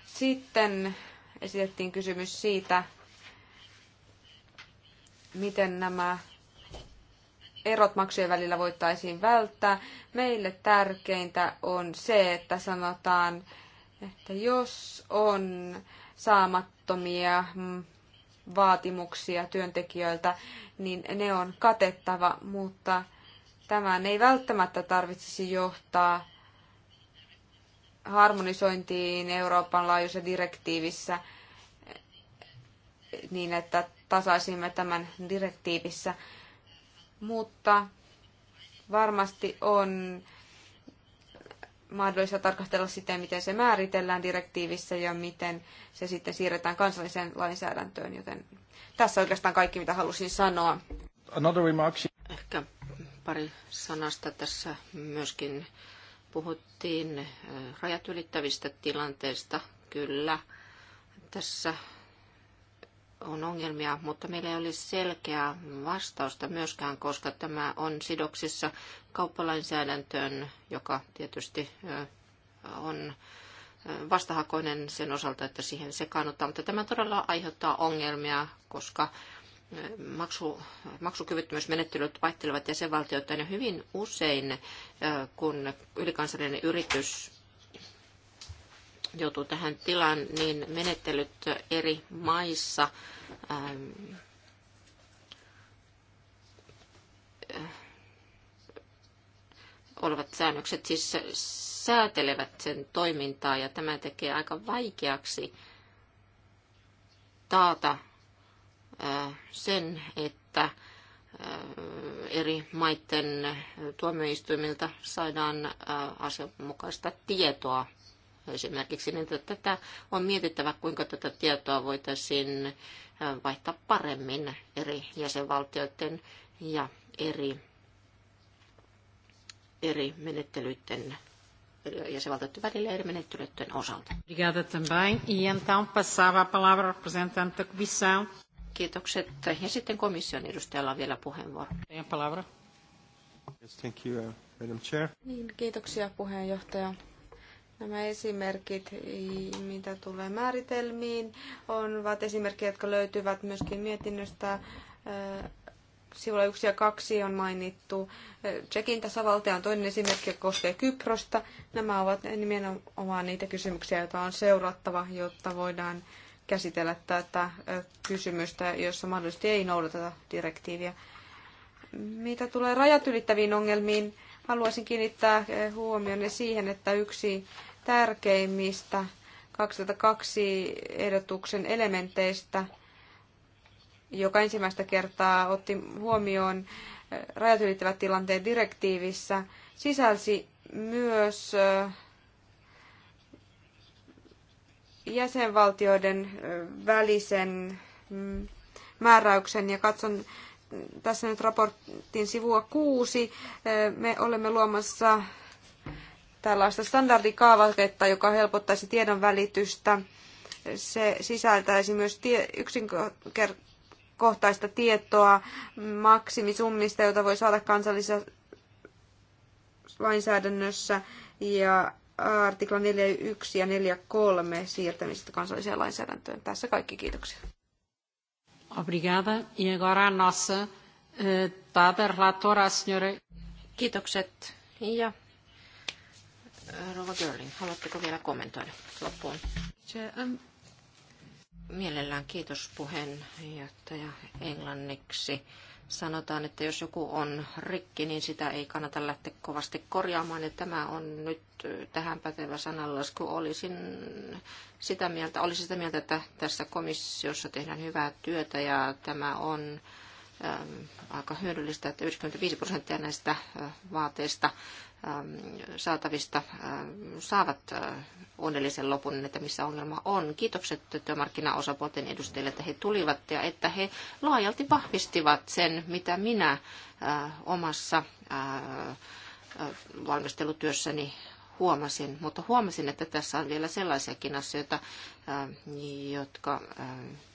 Sitten esitettiin kysymys siitä, miten nämä erot maksujen välillä voitaisiin välttää. Meille tärkeintä on se, että sanotaan, että jos on saamattomia mm, vaatimuksia työntekijöiltä, niin ne on katettava, mutta tämän ei välttämättä tarvitsisi johtaa harmonisointiin Euroopan laajuisessa direktiivissä niin, että tasaisimme tämän direktiivissä. Mutta varmasti on mahdollista tarkastella sitä, miten se määritellään direktiivissä ja miten se sitten siirretään kansalliseen lainsäädäntöön, joten tässä oikeastaan kaikki, mitä halusin sanoa. Ehkä pari sanasta tässä myöskin puhuttiin eh, rajat ylittävistä tilanteista. Kyllä, tässä on ongelmia, mutta meillä ei ole selkeää vastausta myöskään, koska tämä on sidoksissa kauppalainsäädäntöön, joka tietysti on vastahakoinen sen osalta, että siihen sekaannutaan. Mutta tämä todella aiheuttaa ongelmia, koska maksu, maksukyvyttömyysmenettelyt vaihtelevat jäsenvaltioittain ja hyvin usein, kun ylikansallinen yritys joutuu tähän tilaan, niin menettelyt eri maissa ähm, äh, olevat säännökset siis säätelevät sen toimintaa ja tämä tekee aika vaikeaksi taata äh, sen, että äh, eri maiden tuomioistuimilta saadaan asianmukaista tietoa esimerkiksi, niin tätä on mietittävä, kuinka tätä tietoa voitaisiin vaihtaa paremmin eri jäsenvaltioiden ja eri, eri menettelyiden jäsenvaltioiden välillä eri menettelyiden osalta. Obrigada também. E então passava a palavra ao representante da Comissão. Kiitokset. Ja sitten komission edustajalla on vielä puheenvuoro. Teidän palavra. Yes, thank you, uh, Madam Chair. Niin, kiitoksia puheenjohtaja. Nämä esimerkit, mitä tulee määritelmiin, ovat esimerkkejä, jotka löytyvät myöskin mietinnöstä. Sivulla 1 ja 2 on mainittu. Tsekin tasavalta on toinen esimerkki, joka koskee Kyprosta. Nämä ovat nimenomaan niitä kysymyksiä, joita on seurattava, jotta voidaan käsitellä tätä kysymystä, jossa mahdollisesti ei noudateta direktiiviä. Mitä tulee rajat ylittäviin ongelmiin, Haluaisin kiinnittää huomionne siihen, että yksi tärkeimmistä 2002 ehdotuksen elementeistä, joka ensimmäistä kertaa otti huomioon eh, rajat ylittävät tilanteet direktiivissä, sisälsi myös eh, jäsenvaltioiden eh, välisen mm, määräyksen ja katson tässä nyt raportin sivua kuusi. Me olemme luomassa tällaista standardikaavaketta, joka helpottaisi tiedon välitystä. Se sisältäisi myös tie, yksinkertaista tietoa maksimisummista, jota voi saada kansallisessa lainsäädännössä ja artikla 4.1 ja 4.3 siirtämisestä kansalliseen lainsäädäntöön. Tässä kaikki, kiitoksia. Obrigada. ja e agora a nossa eh, deputada relatora, a senhora... Kiitokset. Ja eh, Rova Görling, haluatteko vielä kommentoida loppuun? Um, Mielellään kiitos puheenjohtaja englanniksi sanotaan, että jos joku on rikki, niin sitä ei kannata lähteä kovasti korjaamaan. Ja tämä on nyt tähän pätevä sanallasku. Olisin sitä mieltä, olisin sitä mieltä, että tässä komissiossa tehdään hyvää työtä ja tämä on aika hyödyllistä, että 95 prosenttia näistä vaateista Ähm, saatavista ähm, saavat äh, onnellisen lopun, että missä ongelma on. Kiitokset työmarkkinaosapuolten edustajille, että he tulivat ja että he laajalti vahvistivat sen, mitä minä äh, omassa äh, valmistelutyössäni huomasin, mutta huomasin, että tässä on vielä sellaisiakin asioita, jotka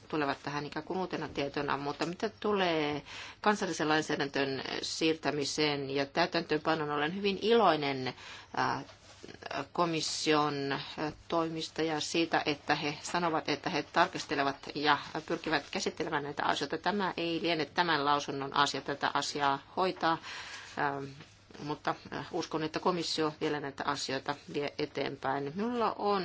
tulevat tähän ikään kuin uutena tietona, mutta mitä tulee kansallisen lainsäädäntön siirtämiseen ja täytäntöönpanon, olen hyvin iloinen äh, komission äh, toimista ja siitä, että he sanovat, että he tarkastelevat ja pyrkivät käsittelemään näitä asioita. Tämä ei liene tämän lausunnon asia tätä asiaa hoitaa, ähm, mutta äh, uskon, että komissio vielä näitä asioita vie eteenpäin. Minulla on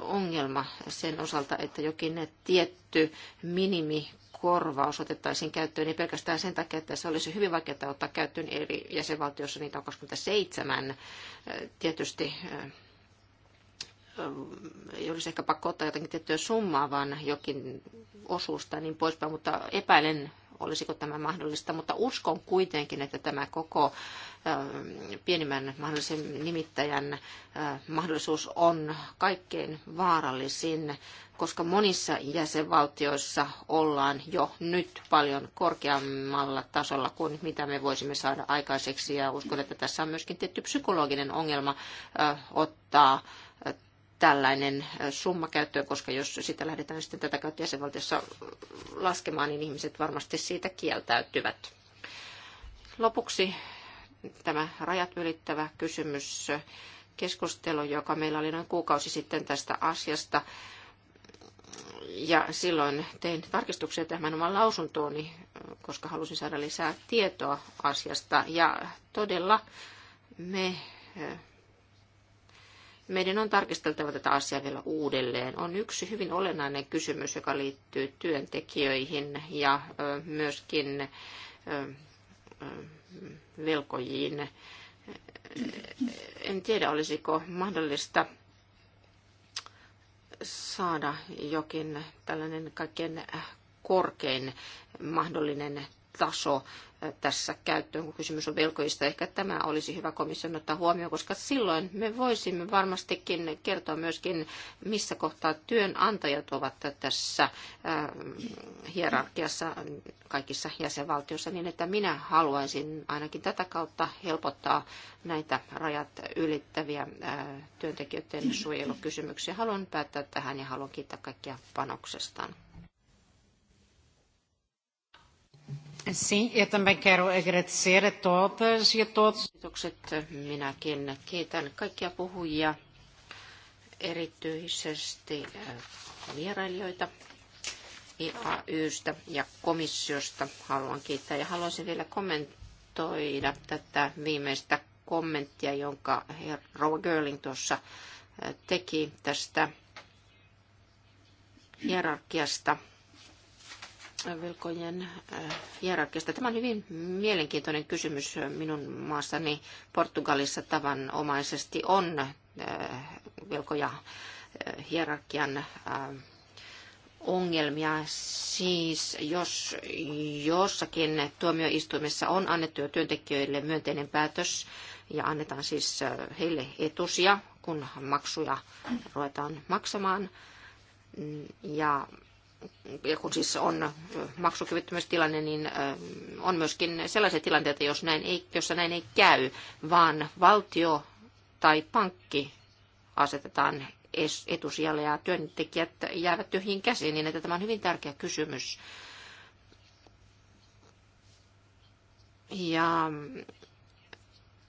ongelma sen osalta, että jokin tietty minimi korvaus otettaisiin käyttöön, niin pelkästään sen takia, että se olisi hyvin vaikeaa ottaa käyttöön eri jäsenvaltioissa, niitä on 27. Tietysti ei olisi ehkä pakko ottaa jotakin tiettyä summaa, vaan jokin osuus tai niin poispäin, mutta epäilen olisiko tämä mahdollista, mutta uskon kuitenkin, että tämä koko pienimmän mahdollisen nimittäjän mahdollisuus on kaikkein vaarallisin, koska monissa jäsenvaltioissa ollaan jo nyt paljon korkeammalla tasolla kuin mitä me voisimme saada aikaiseksi. Ja uskon, että tässä on myöskin tietty psykologinen ongelma ottaa tällainen summa käyttöön, koska jos sitä lähdetään sitten tätä kautta jäsenvaltiossa laskemaan, niin ihmiset varmasti siitä kieltäytyvät. Lopuksi tämä rajat ylittävä kysymys, keskustelu, joka meillä oli noin kuukausi sitten tästä asiasta. Ja silloin tein tarkistuksia tähän oman lausuntooni, koska halusin saada lisää tietoa asiasta. Ja todella me meidän on tarkisteltava tätä asiaa vielä uudelleen. On yksi hyvin olennainen kysymys, joka liittyy työntekijöihin ja myöskin velkojiin. En tiedä, olisiko mahdollista saada jokin tällainen kaikkein korkein mahdollinen taso tässä käyttöön, kun kysymys on velkojista. Ehkä tämä olisi hyvä komission ottaa huomioon, koska silloin me voisimme varmastikin kertoa myöskin, missä kohtaa työnantajat ovat tässä ähm, hierarkiassa kaikissa jäsenvaltioissa, niin että minä haluaisin ainakin tätä kautta helpottaa näitä rajat ylittäviä äh, työntekijöiden suojelukysymyksiä. Haluan päättää tähän ja haluan kiittää kaikkia panoksestaan. Sim, eu também quero agradecer a todas e a todos. Kiitokset. Minäkin kiitän kaikkia puhujia, erityisesti äh, vierailijoita IAYstä ja komissiosta. Haluan kiittää ja haluaisin vielä kommentoida tätä viimeistä kommenttia, jonka Rova Görling tuossa äh, teki tästä hierarkiasta velkojen äh, hierarkiasta. Tämä on hyvin mielenkiintoinen kysymys minun maassani Portugalissa tavanomaisesti on äh, velkoja äh, hierarkian ongelmia. Siis jos jossakin tuomioistuimessa on annettu jo työntekijöille myönteinen päätös ja annetaan siis heille etusia, kun maksuja ruvetaan maksamaan, mm, ja ja kun siis on maksukyvyttömyystilanne, niin on myöskin sellaisia tilanteita, jos näin ei, jossa näin ei käy, vaan valtio tai pankki asetetaan etusijalle ja työntekijät jäävät tyhjiin käsiin, niin että tämä on hyvin tärkeä kysymys. Ja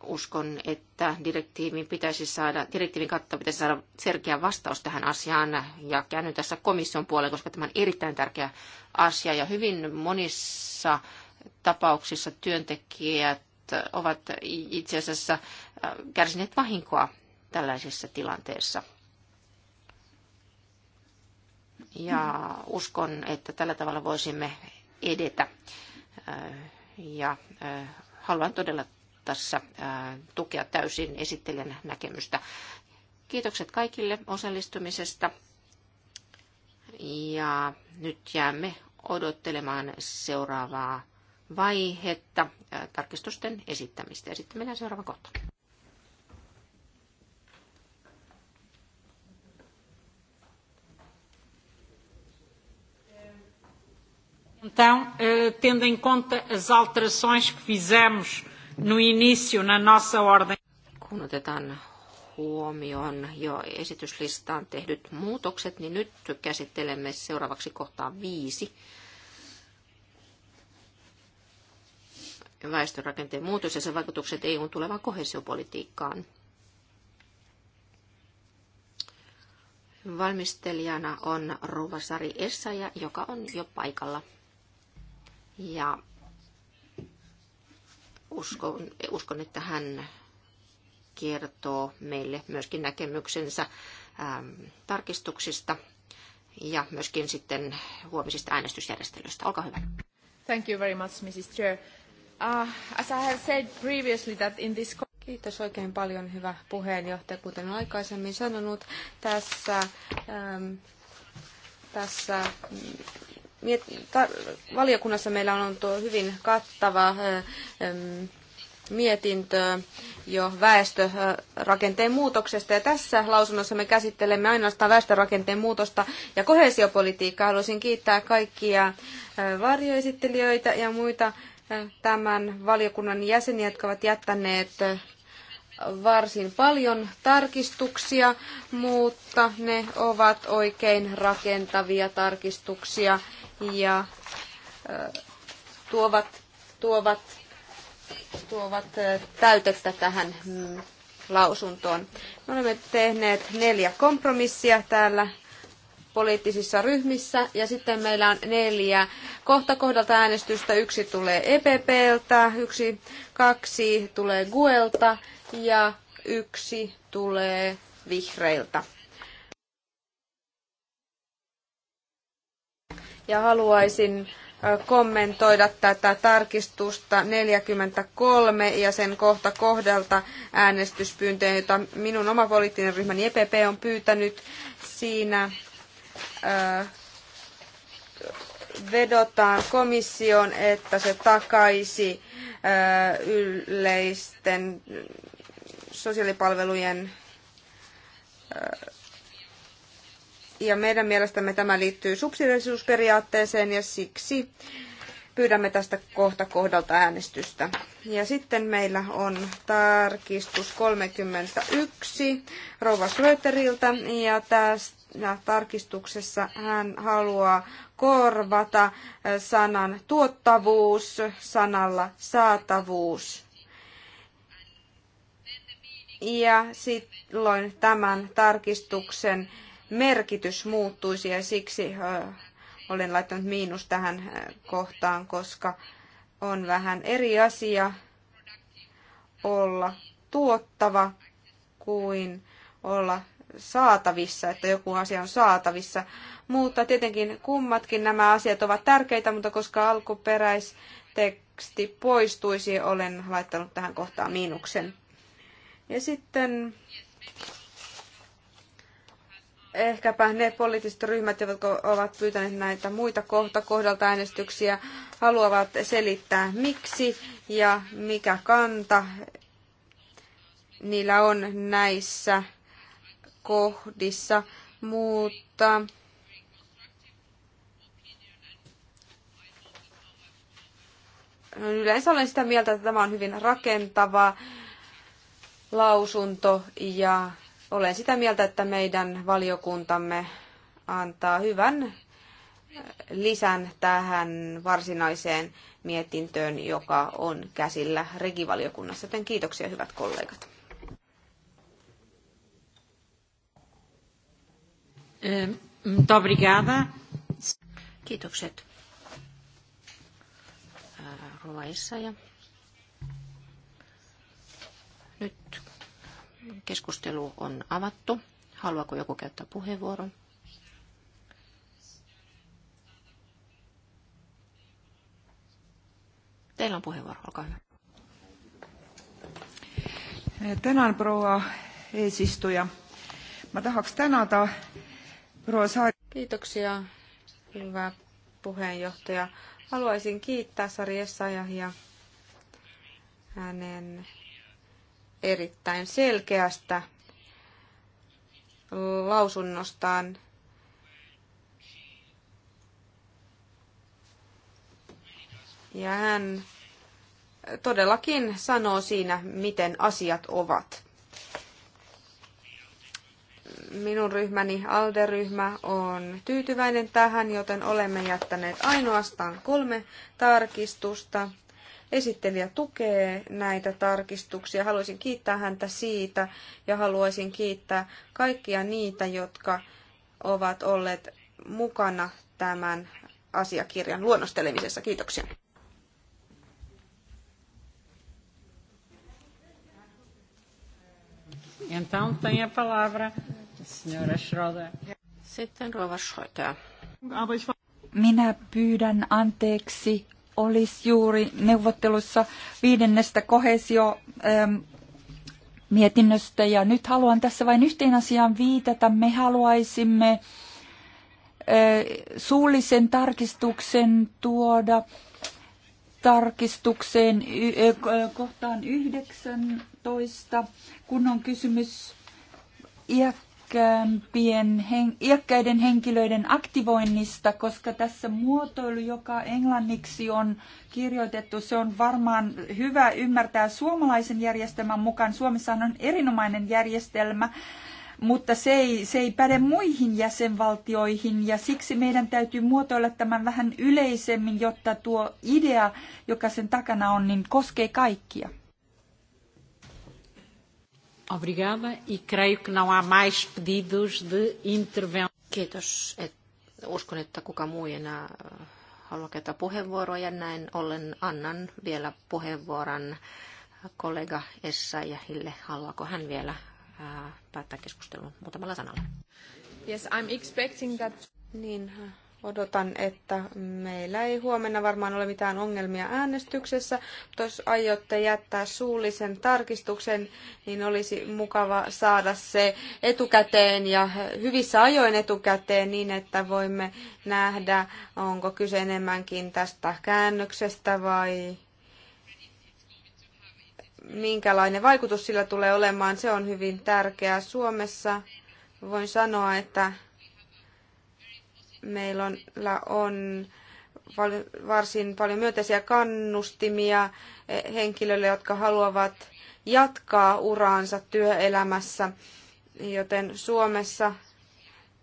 uskon, että direktiivin, pitäisi saada, direktiivin kautta pitäisi saada selkeä vastaus tähän asiaan. Ja käännyn tässä komission puoleen, koska tämä on erittäin tärkeä asia. Ja hyvin monissa tapauksissa työntekijät ovat itse asiassa äh, kärsineet vahinkoa tällaisessa tilanteessa. Ja uskon, että tällä tavalla voisimme edetä. Äh, ja äh, haluan todella tässä tukea täysin esittelijän näkemystä. Kiitokset kaikille osallistumisesta ja nyt jäämme odottelemaan seuraavaa vaihetta tarkistusten esittämistä ja sitten mennään seuraava kohta. Então, eh, tendo em conta as alterações que fizemos no na nossa ordem. Kun otetaan huomioon jo esityslistaan tehdyt muutokset, niin nyt käsittelemme seuraavaksi kohtaa viisi. Väestörakenteen muutos ja sen vaikutukset EUn tulevaan kohesiopolitiikkaan. Valmistelijana on Sari Essaja, joka on jo paikalla. Ja uskon, uskon että hän kertoo meille myöskin näkemyksensä äm, tarkistuksista ja myöskin sitten huomisista äänestysjärjestelyistä. Olkaa hyvä. Thank you very much, Mrs. Chair. Uh, as I have said previously that in this... Kiitos oikein paljon, hyvä puheenjohtaja. Kuten aikaisemmin sanonut, tässä, äm, tässä valiokunnassa meillä on ollut hyvin kattava mietintö jo väestörakenteen muutoksesta. Ja tässä lausunnossa me käsittelemme ainoastaan väestörakenteen muutosta ja kohesiopolitiikkaa. Haluaisin kiittää kaikkia varjoesittelijöitä ja muita tämän valiokunnan jäseniä, jotka ovat jättäneet varsin paljon tarkistuksia, mutta ne ovat oikein rakentavia tarkistuksia ja tuovat, tuovat, tuovat täytettä tähän mm, lausuntoon. Me olemme tehneet neljä kompromissia täällä poliittisissa ryhmissä ja sitten meillä on neljä kohta kohdalta äänestystä. Yksi tulee EPPltä, yksi, kaksi tulee Guelta ja yksi tulee vihreiltä. ja haluaisin kommentoida tätä tarkistusta 43 ja sen kohta kohdalta äänestyspyyntöjä, jota minun oma poliittinen ryhmäni EPP on pyytänyt. Siinä vedotaan komission, että se takaisi yleisten sosiaalipalvelujen ja meidän mielestämme tämä liittyy subsidiarisuusperiaatteeseen ja siksi pyydämme tästä kohta kohdalta äänestystä. Ja sitten meillä on tarkistus 31 Rova Schröteriltä ja tässä tarkistuksessa hän haluaa korvata sanan tuottavuus sanalla saatavuus. Ja silloin tämän tarkistuksen merkitys muuttuisi ja siksi äh, olen laittanut miinus tähän äh, kohtaan, koska on vähän eri asia olla tuottava kuin olla saatavissa, että joku asia on saatavissa. Mutta tietenkin kummatkin nämä asiat ovat tärkeitä, mutta koska alkuperäisteksti poistuisi, olen laittanut tähän kohtaan miinuksen. Ja sitten ehkäpä ne poliittiset ryhmät, jotka ovat pyytäneet näitä muita kohta kohdalta äänestyksiä, haluavat selittää miksi ja mikä kanta niillä on näissä kohdissa, mutta yleensä olen sitä mieltä, että tämä on hyvin rakentava lausunto ja olen sitä mieltä, että meidän valiokuntamme antaa hyvän lisän tähän varsinaiseen mietintöön, joka on käsillä regivaliokunnassa. Joten kiitoksia hyvät kollegat. Kiitokset. Rova Nyt Keskustelu on avattu. Haluaako joku käyttää puheenvuoron? Teillä on puheenvuoro, olkaa hyvä. Tänään proa eesistuja. Mä tahaks tänata proa Saari. Kiitoksia, hyvä puheenjohtaja. Haluaisin kiittää Sari Essayahia hänen erittäin selkeästä lausunnostaan. Ja hän todellakin sanoo siinä, miten asiat ovat. Minun ryhmäni ALDE-ryhmä on tyytyväinen tähän, joten olemme jättäneet ainoastaan kolme tarkistusta. Esittelijä tukee näitä tarkistuksia. Haluaisin kiittää häntä siitä ja haluaisin kiittää kaikkia niitä, jotka ovat olleet mukana tämän asiakirjan luonnostelemisessa. Kiitoksia. Então tem a palavra senhora Schroeder. Sitten rouva Schroeder. Minä pyydän anteeksi olisi juuri neuvottelussa viidennestä kohesio mietinnöstä ja nyt haluan tässä vain yhteen asiaan viitata. Me haluaisimme suullisen tarkistuksen tuoda tarkistukseen kohtaan 19, kun on kysymys iät iäkkäämpien, hen, iäkkäiden henkilöiden aktivoinnista, koska tässä muotoilu, joka englanniksi on kirjoitettu, se on varmaan hyvä ymmärtää suomalaisen järjestelmän mukaan. Suomessa on erinomainen järjestelmä, mutta se ei, se ei päde muihin jäsenvaltioihin ja siksi meidän täytyy muotoilla tämän vähän yleisemmin, jotta tuo idea, joka sen takana on, niin koskee kaikkia. Obrigada e creio que não há mais pedidos de intervenção. Kiitos. Et, uskon, että kuka muu ei enää halua käyttää puheenvuoroa ja Näin ollen annan vielä puheenvuoron kollega Essa ja Hille. Haluaako hän vielä äh, päättää keskustelun muutamalla sanalla? Yes, I'm expecting that... Niin, Odotan, että meillä ei huomenna varmaan ole mitään ongelmia äänestyksessä, mutta jos aiotte jättää suullisen tarkistuksen, niin olisi mukava saada se etukäteen ja hyvissä ajoin etukäteen niin, että voimme nähdä, onko kyse enemmänkin tästä käännöksestä vai minkälainen vaikutus sillä tulee olemaan. Se on hyvin tärkeää Suomessa. Voin sanoa, että Meillä on, on varsin paljon myönteisiä kannustimia henkilöille, jotka haluavat jatkaa uraansa työelämässä, joten Suomessa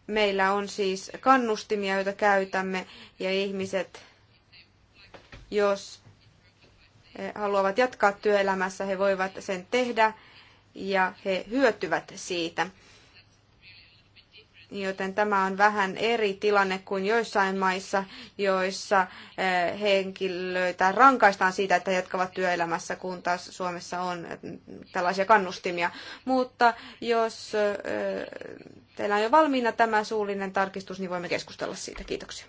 meillä on siis kannustimia, joita käytämme, ja ihmiset, jos eh, haluavat jatkaa työelämässä, he voivat sen tehdä ja he hyötyvät siitä joten tämä on vähän eri tilanne kuin joissain maissa, joissa eh, henkilöitä rankaistaan siitä, että he jatkavat työelämässä, kun taas Suomessa on eh, tällaisia kannustimia. Mutta jos eh, teillä on jo valmiina tämä suullinen tarkistus, niin voimme keskustella siitä. Kiitoksia.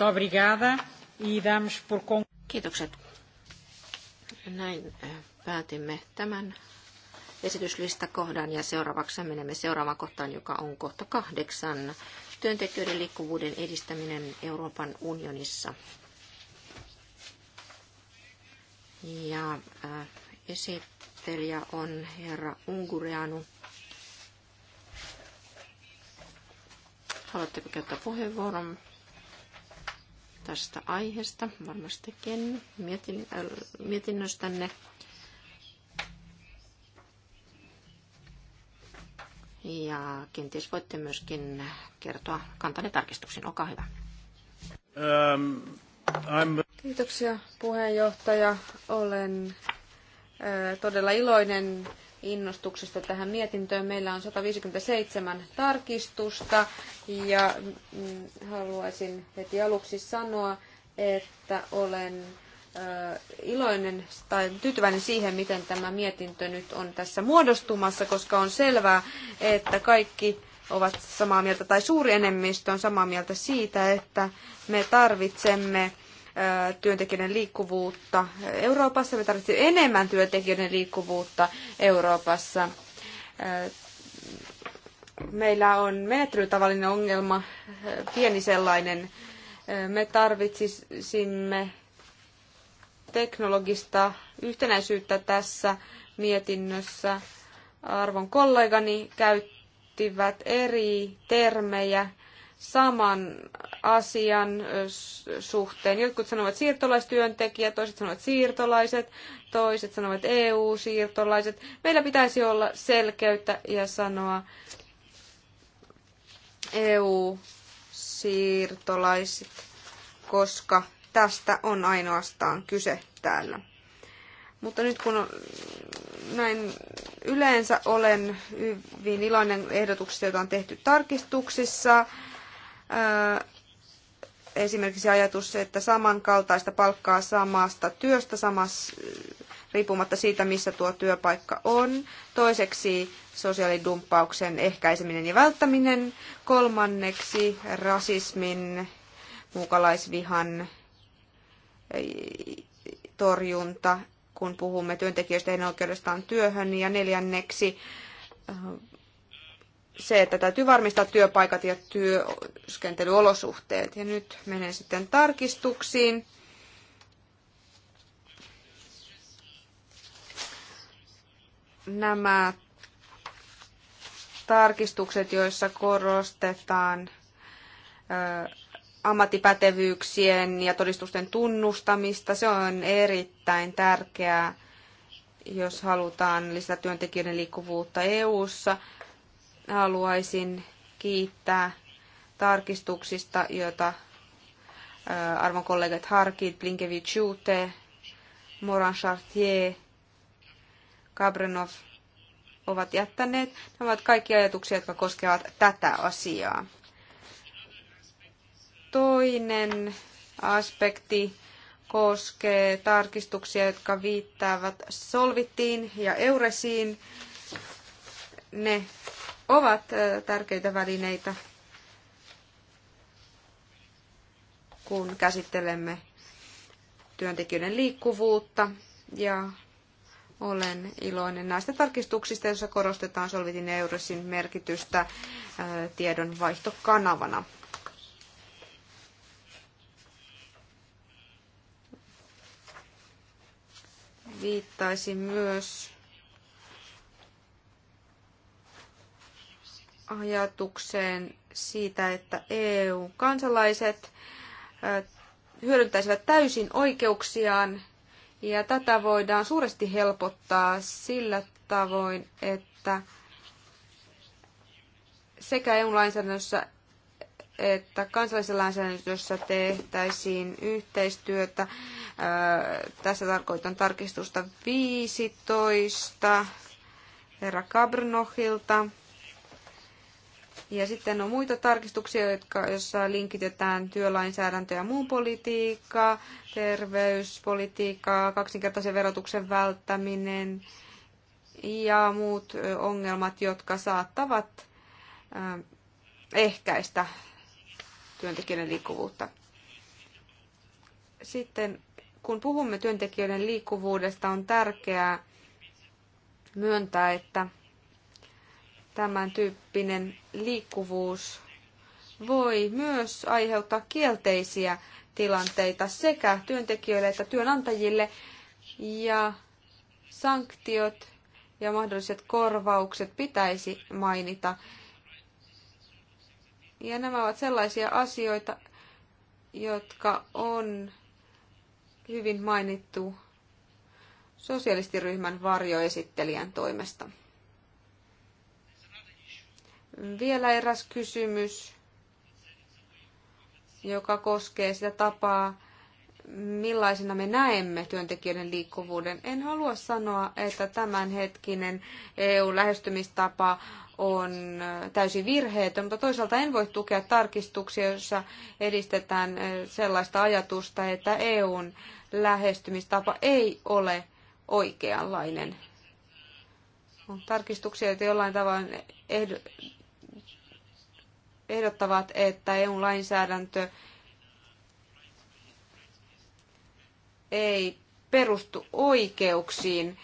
E Kiitokset. Näin päätimme tämän esityslistakohdan ja seuraavaksi menemme seuraavaan kohtaan, joka on kohta kahdeksan. Työntekijöiden liikkuvuuden edistäminen Euroopan unionissa. Ja äh, esittelijä on herra Ungureanu. Haluatteko käyttää puheenvuoron tästä aiheesta? Varmastikin mietin, äh, mietinnöstänne. Ja kenties voitte myöskin kertoa kantanne tarkistuksen. Olkaa hyvä. Um, I'm... Kiitoksia puheenjohtaja. Olen ö, äh, todella iloinen innostuksesta tähän mietintöön. Meillä on 157 tarkistusta ja mm, haluaisin heti aluksi sanoa, että olen iloinen tai tyytyväinen siihen, miten tämä mietintö nyt on tässä muodostumassa, koska on selvää, että kaikki ovat samaa mieltä, tai suuri enemmistö on samaa mieltä siitä, että me tarvitsemme työntekijöiden liikkuvuutta Euroopassa. Me tarvitsemme enemmän työntekijöiden liikkuvuutta Euroopassa. Meillä on menettelytavallinen ongelma, pieni sellainen. Me tarvitsisimme teknologista yhtenäisyyttä tässä mietinnössä. Arvon kollegani käyttivät eri termejä saman asian suhteen. Jotkut sanovat siirtolaistyöntekijät, toiset sanovat siirtolaiset, toiset sanovat EU-siirtolaiset. Meillä pitäisi olla selkeyttä ja sanoa EU-siirtolaiset, koska Tästä on ainoastaan kyse täällä. Mutta nyt kun näin yleensä olen hyvin iloinen ehdotuksista, joita on tehty tarkistuksissa. Esimerkiksi ajatus, että samankaltaista palkkaa samasta työstä samas riippumatta siitä, missä tuo työpaikka on. Toiseksi sosiaalidumppauksen ehkäiseminen ja välttäminen. Kolmanneksi rasismin, muukalaisvihan torjunta, kun puhumme työntekijöistä heidän oikeudestaan työhön. Ja neljänneksi äh, se, että täytyy varmistaa työpaikat ja työskentelyolosuhteet. Ja nyt menen sitten tarkistuksiin. Nämä tarkistukset, joissa korostetaan ö, äh, ammattipätevyyksien ja todistusten tunnustamista. Se on erittäin tärkeää, jos halutaan lisätä työntekijöiden liikkuvuutta EU-ssa. Haluaisin kiittää tarkistuksista, joita äh, arvon kollegat Harkit, Blinkevich-Jute, Moran Chartier, Kabrenov ovat jättäneet. Nämä ovat kaikki ajatuksia, jotka koskevat tätä asiaa. Toinen aspekti koskee tarkistuksia, jotka viittaavat solvittiin ja euresiin. Ne ovat tärkeitä välineitä, kun käsittelemme työntekijöiden liikkuvuutta ja olen iloinen näistä tarkistuksista, joissa korostetaan Solvitin ja Euresin merkitystä tiedon viittaisi myös ajatukseen siitä, että EU-kansalaiset hyödyntäisivät täysin oikeuksiaan ja tätä voidaan suuresti helpottaa sillä tavoin, että sekä EU-lainsäädännössä että kansallisessa lainsäädännössä tehtäisiin yhteistyötä. Tässä tarkoitan tarkistusta 15 herra Kabrnohilta. Ja sitten on muita tarkistuksia, jotka, joissa linkitetään työlainsäädäntö ja muun politiikkaa, terveyspolitiikkaa, kaksinkertaisen verotuksen välttäminen ja muut ongelmat, jotka saattavat ehkäistä työntekijöiden liikkuvuutta. Sitten kun puhumme työntekijöiden liikkuvuudesta, on tärkeää myöntää, että tämän tyyppinen liikkuvuus voi myös aiheuttaa kielteisiä tilanteita sekä työntekijöille että työnantajille ja sanktiot ja mahdolliset korvaukset pitäisi mainita ja nämä ovat sellaisia asioita, jotka on hyvin mainittu sosialistiryhmän varjoesittelijän toimesta. Vielä eräs kysymys, joka koskee sitä tapaa, millaisena me näemme työntekijöiden liikkuvuuden. En halua sanoa, että tämänhetkinen EU-lähestymistapa on täysin virheetön, mutta toisaalta en voi tukea tarkistuksia, joissa edistetään sellaista ajatusta, että EUn lähestymistapa ei ole oikeanlainen. On tarkistuksia, joita jollain tavoin ehdottavat, että EUn lainsäädäntö ei perustu oikeuksiin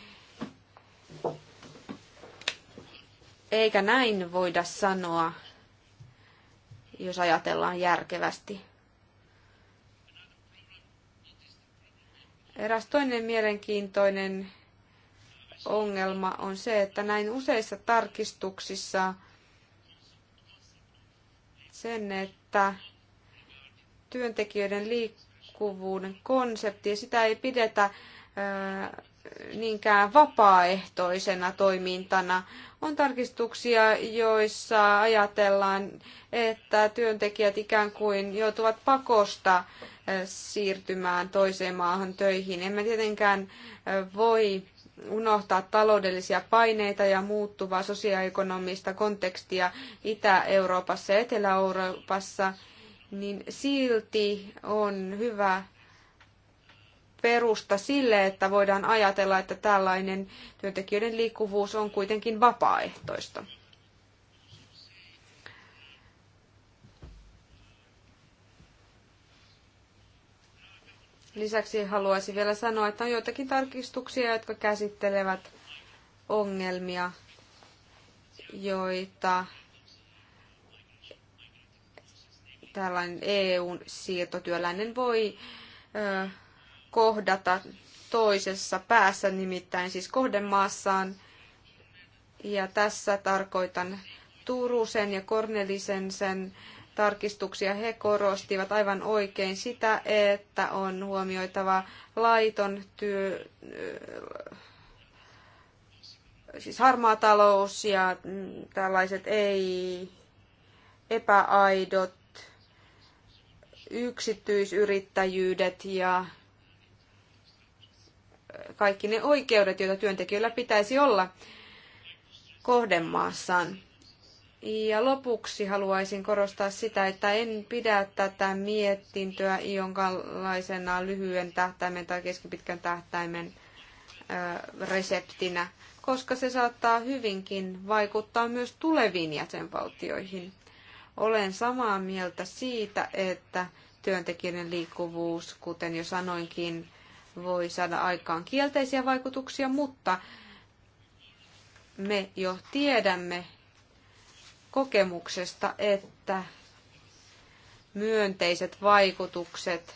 Eikä näin voida sanoa, jos ajatellaan järkevästi. Eräs toinen mielenkiintoinen ongelma on se, että näin useissa tarkistuksissa sen, että työntekijöiden liikkuvuuden konsepti, sitä ei pidetä niinkään vapaaehtoisena toimintana. On tarkistuksia, joissa ajatellaan, että työntekijät ikään kuin joutuvat pakosta eh, siirtymään toiseen maahan töihin. Emme tietenkään eh, voi unohtaa taloudellisia paineita ja muuttuvaa sosioekonomista kontekstia Itä-Euroopassa ja Etelä-Euroopassa, niin silti on hyvä perusta sille, että voidaan ajatella, että tällainen työntekijöiden liikkuvuus on kuitenkin vapaaehtoista. Lisäksi haluaisin vielä sanoa, että on joitakin tarkistuksia, jotka käsittelevät ongelmia, joita tällainen eu siirtotyöläinen voi kohdata toisessa päässä, nimittäin siis kohdemaassaan. Ja tässä tarkoitan Turusen ja Kornelisen sen tarkistuksia. He korostivat aivan oikein sitä, että on huomioitava laiton työ, äh, siis harmaa talous ja mm, tällaiset ei epäaidot yksityisyrittäjyydet ja kaikki ne oikeudet, joita työntekijöillä pitäisi olla kohdemaassaan. Ja lopuksi haluaisin korostaa sitä, että en pidä tätä mietintöä jonkinlaisena lyhyen tähtäimen tai keskipitkän tähtäimen reseptinä, koska se saattaa hyvinkin vaikuttaa myös tuleviin jäsenvaltioihin. Olen samaa mieltä siitä, että työntekijöiden liikkuvuus, kuten jo sanoinkin, voi saada aikaan kielteisiä vaikutuksia, mutta me jo tiedämme kokemuksesta, että myönteiset vaikutukset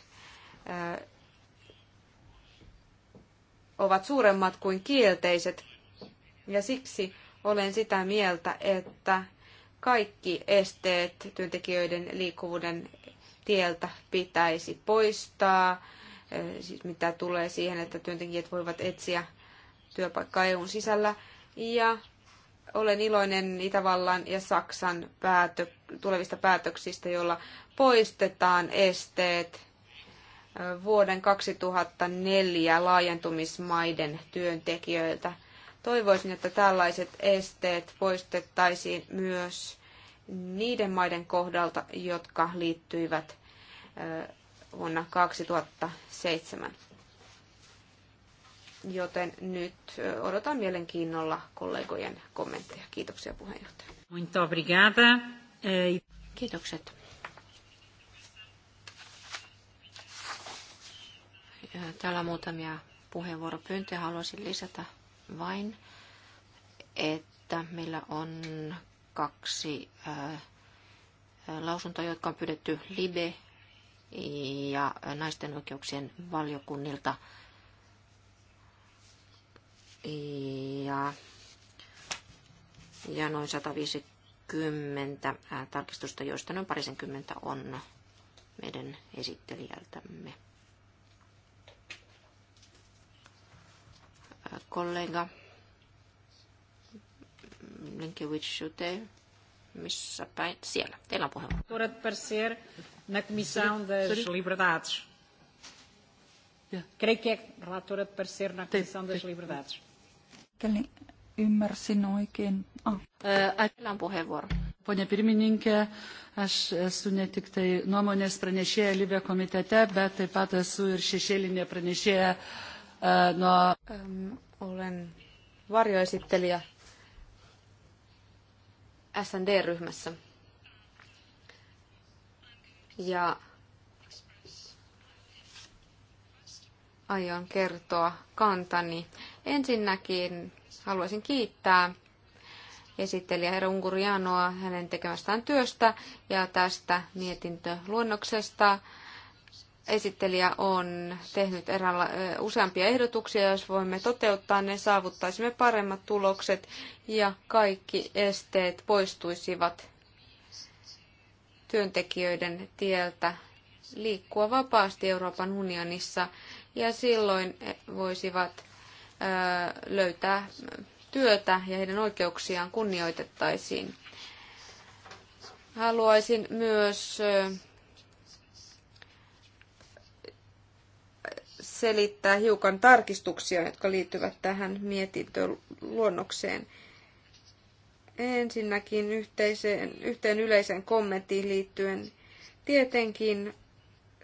ovat suuremmat kuin kielteiset. Ja siksi olen sitä mieltä, että kaikki esteet työntekijöiden liikkuvuuden tieltä pitäisi poistaa siis mitä tulee siihen, että työntekijät voivat etsiä työpaikkaa EUn sisällä. Ja olen iloinen Itävallan ja Saksan päätö, tulevista päätöksistä, joilla poistetaan esteet vuoden 2004 laajentumismaiden työntekijöiltä. Toivoisin, että tällaiset esteet poistettaisiin myös niiden maiden kohdalta, jotka liittyivät vuonna 2007. Joten nyt odotan mielenkiinnolla kollegojen kommentteja. Kiitoksia puheenjohtaja. Muito obrigada. Eh, e- Kiitokset. Täällä on muutamia puheenvuoropyyntöjä. Haluaisin lisätä vain, että meillä on kaksi lausuntoa, jotka on pyydetty Libe ja naisten oikeuksien valiokunnilta. Ja, ja noin 150 tarkistusta, joista noin parisenkymmentä on meidän esittelijältämme. kollega Linkiewicz Jute, missä päin? Siellä. Teillä on puheenvuoro na Comissão sorry, das sorry. Liberdades. Yeah. Creio que é relatora de parecer na Comissão das Liberdades. Ymmärsin oikein. Ah. Eh, puheenvuoro. Pone pirmininkė, aš esu ne tik tai nuomonės pranešėja Libė komitete, bet taip pat esu ir šešėlinė pranešėja uh, eh, nuo... Um, olen varjoesittelijä SND-ryhmässä ja aion kertoa kantani. Ensinnäkin haluaisin kiittää esittelijä herra Unkurianoa hänen tekemästään työstä ja tästä mietintöluonnoksesta. Esittelijä on tehnyt eräänla, useampia ehdotuksia, jos voimme toteuttaa ne, saavuttaisimme paremmat tulokset ja kaikki esteet poistuisivat työntekijöiden tieltä liikkua vapaasti Euroopan unionissa ja silloin he voisivat löytää työtä ja heidän oikeuksiaan kunnioitettaisiin. Haluaisin myös selittää hiukan tarkistuksia, jotka liittyvät tähän mietintöluonnokseen. luonnokseen Ensinnäkin yhteiseen, yhteen yleiseen kommenttiin liittyen. Tietenkin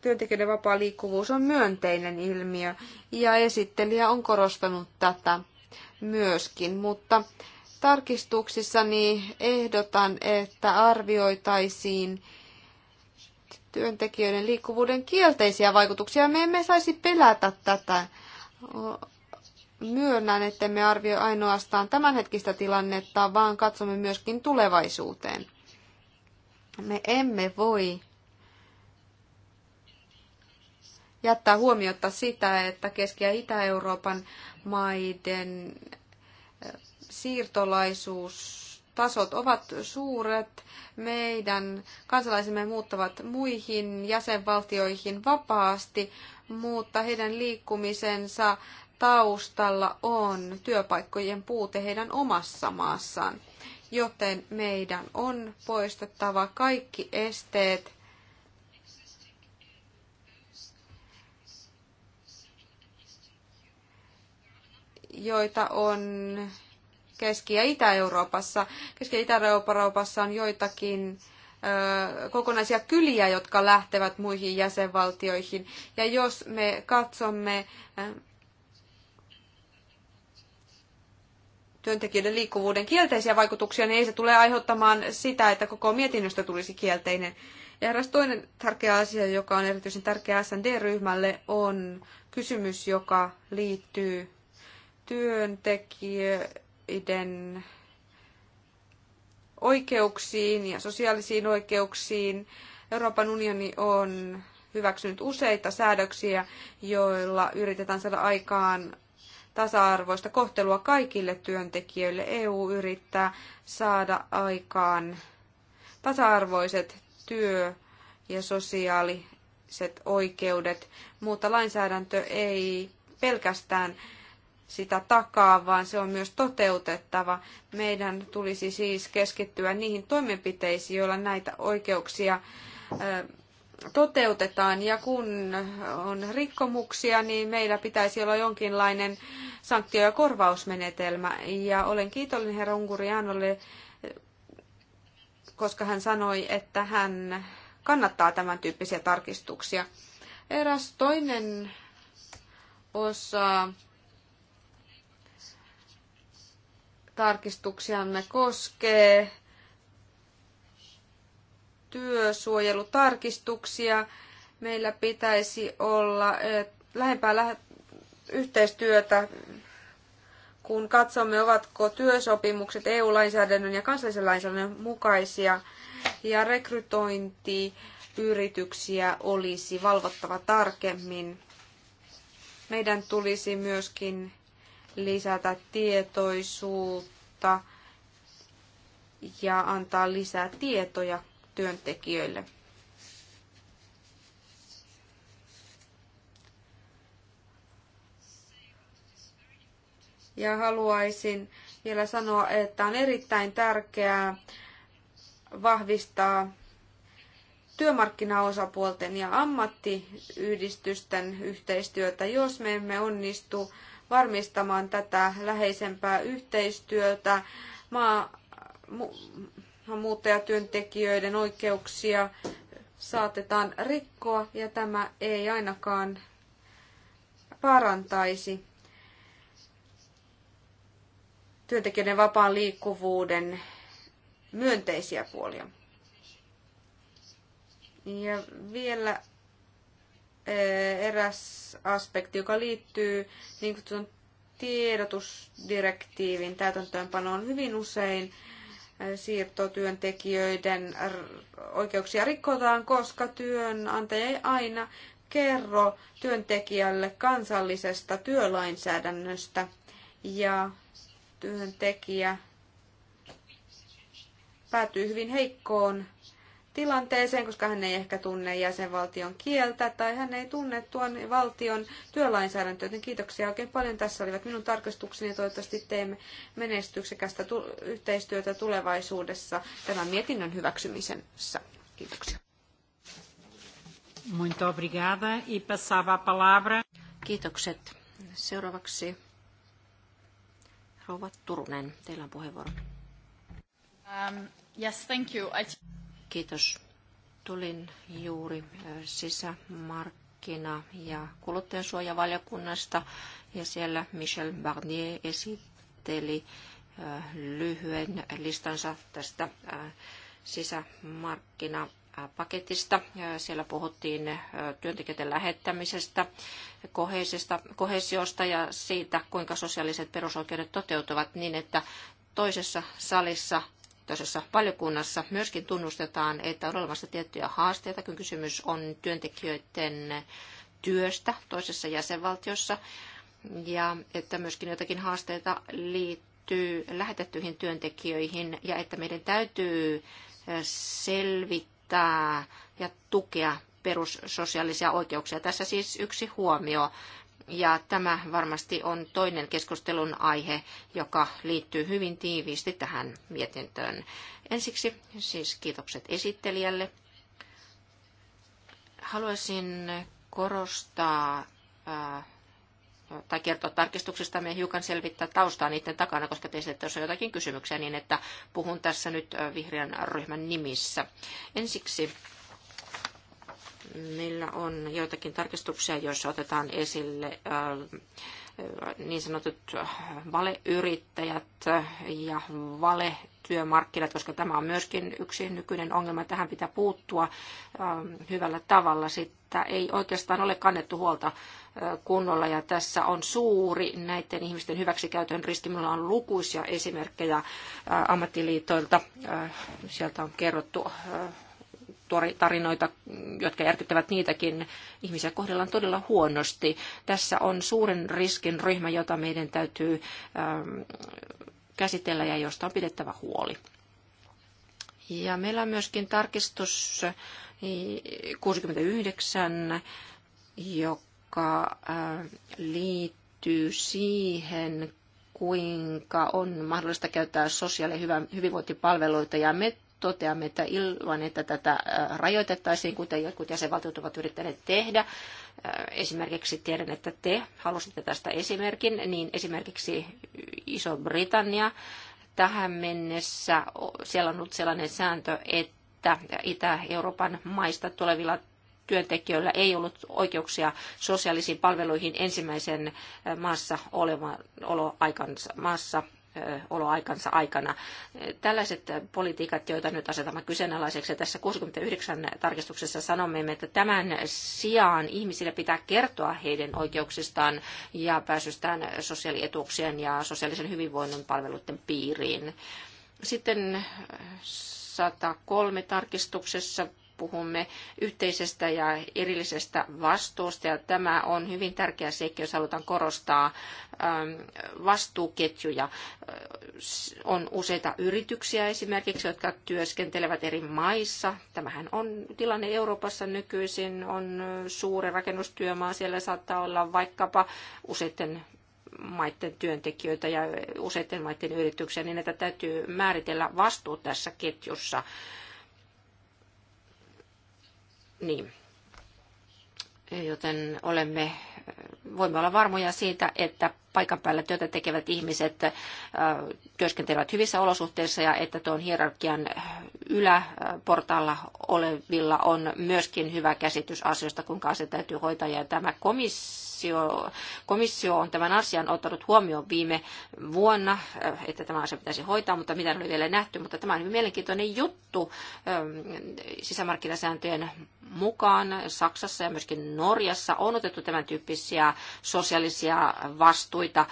työntekijöiden vapaa liikkuvuus on myönteinen ilmiö ja esittelijä on korostanut tätä myöskin, mutta tarkistuksissani ehdotan, että arvioitaisiin työntekijöiden liikkuvuuden kielteisiä vaikutuksia. Me emme saisi pelätä tätä myönnän, että me arvioi ainoastaan tämänhetkistä tilannetta, vaan katsomme myöskin tulevaisuuteen. Me emme voi jättää huomiota sitä, että Keski- ja Itä-Euroopan maiden eh, siirtolaisuustasot ovat suuret. Meidän kansalaisemme muuttavat muihin jäsenvaltioihin vapaasti, mutta heidän liikkumisensa taustalla on työpaikkojen puute heidän omassa maassaan, joten meidän on poistettava kaikki esteet joita on Keski- ja Itä-Euroopassa. Keski- ja Itä-Euroopassa on joitakin kokonaisia kyliä, jotka lähtevät muihin jäsenvaltioihin. Ja jos me katsomme työntekijöiden liikkuvuuden kielteisiä vaikutuksia, niin ei se tule aiheuttamaan sitä, että koko mietinnöstä tulisi kielteinen. Ja eräs toinen tärkeä asia, joka on erityisen tärkeä SND-ryhmälle, on kysymys, joka liittyy työntekijöiden oikeuksiin ja sosiaalisiin oikeuksiin. Euroopan unioni on hyväksynyt useita säädöksiä, joilla yritetään saada aikaan tasa-arvoista kohtelua kaikille työntekijöille. EU yrittää saada aikaan tasa-arvoiset työ- ja sosiaaliset oikeudet, mutta lainsäädäntö ei pelkästään sitä takaa, vaan se on myös toteutettava. Meidän tulisi siis keskittyä niihin toimenpiteisiin, joilla näitä oikeuksia toteutetaan. Ja kun on rikkomuksia, niin meillä pitäisi olla jonkinlainen sanktio- ja korvausmenetelmä. Ja olen kiitollinen herra Ungurianolle, koska hän sanoi, että hän kannattaa tämän tyyppisiä tarkistuksia. Eräs toinen osa tarkistuksiamme koskee työsuojelutarkistuksia. Meillä pitäisi olla eh, lähempää yhteistyötä, kun katsomme, ovatko työsopimukset EU-lainsäädännön ja kansallisen lainsäädännön mukaisia ja rekrytointiyrityksiä olisi valvottava tarkemmin. Meidän tulisi myöskin lisätä tietoisuutta ja antaa lisää tietoja työntekijöille. Ja haluaisin vielä sanoa, että on erittäin tärkeää vahvistaa työmarkkinaosapuolten ja ammattiyhdistysten yhteistyötä, jos me emme onnistu varmistamaan tätä läheisempää yhteistyötä maa, maahanmuuttajatyöntekijöiden oikeuksia saatetaan rikkoa ja tämä ei ainakaan parantaisi työntekijöiden vapaan liikkuvuuden myönteisiä puolia. Ja vielä eh, eräs aspekti, joka liittyy niin kutsutun tiedotusdirektiivin täytäntöönpanoon hyvin usein siirtotyöntekijöiden oikeuksia rikkotaan, koska työnantaja ei aina kerro työntekijälle kansallisesta työlainsäädännöstä ja työntekijä päätyy hyvin heikkoon tilanteeseen, koska hän ei ehkä tunne jäsenvaltion kieltä tai hän ei tunne tuon valtion työlainsäädäntöä. Joten kiitoksia oikein paljon. Tässä olivat minun tarkastukseni ja toivottavasti teemme menestyksekästä yhteistyötä tulevaisuudessa tämän mietinnön hyväksymisessä. Kiitoksia. Muito obrigada e passava a palavra. Kiitokset. Seuraavaksi rouva Turunen, teillä on puheenvuoro. Um, yes, thank you. I... Kiitos. Tulin juuri sisämarkkina- ja kuluttajansuojavaliokunnasta ja siellä Michel Barnier esitteli lyhyen listansa tästä sisämarkkina paketista. Siellä puhuttiin työntekijöiden lähettämisestä, kohesiosta ja siitä, kuinka sosiaaliset perusoikeudet toteutuvat niin, että toisessa salissa toisessa valiokunnassa myöskin tunnustetaan, että on olemassa tiettyjä haasteita, kun kysymys on työntekijöiden työstä toisessa jäsenvaltiossa, ja että myöskin jotakin haasteita liittyy lähetettyihin työntekijöihin, ja että meidän täytyy eh, selvittää ja tukea perussosiaalisia oikeuksia. Tässä siis yksi huomio. Ja tämä varmasti on toinen keskustelun aihe, joka liittyy hyvin tiiviisti tähän mietintöön. Ensiksi siis kiitokset esittelijälle. Haluaisin korostaa äh, tai kertoa tarkistuksista me hiukan selvittää taustaa niiden takana, koska teistä jos on jotakin kysymyksiä, niin että puhun tässä nyt äh, vihreän ryhmän nimissä. Ensiksi Meillä on joitakin tarkistuksia, joissa otetaan esille äh, äh, niin sanotut valeyrittäjät ja vale työmarkkinat, koska tämä on myöskin yksi nykyinen ongelma. Tähän pitää puuttua äh, hyvällä tavalla. Sitä ei oikeastaan ole kannettu huolta kunnolla ja tässä on suuri näiden ihmisten hyväksikäytön riski. Minulla on lukuisia esimerkkejä ammattiliitoilta. Sieltä on kerrottu tarinoita, jotka järkyttävät niitäkin. Ihmisiä kohdellaan todella huonosti. Tässä on suuren riskin ryhmä, jota meidän täytyy ähm, käsitellä ja josta on pidettävä huoli. Ja meillä on myöskin tarkistus 69, äh, joka äh, liittyy siihen, kuinka on mahdollista käyttää sosiaali- ja hyvinvointipalveluita. Ja me toteamme, että ilman, että tätä äh, rajoitettaisiin, kuten jotkut jäsenvaltiot ovat yrittäneet tehdä, äh, esimerkiksi tiedän, että te halusitte tästä esimerkin, niin esimerkiksi Iso-Britannia tähän mennessä, siellä on ollut sellainen sääntö, että Itä-Euroopan maista tulevilla työntekijöillä ei ollut oikeuksia sosiaalisiin palveluihin ensimmäisen äh, maassa olevan oloaikansa maassa oloaikansa aikana. Tällaiset politiikat, joita nyt asetamme kyseenalaiseksi, ja tässä 69 tarkistuksessa sanomme, että tämän sijaan ihmisille pitää kertoa heidän oikeuksistaan ja pääsystään sosiaalietuuksien ja sosiaalisen hyvinvoinnin palveluiden piiriin. Sitten 103 tarkistuksessa puhumme yhteisestä ja erillisestä vastuusta. Ja tämä on hyvin tärkeä seikka, jos halutaan korostaa ähm, vastuuketjuja. Äh, on useita yrityksiä esimerkiksi, jotka työskentelevät eri maissa. Tämähän on tilanne Euroopassa nykyisin. On äh, suuri rakennustyömaa, siellä saattaa olla vaikkapa useiden maiden työntekijöitä ja useiden maiden yrityksiä, niin että täytyy määritellä vastuu tässä ketjussa. Niin. Joten olemme voimme olla varmoja siitä, että paikan päällä työtä tekevät ihmiset äh, työskentelevät hyvissä olosuhteissa ja että tuon hierarkian yläportaalla olevilla on myöskin hyvä käsitys asioista, kuinka se täytyy hoitaa. Ja tämä komissio, komissio on tämän asian ottanut huomioon viime vuonna, äh, että tämä asia pitäisi hoitaa, mutta mitä ei vielä nähty. Mutta tämä on hyvin mielenkiintoinen juttu ähm, sisämarkkinasääntöjen mukaan Saksassa ja myöskin Norjassa on otettu tämän tyyppisiä sosiaalisia vastuita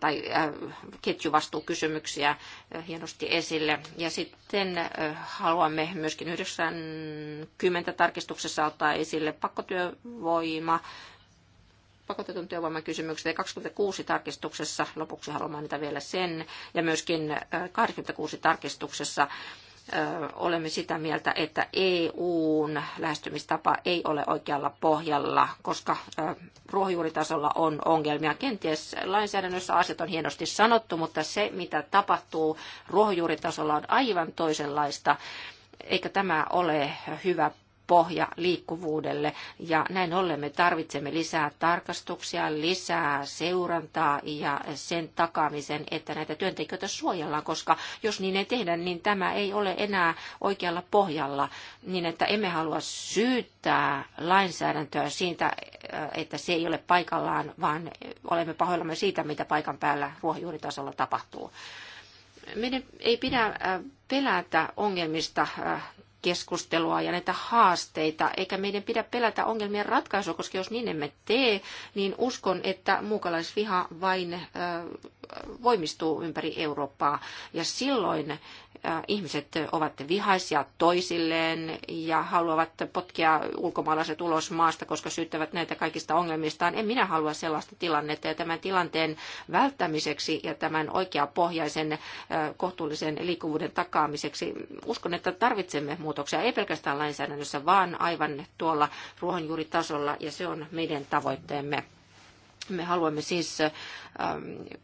tai ketjuvastuukysymyksiä hienosti esille. Ja sitten haluamme myöskin 90 tarkistuksessa ottaa esille pakkotyövoima, pakotetun työvoiman kysymykset ja 26 tarkistuksessa, lopuksi haluan mainita vielä sen, ja myöskin 86 tarkistuksessa olemme sitä mieltä, että EUn lähestymistapa ei ole oikealla pohjalla, koska ruohonjuuritasolla on ongelmia. Kenties lainsäädännössä asiat on hienosti sanottu, mutta se, mitä tapahtuu ruohonjuuritasolla, on aivan toisenlaista eikä tämä ole hyvä pohja liikkuvuudelle. Ja näin ollen me tarvitsemme lisää tarkastuksia, lisää seurantaa ja sen takaamisen, että näitä työntekijöitä suojellaan, koska jos niin ei tehdä, niin tämä ei ole enää oikealla pohjalla, niin että emme halua syyttää lainsäädäntöä siitä, että se ei ole paikallaan, vaan olemme pahoillamme siitä, mitä paikan päällä ruohonjuuritasolla tapahtuu meidän ei pidä äh, pelätä ongelmista äh, keskustelua ja näitä haasteita, eikä meidän pidä pelätä ongelmien ratkaisua, koska jos niin emme tee, niin uskon, että muukalaisviha vain voimistuu ympäri Eurooppaa. Ja silloin ihmiset ovat vihaisia toisilleen ja haluavat potkia ulkomaalaiset ulos maasta, koska syyttävät näitä kaikista ongelmistaan. En minä halua sellaista tilannetta ja tämän tilanteen välttämiseksi ja tämän oikeapohjaisen kohtuullisen liikkuvuuden takaamiseksi uskon, että tarvitsemme muutoksia, ei pelkästään lainsäädännössä, vaan aivan tuolla ruohonjuuritasolla ja se on meidän tavoitteemme. Me haluamme siis ähm,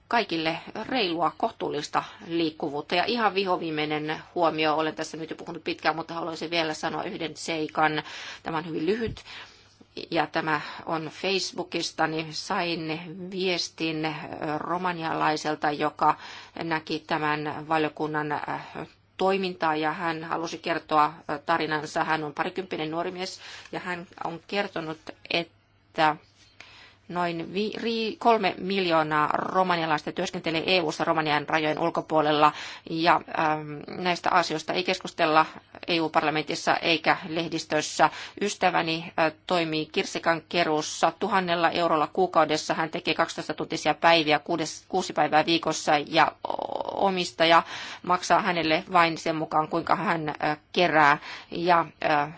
kaikille reilua, kohtuullista liikkuvuutta. Ja ihan vihoviimeinen huomio, olen tässä nyt jo puhunut pitkään, mutta haluaisin vielä sanoa yhden seikan. Tämä on hyvin lyhyt ja tämä on Facebookista, niin sain viestin äh, romanialaiselta, joka näki tämän valiokunnan äh, toimintaa ja hän halusi kertoa äh, tarinansa. Hän on parikymppinen nuori mies ja hän on kertonut, että noin vi, ri, kolme miljoonaa romanialaista työskentelee EU-ssa Romanian rajojen ulkopuolella ja ähm, näistä asioista ei keskustella EU-parlamentissa eikä lehdistössä. Ystäväni ä, äh, toimii kirsikan keruussa tuhannella eurolla kuukaudessa. Hän tekee 12-tuntisia päiviä, kuudes, kuusi päivää viikossa ja omistaja maksaa hänelle vain sen mukaan, kuinka hän äh, kerää ja äh,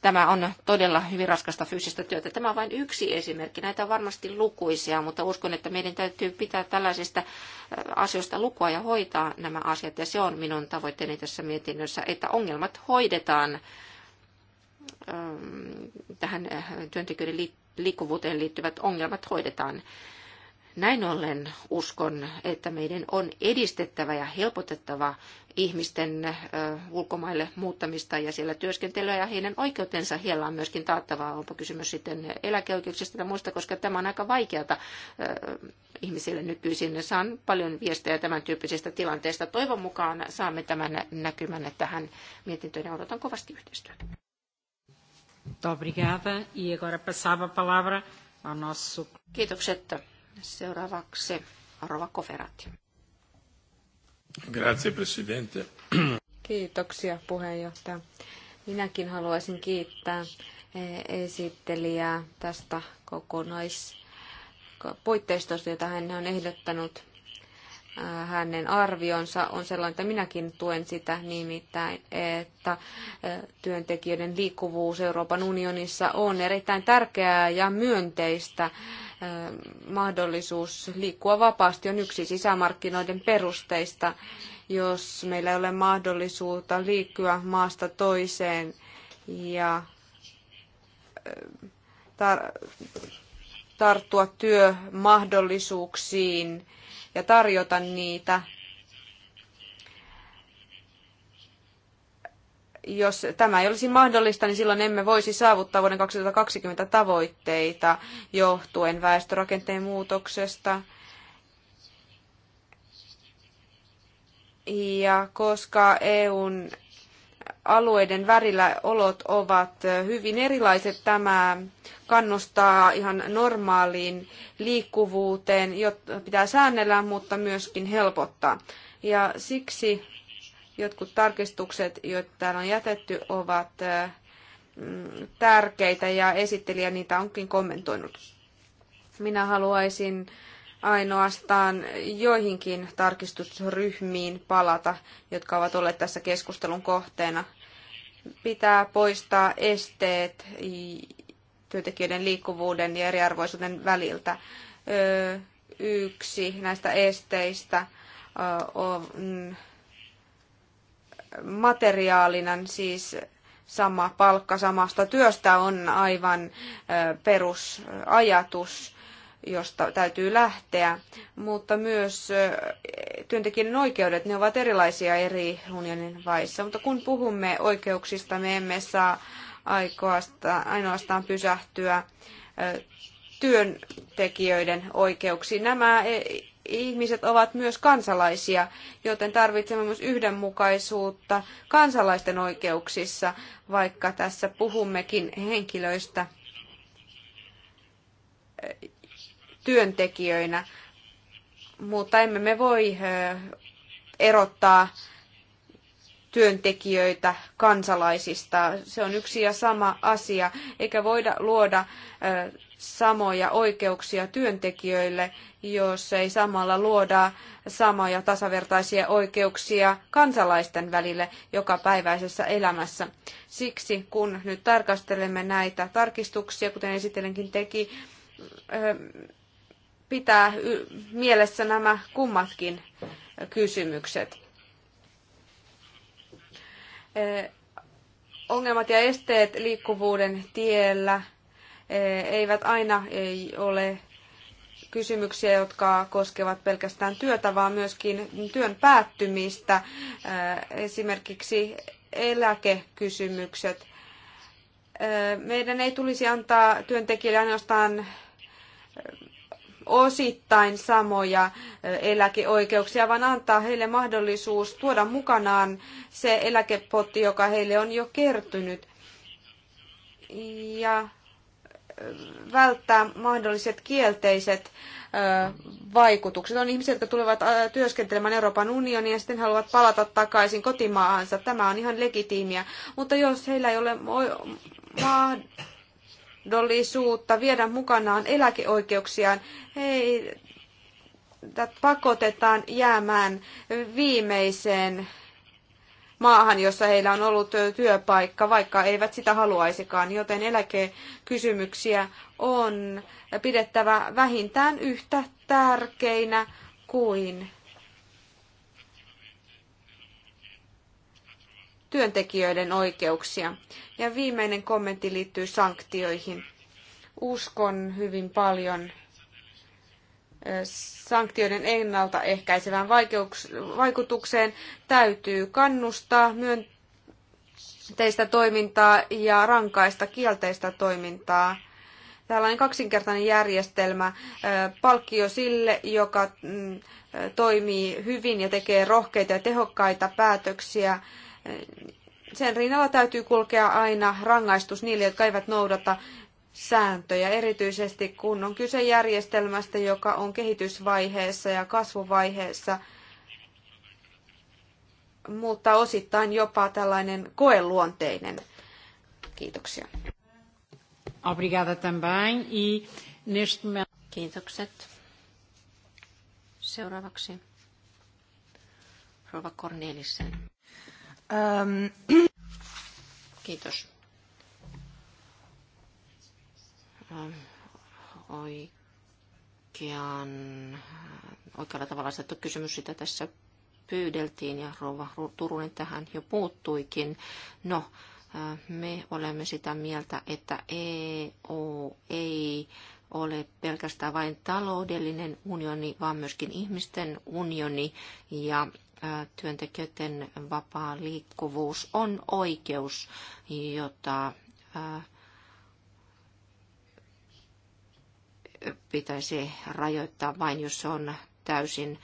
Tämä on todella hyvin raskasta fyysistä työtä. Tämä on vain yksi esimerkki. Näitä on varmasti lukuisia, mutta uskon, että meidän täytyy pitää tällaisista äh, asioista lukua ja hoitaa nämä asiat. Ja se on minun tavoitteeni tässä mietinnössä, että ongelmat hoidetaan ähm, tähän äh, työntekijöiden liikkuvuuteen liittyvät ongelmat hoidetaan. Näin ollen uskon, että meidän on edistettävä ja helpotettava ihmisten ulkomaille muuttamista ja siellä työskentelyä ja heidän oikeutensa siellä on myöskin taattavaa, onpa kysymys sitten eläkeoikeuksista tai muista, koska tämä on aika vaikeata ihmisille nykyisin. Saan paljon viestejä tämän tyyppisistä tilanteista. Toivon mukaan saamme tämän näkymän tähän mietintöön ja odotan kovasti yhteistyötä. E Kiitokset. Seuraavaksi Rova Koferati. Grazie, Presidente. Kiitoksia puheenjohtaja. Minäkin haluaisin kiittää eh, esittelijää tästä kokonaispuitteistosta, jota hän on ehdottanut. Eh, hänen arvionsa on sellainen, että minäkin tuen sitä nimittäin, että eh, työntekijöiden liikkuvuus Euroopan unionissa on erittäin tärkeää ja myönteistä mahdollisuus liikkua vapaasti on yksi sisämarkkinoiden perusteista. Jos meillä ei ole mahdollisuutta liikkua maasta toiseen ja tarttua työmahdollisuuksiin ja tarjota niitä, jos tämä ei olisi mahdollista, niin silloin emme voisi saavuttaa vuoden 2020 tavoitteita johtuen väestörakenteen muutoksesta. Ja koska EUn alueiden värillä olot ovat hyvin erilaiset, tämä kannustaa ihan normaaliin liikkuvuuteen, jota pitää säännellä, mutta myöskin helpottaa. Ja siksi Jotkut tarkistukset, joita täällä on jätetty, ovat mm, tärkeitä ja esittelijä niitä onkin kommentoinut. Minä haluaisin ainoastaan joihinkin tarkistusryhmiin palata, jotka ovat olleet tässä keskustelun kohteena. Pitää poistaa esteet työntekijöiden liikkuvuuden ja eriarvoisuuden väliltä. Yksi näistä esteistä on materiaalina, niin siis sama palkka samasta työstä on aivan perusajatus, josta täytyy lähteä, mutta myös työntekijän oikeudet, ne ovat erilaisia eri unionin vaissa. Mutta kun puhumme oikeuksista, me emme saa ainoastaan pysähtyä työntekijöiden oikeuksiin. Nämä e, ihmiset ovat myös kansalaisia, joten tarvitsemme myös yhdenmukaisuutta kansalaisten oikeuksissa, vaikka tässä puhummekin henkilöistä eh, työntekijöinä. Mutta emme me voi eh, erottaa työntekijöitä kansalaisista. Se on yksi ja sama asia, eikä voida luoda eh, samoja oikeuksia työntekijöille, jos ei samalla luoda samoja tasavertaisia oikeuksia kansalaisten välille jokapäiväisessä elämässä. Siksi kun nyt tarkastelemme näitä tarkistuksia, kuten esittelenkin teki, pitää mielessä nämä kummatkin kysymykset. Ongelmat ja esteet liikkuvuuden tiellä – eivät aina ei ole kysymyksiä, jotka koskevat pelkästään työtä, vaan myöskin työn päättymistä, äh, esimerkiksi eläkekysymykset. Äh, meidän ei tulisi antaa työntekijälle ainoastaan äh, osittain samoja eläkeoikeuksia, vaan antaa heille mahdollisuus tuoda mukanaan se eläkepotti, joka heille on jo kertynyt. Ja välttää mahdolliset kielteiset vaikutukset. On ihmisiä, jotka tulevat työskentelemään Euroopan unioniin ja sitten haluavat palata takaisin kotimaahansa. Tämä on ihan legitiimiä. Mutta jos heillä ei ole mahdollisuutta viedä mukanaan eläkeoikeuksiaan, hei, pakotetaan jäämään viimeiseen maahan, jossa heillä on ollut työpaikka, vaikka eivät sitä haluaisikaan. Joten eläkekysymyksiä on pidettävä vähintään yhtä tärkeinä kuin työntekijöiden oikeuksia. Ja viimeinen kommentti liittyy sanktioihin. Uskon hyvin paljon sanktioiden ennaltaehkäisevään vaikutukseen täytyy kannustaa myönteistä toimintaa ja rankaista kielteistä toimintaa. Tällainen kaksinkertainen järjestelmä, palkkio sille, joka mm, toimii hyvin ja tekee rohkeita ja tehokkaita päätöksiä, sen rinnalla täytyy kulkea aina rangaistus niille, jotka eivät noudata sääntöjä, erityisesti kun on kyse järjestelmästä, joka on kehitysvaiheessa ja kasvuvaiheessa, mutta osittain jopa tällainen koeluonteinen. Kiitoksia. Obrigada também. E neste momento... Kiitokset. Seuraavaksi Rova Cornelissen. Ähm. Kiitos. oikean, oikealla tavalla asettu kysymys, sitä tässä pyydeltiin ja Rouva Turunen tähän jo puuttuikin. No, me olemme sitä mieltä, että EU ei ole pelkästään vain taloudellinen unioni, vaan myöskin ihmisten unioni ja työntekijöiden vapaa liikkuvuus on oikeus, jota pitäisi rajoittaa vain, jos on täysin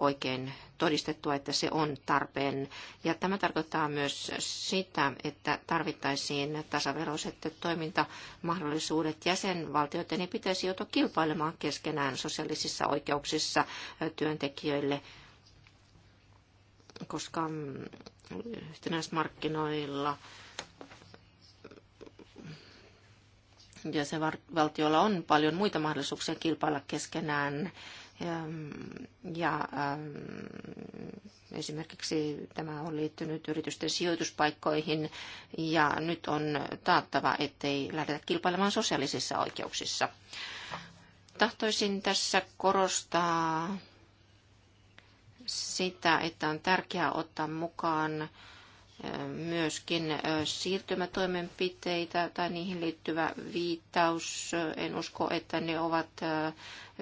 oikein todistettua, että se on tarpeen. Ja tämä tarkoittaa myös sitä, että tarvittaisiin tasaveroiset toimintamahdollisuudet jäsenvaltioiden ja pitäisi joutua kilpailemaan keskenään sosiaalisissa oikeuksissa työntekijöille, koska yhtenäismarkkinoilla – jäsenvaltioilla on paljon muita mahdollisuuksia kilpailla keskenään. Ehm, ja, ja ehm, esimerkiksi tämä on liittynyt yritysten sijoituspaikkoihin ja nyt on taattava, ettei lähdetä kilpailemaan sosiaalisissa oikeuksissa. Tahtoisin tässä korostaa sitä, että on tärkeää ottaa mukaan myöskin siirtymätoimenpiteitä tai niihin liittyvä viittaus. En usko, että ne ovat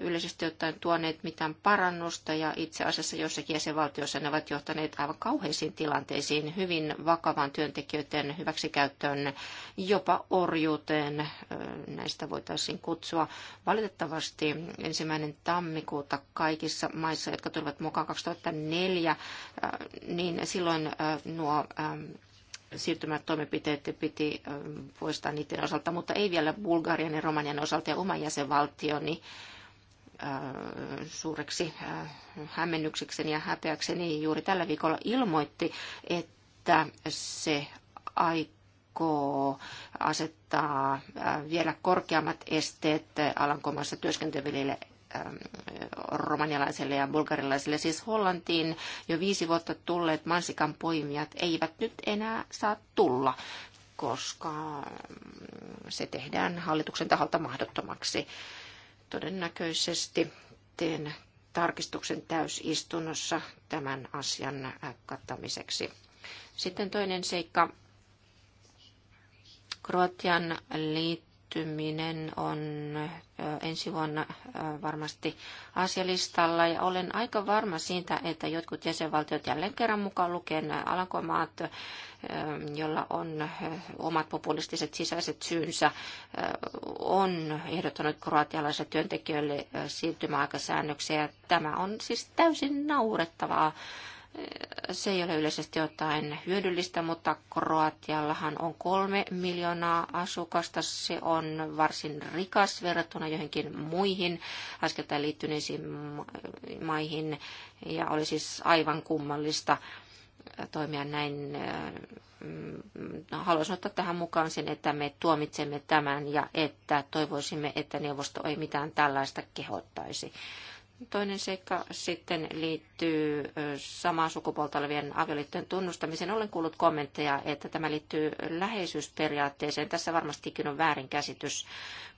yleisesti ottaen tuoneet mitään parannusta ja itse asiassa jossakin jäsenvaltiossa ne ovat johtaneet aivan kauheisiin tilanteisiin, hyvin vakavaan työntekijöiden hyväksikäyttöön, jopa orjuuteen näistä voitaisiin kutsua. Valitettavasti ensimmäinen tammikuuta kaikissa maissa, jotka tulivat mukaan 2004, niin silloin nuo Ähm, siirtymätoimenpiteet piti ähm, poistaa niiden osalta, mutta ei vielä Bulgarian ja Romanian osalta ja oman jäsenvaltioni äh, suureksi äh, hämmennyksekseni ja häpeäkseni juuri tällä viikolla ilmoitti, että se aikoo asettaa äh, vielä korkeammat esteet alankomaissa työskenteleville Ähm, romanialaisille ja bulgarilaiselle, Siis Hollantiin jo viisi vuotta tulleet mansikan poimijat eivät nyt enää saa tulla koska mm, se tehdään hallituksen taholta mahdottomaksi. Todennäköisesti teen tarkistuksen täysistunnossa tämän asian äh, kattamiseksi. Sitten toinen seikka. Kroatian liitto kehittyminen on ensi vuonna varmasti asialistalla ja olen aika varma siitä, että jotkut jäsenvaltiot jälleen kerran mukaan lukien Alankomaat, jolla on omat populistiset sisäiset syynsä, on ehdottanut kroatialaisille työntekijöille siirtymäaikasäännöksiä. Tämä on siis täysin naurettavaa se ei ole yleisesti ottaen hyödyllistä, mutta Kroatiallahan on kolme miljoonaa asukasta. Se on varsin rikas verrattuna johonkin muihin äskettäin liittyneisiin maihin. Ja oli siis aivan kummallista toimia näin. Haluaisin ottaa tähän mukaan sen, että me tuomitsemme tämän ja että toivoisimme, että neuvosto ei mitään tällaista kehottaisi. Toinen seikka sitten liittyy samaa sukupuolta olevien avioliittojen tunnustamiseen. Olen kuullut kommentteja, että tämä liittyy läheisyysperiaatteeseen. Tässä varmastikin on väärinkäsitys,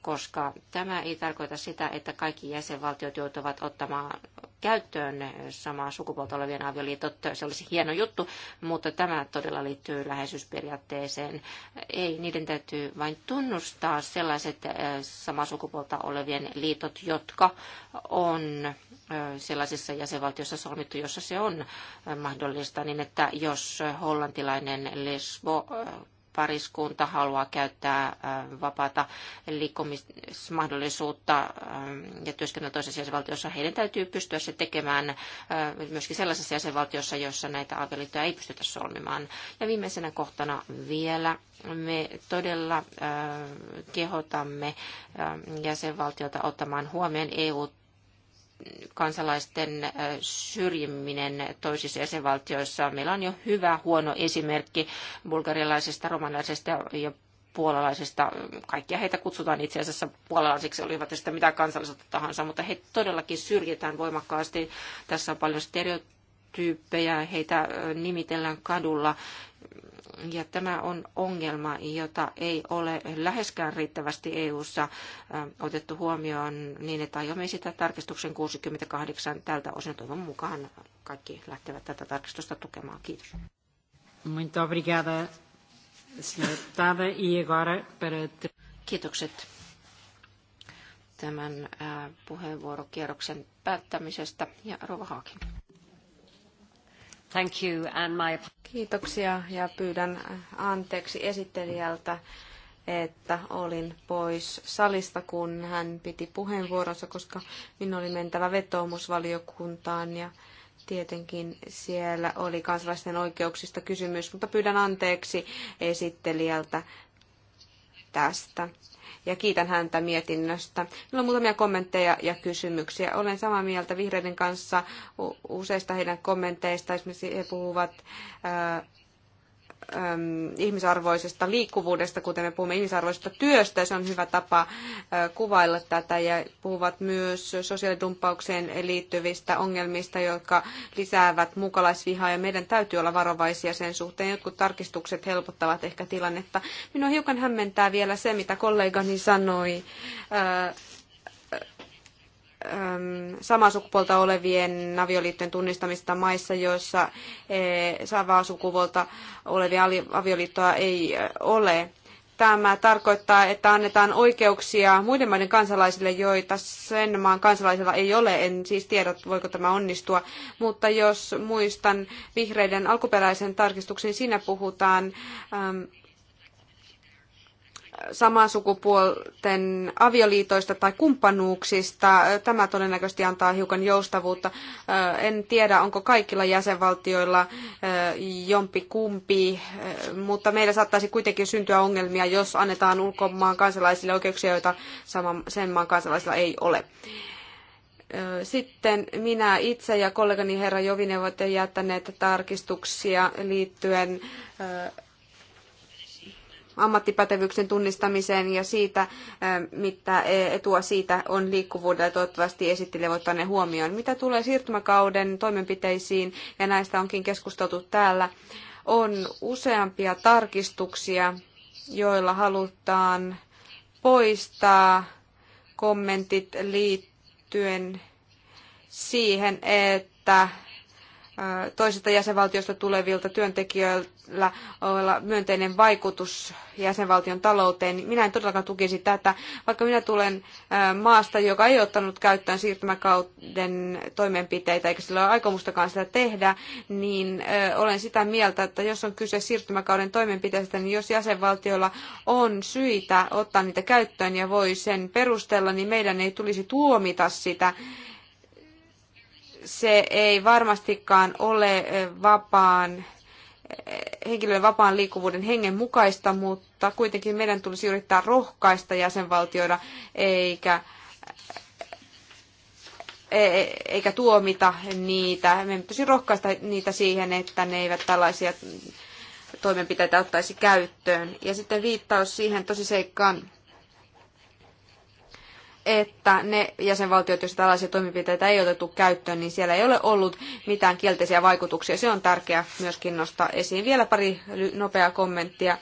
koska tämä ei tarkoita sitä, että kaikki jäsenvaltiot joutuvat ottamaan käyttöön samaa sukupuolta olevien avioliitot. Se olisi hieno juttu, mutta tämä todella liittyy läheisyysperiaatteeseen. Ei, niiden täytyy vain tunnustaa sellaiset eh, samaa sukupuolta olevien liitot, jotka on eh, sellaisissa jäsenvaltiossa solmittu, jossa se on eh, mahdollista, niin että jos hollantilainen lesbo pariskunta haluaa käyttää äh, vapaata liikkumismahdollisuutta ähm, ja työskennellä toisessa jäsenvaltiossa, heidän täytyy pystyä se tekemään äh, myöskin sellaisessa jäsenvaltiossa, jossa näitä avioliittoja ei pystytä solmimaan. Ja viimeisenä kohtana vielä me todella äh, kehotamme jäsenvaltiota ottamaan huomioon EU kansalaisten syrjiminen toisissa jäsenvaltioissa. Meillä on jo hyvä, huono esimerkki bulgarialaisesta, romanilaisesta ja puolalaisista. Kaikkia heitä kutsutaan itse asiassa puolalaisiksi, olivat sitä mitä kansallisuutta tahansa, mutta he todellakin syrjitään voimakkaasti. Tässä on paljon stereotyyppejä, heitä nimitellään kadulla ja tämä on ongelma, jota ei ole läheskään riittävästi EU-ssa äh, otettu huomioon niin, että aiomme sitä tarkistuksen 68 tältä osin. Toivon mukaan kaikki lähtevät tätä tarkistusta tukemaan. Kiitos. Muito obrigada, senhora e Kiitokset tämän äh, puheenvuorokierroksen päättämisestä ja Rova Haakin. Thank you and my... Kiitoksia ja pyydän anteeksi esittelijältä, että olin pois salista, kun hän piti puheenvuoronsa, koska minun oli mentävä vetoomusvaliokuntaan ja tietenkin siellä oli kansalaisten oikeuksista kysymys, mutta pyydän anteeksi esittelijältä tästä ja kiitän häntä mietinnöstä. Minulla on muutamia kommentteja ja kysymyksiä. Olen samaa mieltä vihreiden kanssa useista heidän kommenteista. Esimerkiksi he puhuvat Ähm, ihmisarvoisesta liikkuvuudesta, kuten me puhumme ihmisarvoisesta työstä. Se on hyvä tapa äh, kuvailla tätä ja puhuvat myös sosiaalidumppaukseen liittyvistä ongelmista, jotka lisäävät mukalaisvihaa ja meidän täytyy olla varovaisia sen suhteen. Jotkut tarkistukset helpottavat ehkä tilannetta. Minua hiukan hämmentää vielä se, mitä kollegani sanoi äh, Ähm, samaa sukupuolta olevien avioliittojen tunnistamista maissa, joissa e, samaa sukupuolta olevia avioliittoa ei e, ole. Tämä tarkoittaa, että annetaan oikeuksia muiden maiden kansalaisille, joita sen maan kansalaisilla ei ole. En siis tiedä, voiko tämä onnistua. Mutta jos muistan vihreiden alkuperäisen tarkistuksen, siinä puhutaan ähm, samaa sukupuolten avioliitoista tai kumppanuuksista. Tämä todennäköisesti antaa hiukan joustavuutta. En tiedä, onko kaikilla jäsenvaltioilla jompi kumpi, mutta meillä saattaisi kuitenkin syntyä ongelmia, jos annetaan ulkomaan kansalaisille oikeuksia, joita sen maan kansalaisilla ei ole. Sitten minä itse ja kollegani herra Jovinen ovat jättäneet tarkistuksia liittyen ammattipätevyyksien tunnistamiseen ja siitä, mitä e- etua siitä on liikkuvuudelle. Toivottavasti esittelijä voi ottaa ne huomioon. Mitä tulee siirtymäkauden toimenpiteisiin, ja näistä onkin keskusteltu täällä, on useampia tarkistuksia, joilla halutaan poistaa kommentit liittyen siihen, että toisesta jäsenvaltiosta tulevilta työntekijöiltä tällä olla myönteinen vaikutus jäsenvaltion talouteen, niin minä en todellakaan tukisi tätä, vaikka minä tulen maasta, joka ei ottanut käyttöön siirtymäkauden toimenpiteitä, eikä sillä ole aikomustakaan sitä tehdä, niin olen sitä mieltä, että jos on kyse siirtymäkauden toimenpiteistä, niin jos jäsenvaltiolla on syitä ottaa niitä käyttöön ja voi sen perustella, niin meidän ei tulisi tuomita sitä se ei varmastikaan ole vapaan henkilöiden vapaan liikkuvuuden hengen mukaista, mutta kuitenkin meidän tulisi yrittää rohkaista jäsenvaltioida eikä e, e, eikä tuomita niitä. Meidän pitäisi rohkaista niitä siihen, että ne eivät tällaisia toimenpiteitä ottaisi käyttöön. Ja sitten viittaus siihen tosiseikkaan, että ne jäsenvaltiot, joissa tällaisia toimenpiteitä ei otettu käyttöön, niin siellä ei ole ollut mitään kielteisiä vaikutuksia. Se on tärkeää myöskin nostaa esiin. Vielä pari nopeaa kommenttia.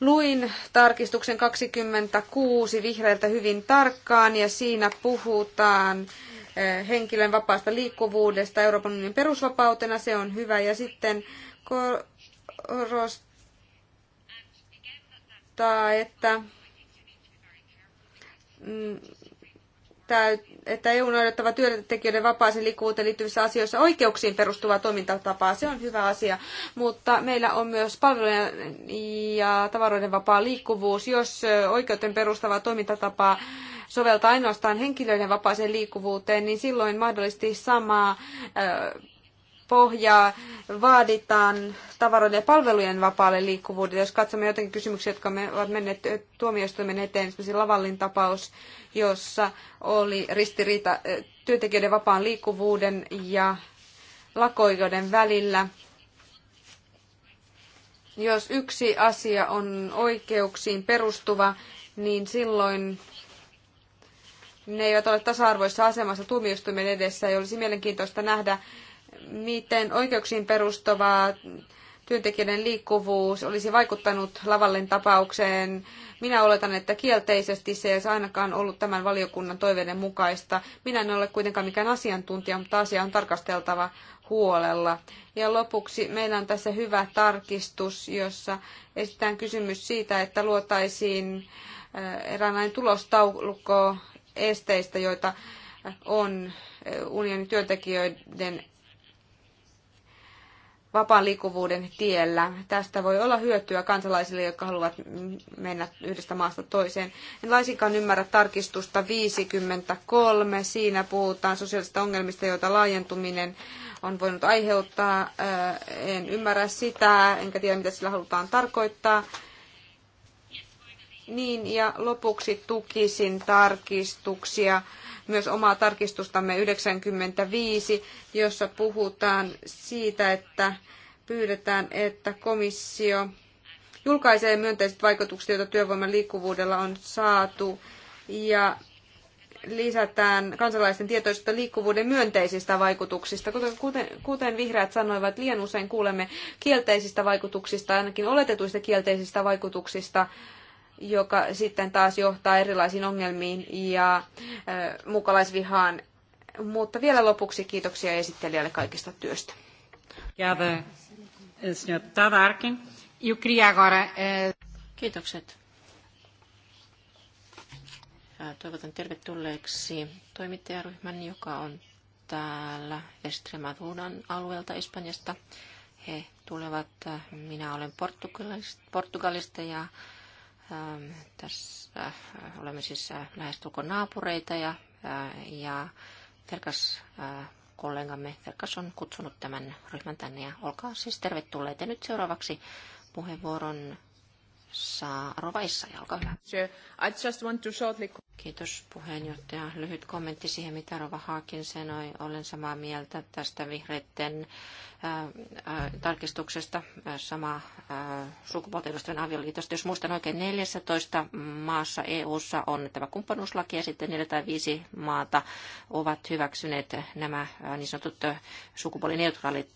Luin tarkistuksen 26 vihreiltä hyvin tarkkaan ja siinä puhutaan eh, henkilön vapaasta liikkuvuudesta Euroopan unionin perusvapautena. Se on hyvä. Ja sitten korostaa, että Mm, että EU noudattava työntekijöiden vapaaseen liikkuvuuteen liittyvissä asioissa oikeuksiin perustuvaa toimintatapaa se on hyvä asia. Mutta meillä on myös palvelujen ja tavaroiden vapaa liikkuvuus. Jos oikeuteen perustavaa toimintatapaa soveltaa ainoastaan henkilöiden vapaaseen liikkuvuuteen, niin silloin mahdollisesti samaa pohjaa vaaditaan tavaroiden ja palvelujen vapaalle liikkuvuudelle. Jos katsomme jotenkin kysymyksiä, jotka me ovat menneet tuomioistuimen eteen, esimerkiksi Lavallin tapaus, jossa oli ristiriita työntekijöiden vapaan liikkuvuuden ja lakoikeuden välillä. Jos yksi asia on oikeuksiin perustuva, niin silloin ne eivät ole tasa-arvoisessa asemassa tuomioistuimen edessä. Ja olisi mielenkiintoista nähdä, miten oikeuksiin perustuva työntekijöiden liikkuvuus olisi vaikuttanut Lavallen tapaukseen. Minä oletan, että kielteisesti se ei ainakaan ollut tämän valiokunnan toiveiden mukaista. Minä en ole kuitenkaan mikään asiantuntija, mutta asia on tarkasteltava huolella. Ja lopuksi meillä on tässä hyvä tarkistus, jossa esitetään kysymys siitä, että luotaisiin eh, eräänlainen tulostaulukko esteistä, joita on eh, unionin työntekijöiden vapaan liikkuvuuden tiellä. Tästä voi olla hyötyä kansalaisille, jotka haluavat mennä yhdestä maasta toiseen. En laisinkaan ymmärrä tarkistusta 53. Siinä puhutaan sosiaalisista ongelmista, joita laajentuminen on voinut aiheuttaa. En ymmärrä sitä, enkä tiedä mitä sillä halutaan tarkoittaa. Niin, ja lopuksi tukisin tarkistuksia myös omaa tarkistustamme 95, jossa puhutaan siitä, että pyydetään, että komissio julkaisee myönteiset vaikutukset, joita työvoiman liikkuvuudella on saatu, ja lisätään kansalaisten tietoisuutta liikkuvuuden myönteisistä vaikutuksista. Kuten, kuten vihreät sanoivat, liian usein kuulemme kielteisistä vaikutuksista, ainakin oletetuista kielteisistä vaikutuksista, joka sitten taas johtaa erilaisiin ongelmiin ja mukalaisvihaan. Mutta vielä lopuksi kiitoksia esittelijälle kaikesta työstä. Eh, eh, Kiitokset. Toivotan tervetulleeksi toimittajaryhmän, joka on täällä Estremadunan alueelta Espanjasta. He tulevat, eh, minä olen Portugalista, Portugalista ja Ähm, tässä äh, olemme siis äh, lähestulkoon naapureita ja, äh, ja Terkas kollegamme Terkas on kutsunut tämän ryhmän tänne ja olkaa siis tervetulleita. Nyt seuraavaksi puheenvuoron saa rovaissa. Olkaa hyvä. I just want to shortly... Kiitos puheenjohtaja. Lyhyt kommentti siihen, mitä Rova Haakin sanoi. Olen samaa mieltä tästä vihreiden äh, äh, tarkistuksesta äh, sama sukupuolten avioliitosta. Jos muistan oikein, 14 maassa EU:ssa on tämä kumppanuuslaki ja sitten 4 tai 5 maata ovat hyväksyneet nämä niin sanotut sukupuolineutraalit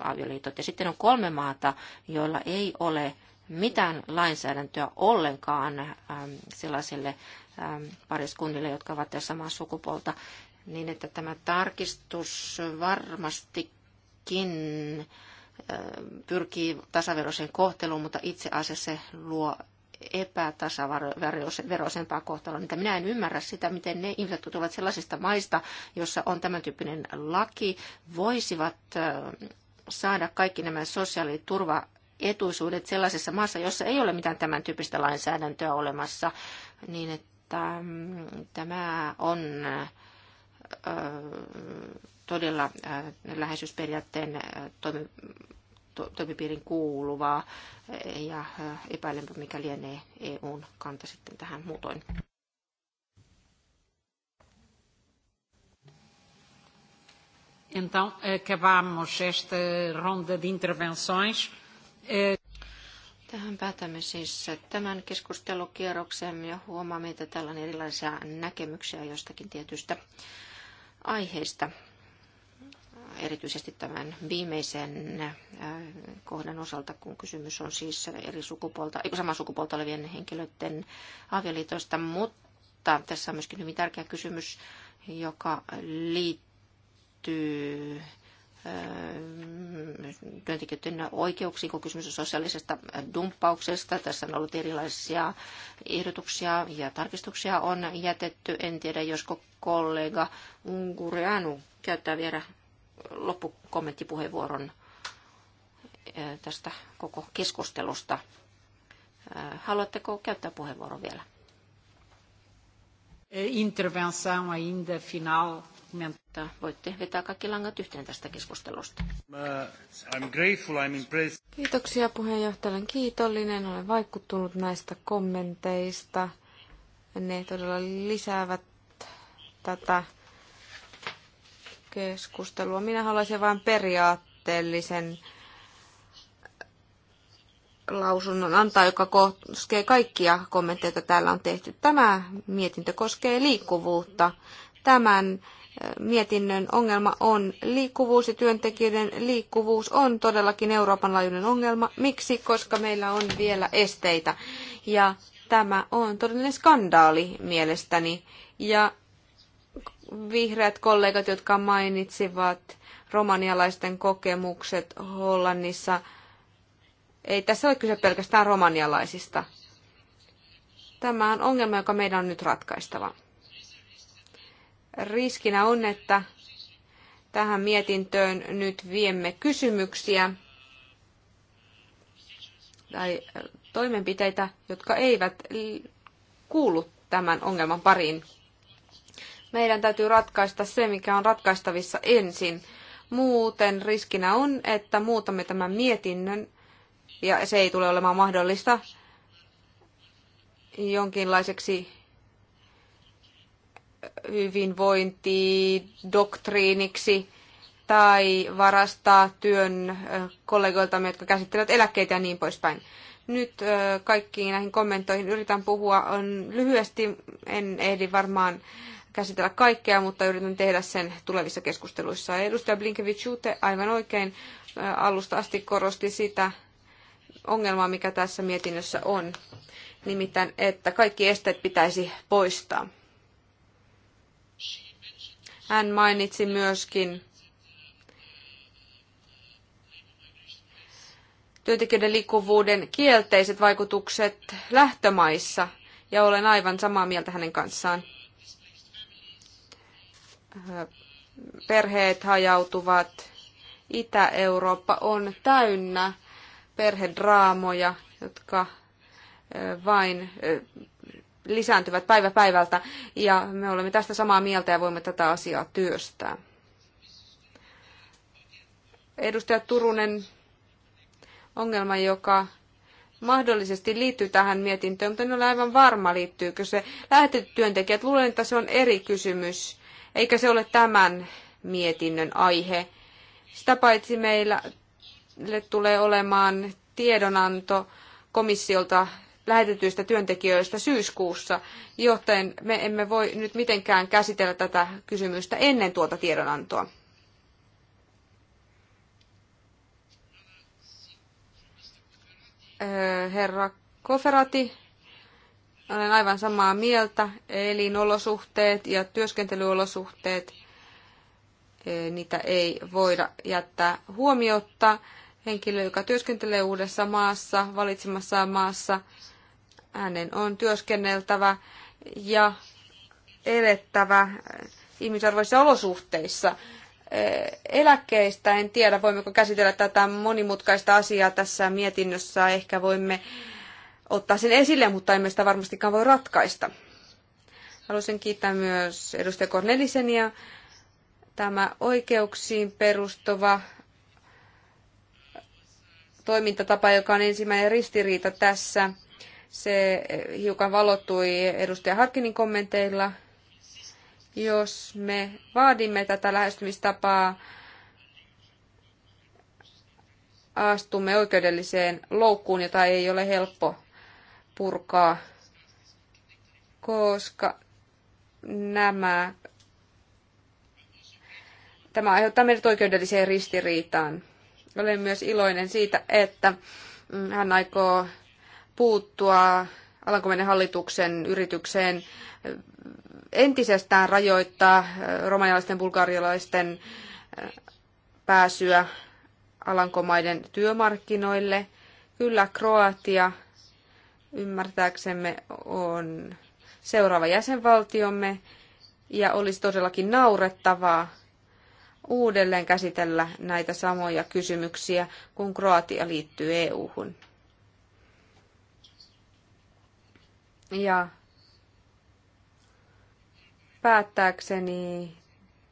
avioliitot. Ja sitten on kolme maata, joilla ei ole mitään lainsäädäntöä ollenkaan ähm, sellaisille ähm, pariskunnille, jotka ovat jo samaa sukupuolta, niin että tämä tarkistus varmastikin ähm, pyrkii tasaveroiseen kohteluun, mutta itse asiassa se luo epätasaveroisempaa kohtaloa. Niitä minä en ymmärrä sitä, miten ne ihmiset, jotka tulevat sellaisista maista, jossa on tämän tyyppinen laki, voisivat äh, saada kaikki nämä sosiaaliturva etuisuudet sellaisessa maassa, jossa ei ole mitään tämän tyyppistä lainsäädäntöä olemassa, niin että mm, tämä on todella läheisyysperiaatteen toimipiirin kuuluvaa e, ja epäilenpä mikä lienee EUn kanta sitten tähän muutoin. Então, acabamos esta ronda de intervenções. Tähän päätämme siis tämän keskustelukierroksen ja huomaamme, että täällä on erilaisia näkemyksiä jostakin tietystä aiheesta. Erityisesti tämän viimeisen äh, kohdan osalta, kun kysymys on siis eri sukupuolta, eikö sama sukupuolta olevien henkilöiden avioliitoista, mutta tässä on myöskin hyvin tärkeä kysymys, joka liittyy työntekijöiden oikeuksiin, kun kysymys on sosiaalisesta dumppauksesta. Tässä on ollut erilaisia ehdotuksia ja tarkistuksia on jätetty. En tiedä, josko kollega Ungurianu käyttää vielä loppukommenttipuheenvuoron tästä koko keskustelusta. Haluatteko käyttää puheenvuoron vielä? Eh, intervenção ainda final mutta voitte vetää kaikki langat yhteen tästä keskustelusta. I'm grateful, I'm impressed. Kiitoksia puheenjohtaja, olen kiitollinen, olen vaikuttunut näistä kommenteista. Ne todella lisäävät tätä keskustelua. Minä haluaisin vain periaatteellisen lausunnon antaa, joka koskee kaikkia kommentteja, joita täällä on tehty. Tämä mietintö koskee liikkuvuutta. Tämän mietinnön ongelma on liikkuvuus ja työntekijöiden liikkuvuus on todellakin Euroopan laajuinen ongelma. Miksi? Koska meillä on vielä esteitä. Ja tämä on todellinen skandaali mielestäni. Ja vihreät kollegat, jotka mainitsivat romanialaisten kokemukset Hollannissa, ei tässä ole kyse pelkästään romanialaisista. Tämä on ongelma, joka meidän on nyt ratkaistava riskinä on, että tähän mietintöön nyt viemme kysymyksiä tai toimenpiteitä, jotka eivät kuulu tämän ongelman pariin. Meidän täytyy ratkaista se, mikä on ratkaistavissa ensin. Muuten riskinä on, että muutamme tämän mietinnön, ja se ei tule olemaan mahdollista, jonkinlaiseksi hyvinvointi doktriiniksi tai varastaa työn kollegoiltamme, jotka käsittelevät eläkkeitä ja niin poispäin. Nyt kaikkiin näihin kommentoihin yritän puhua on lyhyesti. En ehdi varmaan käsitellä kaikkea, mutta yritän tehdä sen tulevissa keskusteluissa. Edustaja Blinkevich Jute aivan oikein alusta asti korosti sitä ongelmaa, mikä tässä mietinnössä on. Nimittäin, että kaikki esteet pitäisi poistaa. Hän mainitsi myöskin työntekijöiden liikkuvuuden kielteiset vaikutukset lähtömaissa, ja olen aivan samaa mieltä hänen kanssaan. Perheet hajautuvat. Itä-Eurooppa on täynnä perhedraamoja, jotka vain lisääntyvät päivä päivältä ja me olemme tästä samaa mieltä ja voimme tätä asiaa työstää. Edustaja Turunen, ongelma, joka mahdollisesti liittyy tähän mietintöön, mutta en ole aivan varma, liittyykö se lähetetyt työntekijät. Luulen, että se on eri kysymys, eikä se ole tämän mietinnön aihe. Sitä paitsi meillä tulee olemaan tiedonanto komissiolta lähetetyistä työntekijöistä syyskuussa, joten me emme voi nyt mitenkään käsitellä tätä kysymystä ennen tuota tiedonantoa. Herra Koferati, olen aivan samaa mieltä. Elinolosuhteet ja työskentelyolosuhteet, niitä ei voida jättää huomiotta. Henkilö, joka työskentelee uudessa maassa, valitsemassa maassa, hänen on työskenneltävä ja elettävä ihmisarvoisissa olosuhteissa. Eläkkeistä en tiedä, voimmeko käsitellä tätä monimutkaista asiaa tässä mietinnössä. Ehkä voimme ottaa sen esille, mutta emme sitä varmastikaan voi ratkaista. Haluaisin kiittää myös edustaja Cornelisenia. Tämä oikeuksiin perustuva toimintatapa, joka on ensimmäinen ristiriita tässä se hiukan valottui edustaja Harkinin kommenteilla. Jos me vaadimme tätä lähestymistapaa, astumme oikeudelliseen loukkuun, jota ei ole helppo purkaa, koska nämä, tämä aiheuttaa meidät oikeudelliseen ristiriitaan. Olen myös iloinen siitä, että hän aikoo puuttua Alankomainen hallituksen yritykseen entisestään rajoittaa äh, romanialaisten bulgarialaisten äh, pääsyä Alankomaiden työmarkkinoille. Kyllä Kroatia ymmärtääksemme on seuraava jäsenvaltiomme ja olisi todellakin naurettavaa uudelleen käsitellä näitä samoja kysymyksiä, kun Kroatia liittyy EU-hun. Ja päättääkseni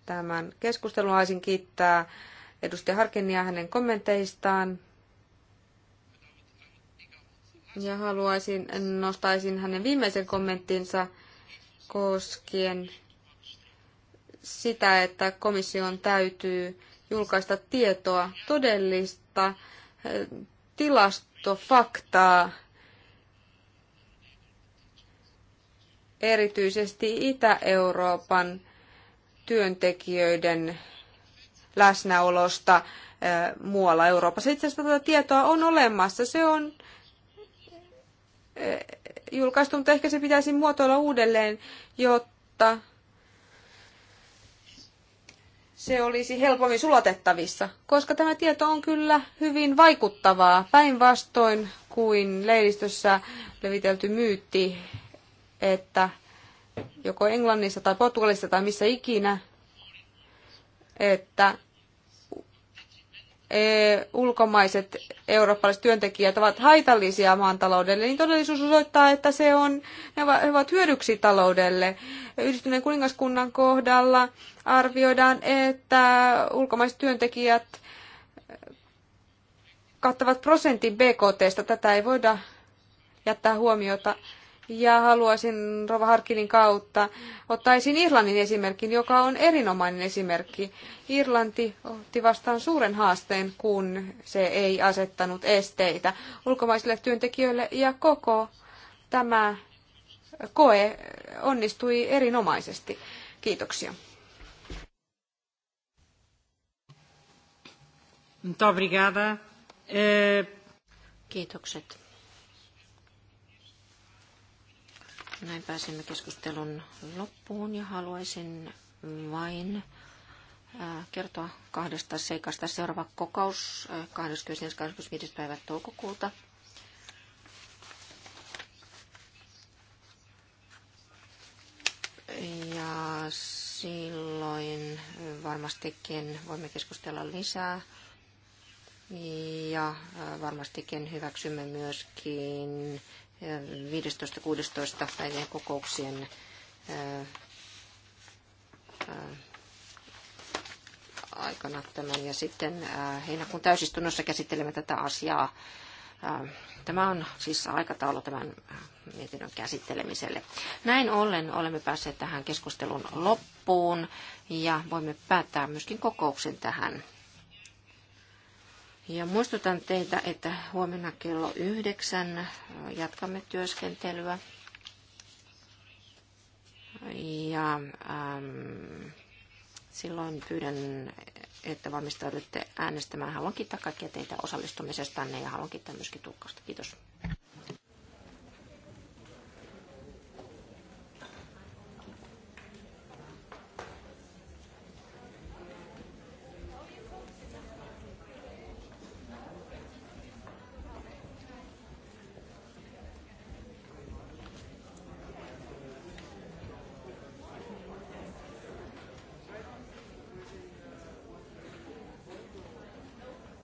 tämän keskustelun haluaisin kiittää edustaja Harkinia hänen kommenteistaan. Ja haluaisin, nostaisin hänen viimeisen kommenttinsa koskien sitä, että komission täytyy julkaista tietoa, todellista eh, tilastofaktaa erityisesti Itä-Euroopan työntekijöiden läsnäolosta eh, muualla Euroopassa. Itse asiassa tätä tietoa on olemassa. Se on eh, julkaistu, mutta ehkä se pitäisi muotoilla uudelleen, jotta se olisi helpommin sulatettavissa, koska tämä tieto on kyllä hyvin vaikuttavaa päinvastoin kuin leiristössä levitelty myytti että joko Englannissa tai Portugalissa tai missä ikinä, että e, ulkomaiset eurooppalaiset työntekijät ovat haitallisia maantaloudelle, niin todellisuus osoittaa, että se on, ne ovat hyödyksi taloudelle. Yhdistyneen kuningaskunnan kohdalla arvioidaan, että ulkomaiset työntekijät kattavat prosentin BKTstä. Tätä ei voida jättää huomiota ja haluaisin Rova Harkinin kautta ottaisin Irlannin esimerkin, joka on erinomainen esimerkki. Irlanti otti vastaan suuren haasteen, kun se ei asettanut esteitä ulkomaisille työntekijöille ja koko tämä koe onnistui erinomaisesti. Kiitoksia. Eh, Kiitokset. Näin pääsemme keskustelun loppuun ja haluaisin vain äh, kertoa kahdesta seikasta. Seuraava kokous 20.25. Äh, päivä toukokuuta. Ja silloin varmastikin voimme keskustella lisää. Ja äh, varmastikin hyväksymme myöskin 15-16 päivien kokouksien aikana tämän. Ja sitten heinäkuun täysistunnossa käsittelemme tätä asiaa. Tämä on siis aikataulu tämän mietinnön käsittelemiselle. Näin ollen olemme päässeet tähän keskustelun loppuun ja voimme päättää myöskin kokouksen tähän. Ja muistutan teitä, että huomenna kello yhdeksän äh, jatkamme työskentelyä. Ja ähm, silloin pyydän, että valmistaudutte äänestämään. Haluan kiittää kaikkia teitä osallistumisestanne ja haluan kiittää myöskin tukkausta. Kiitos.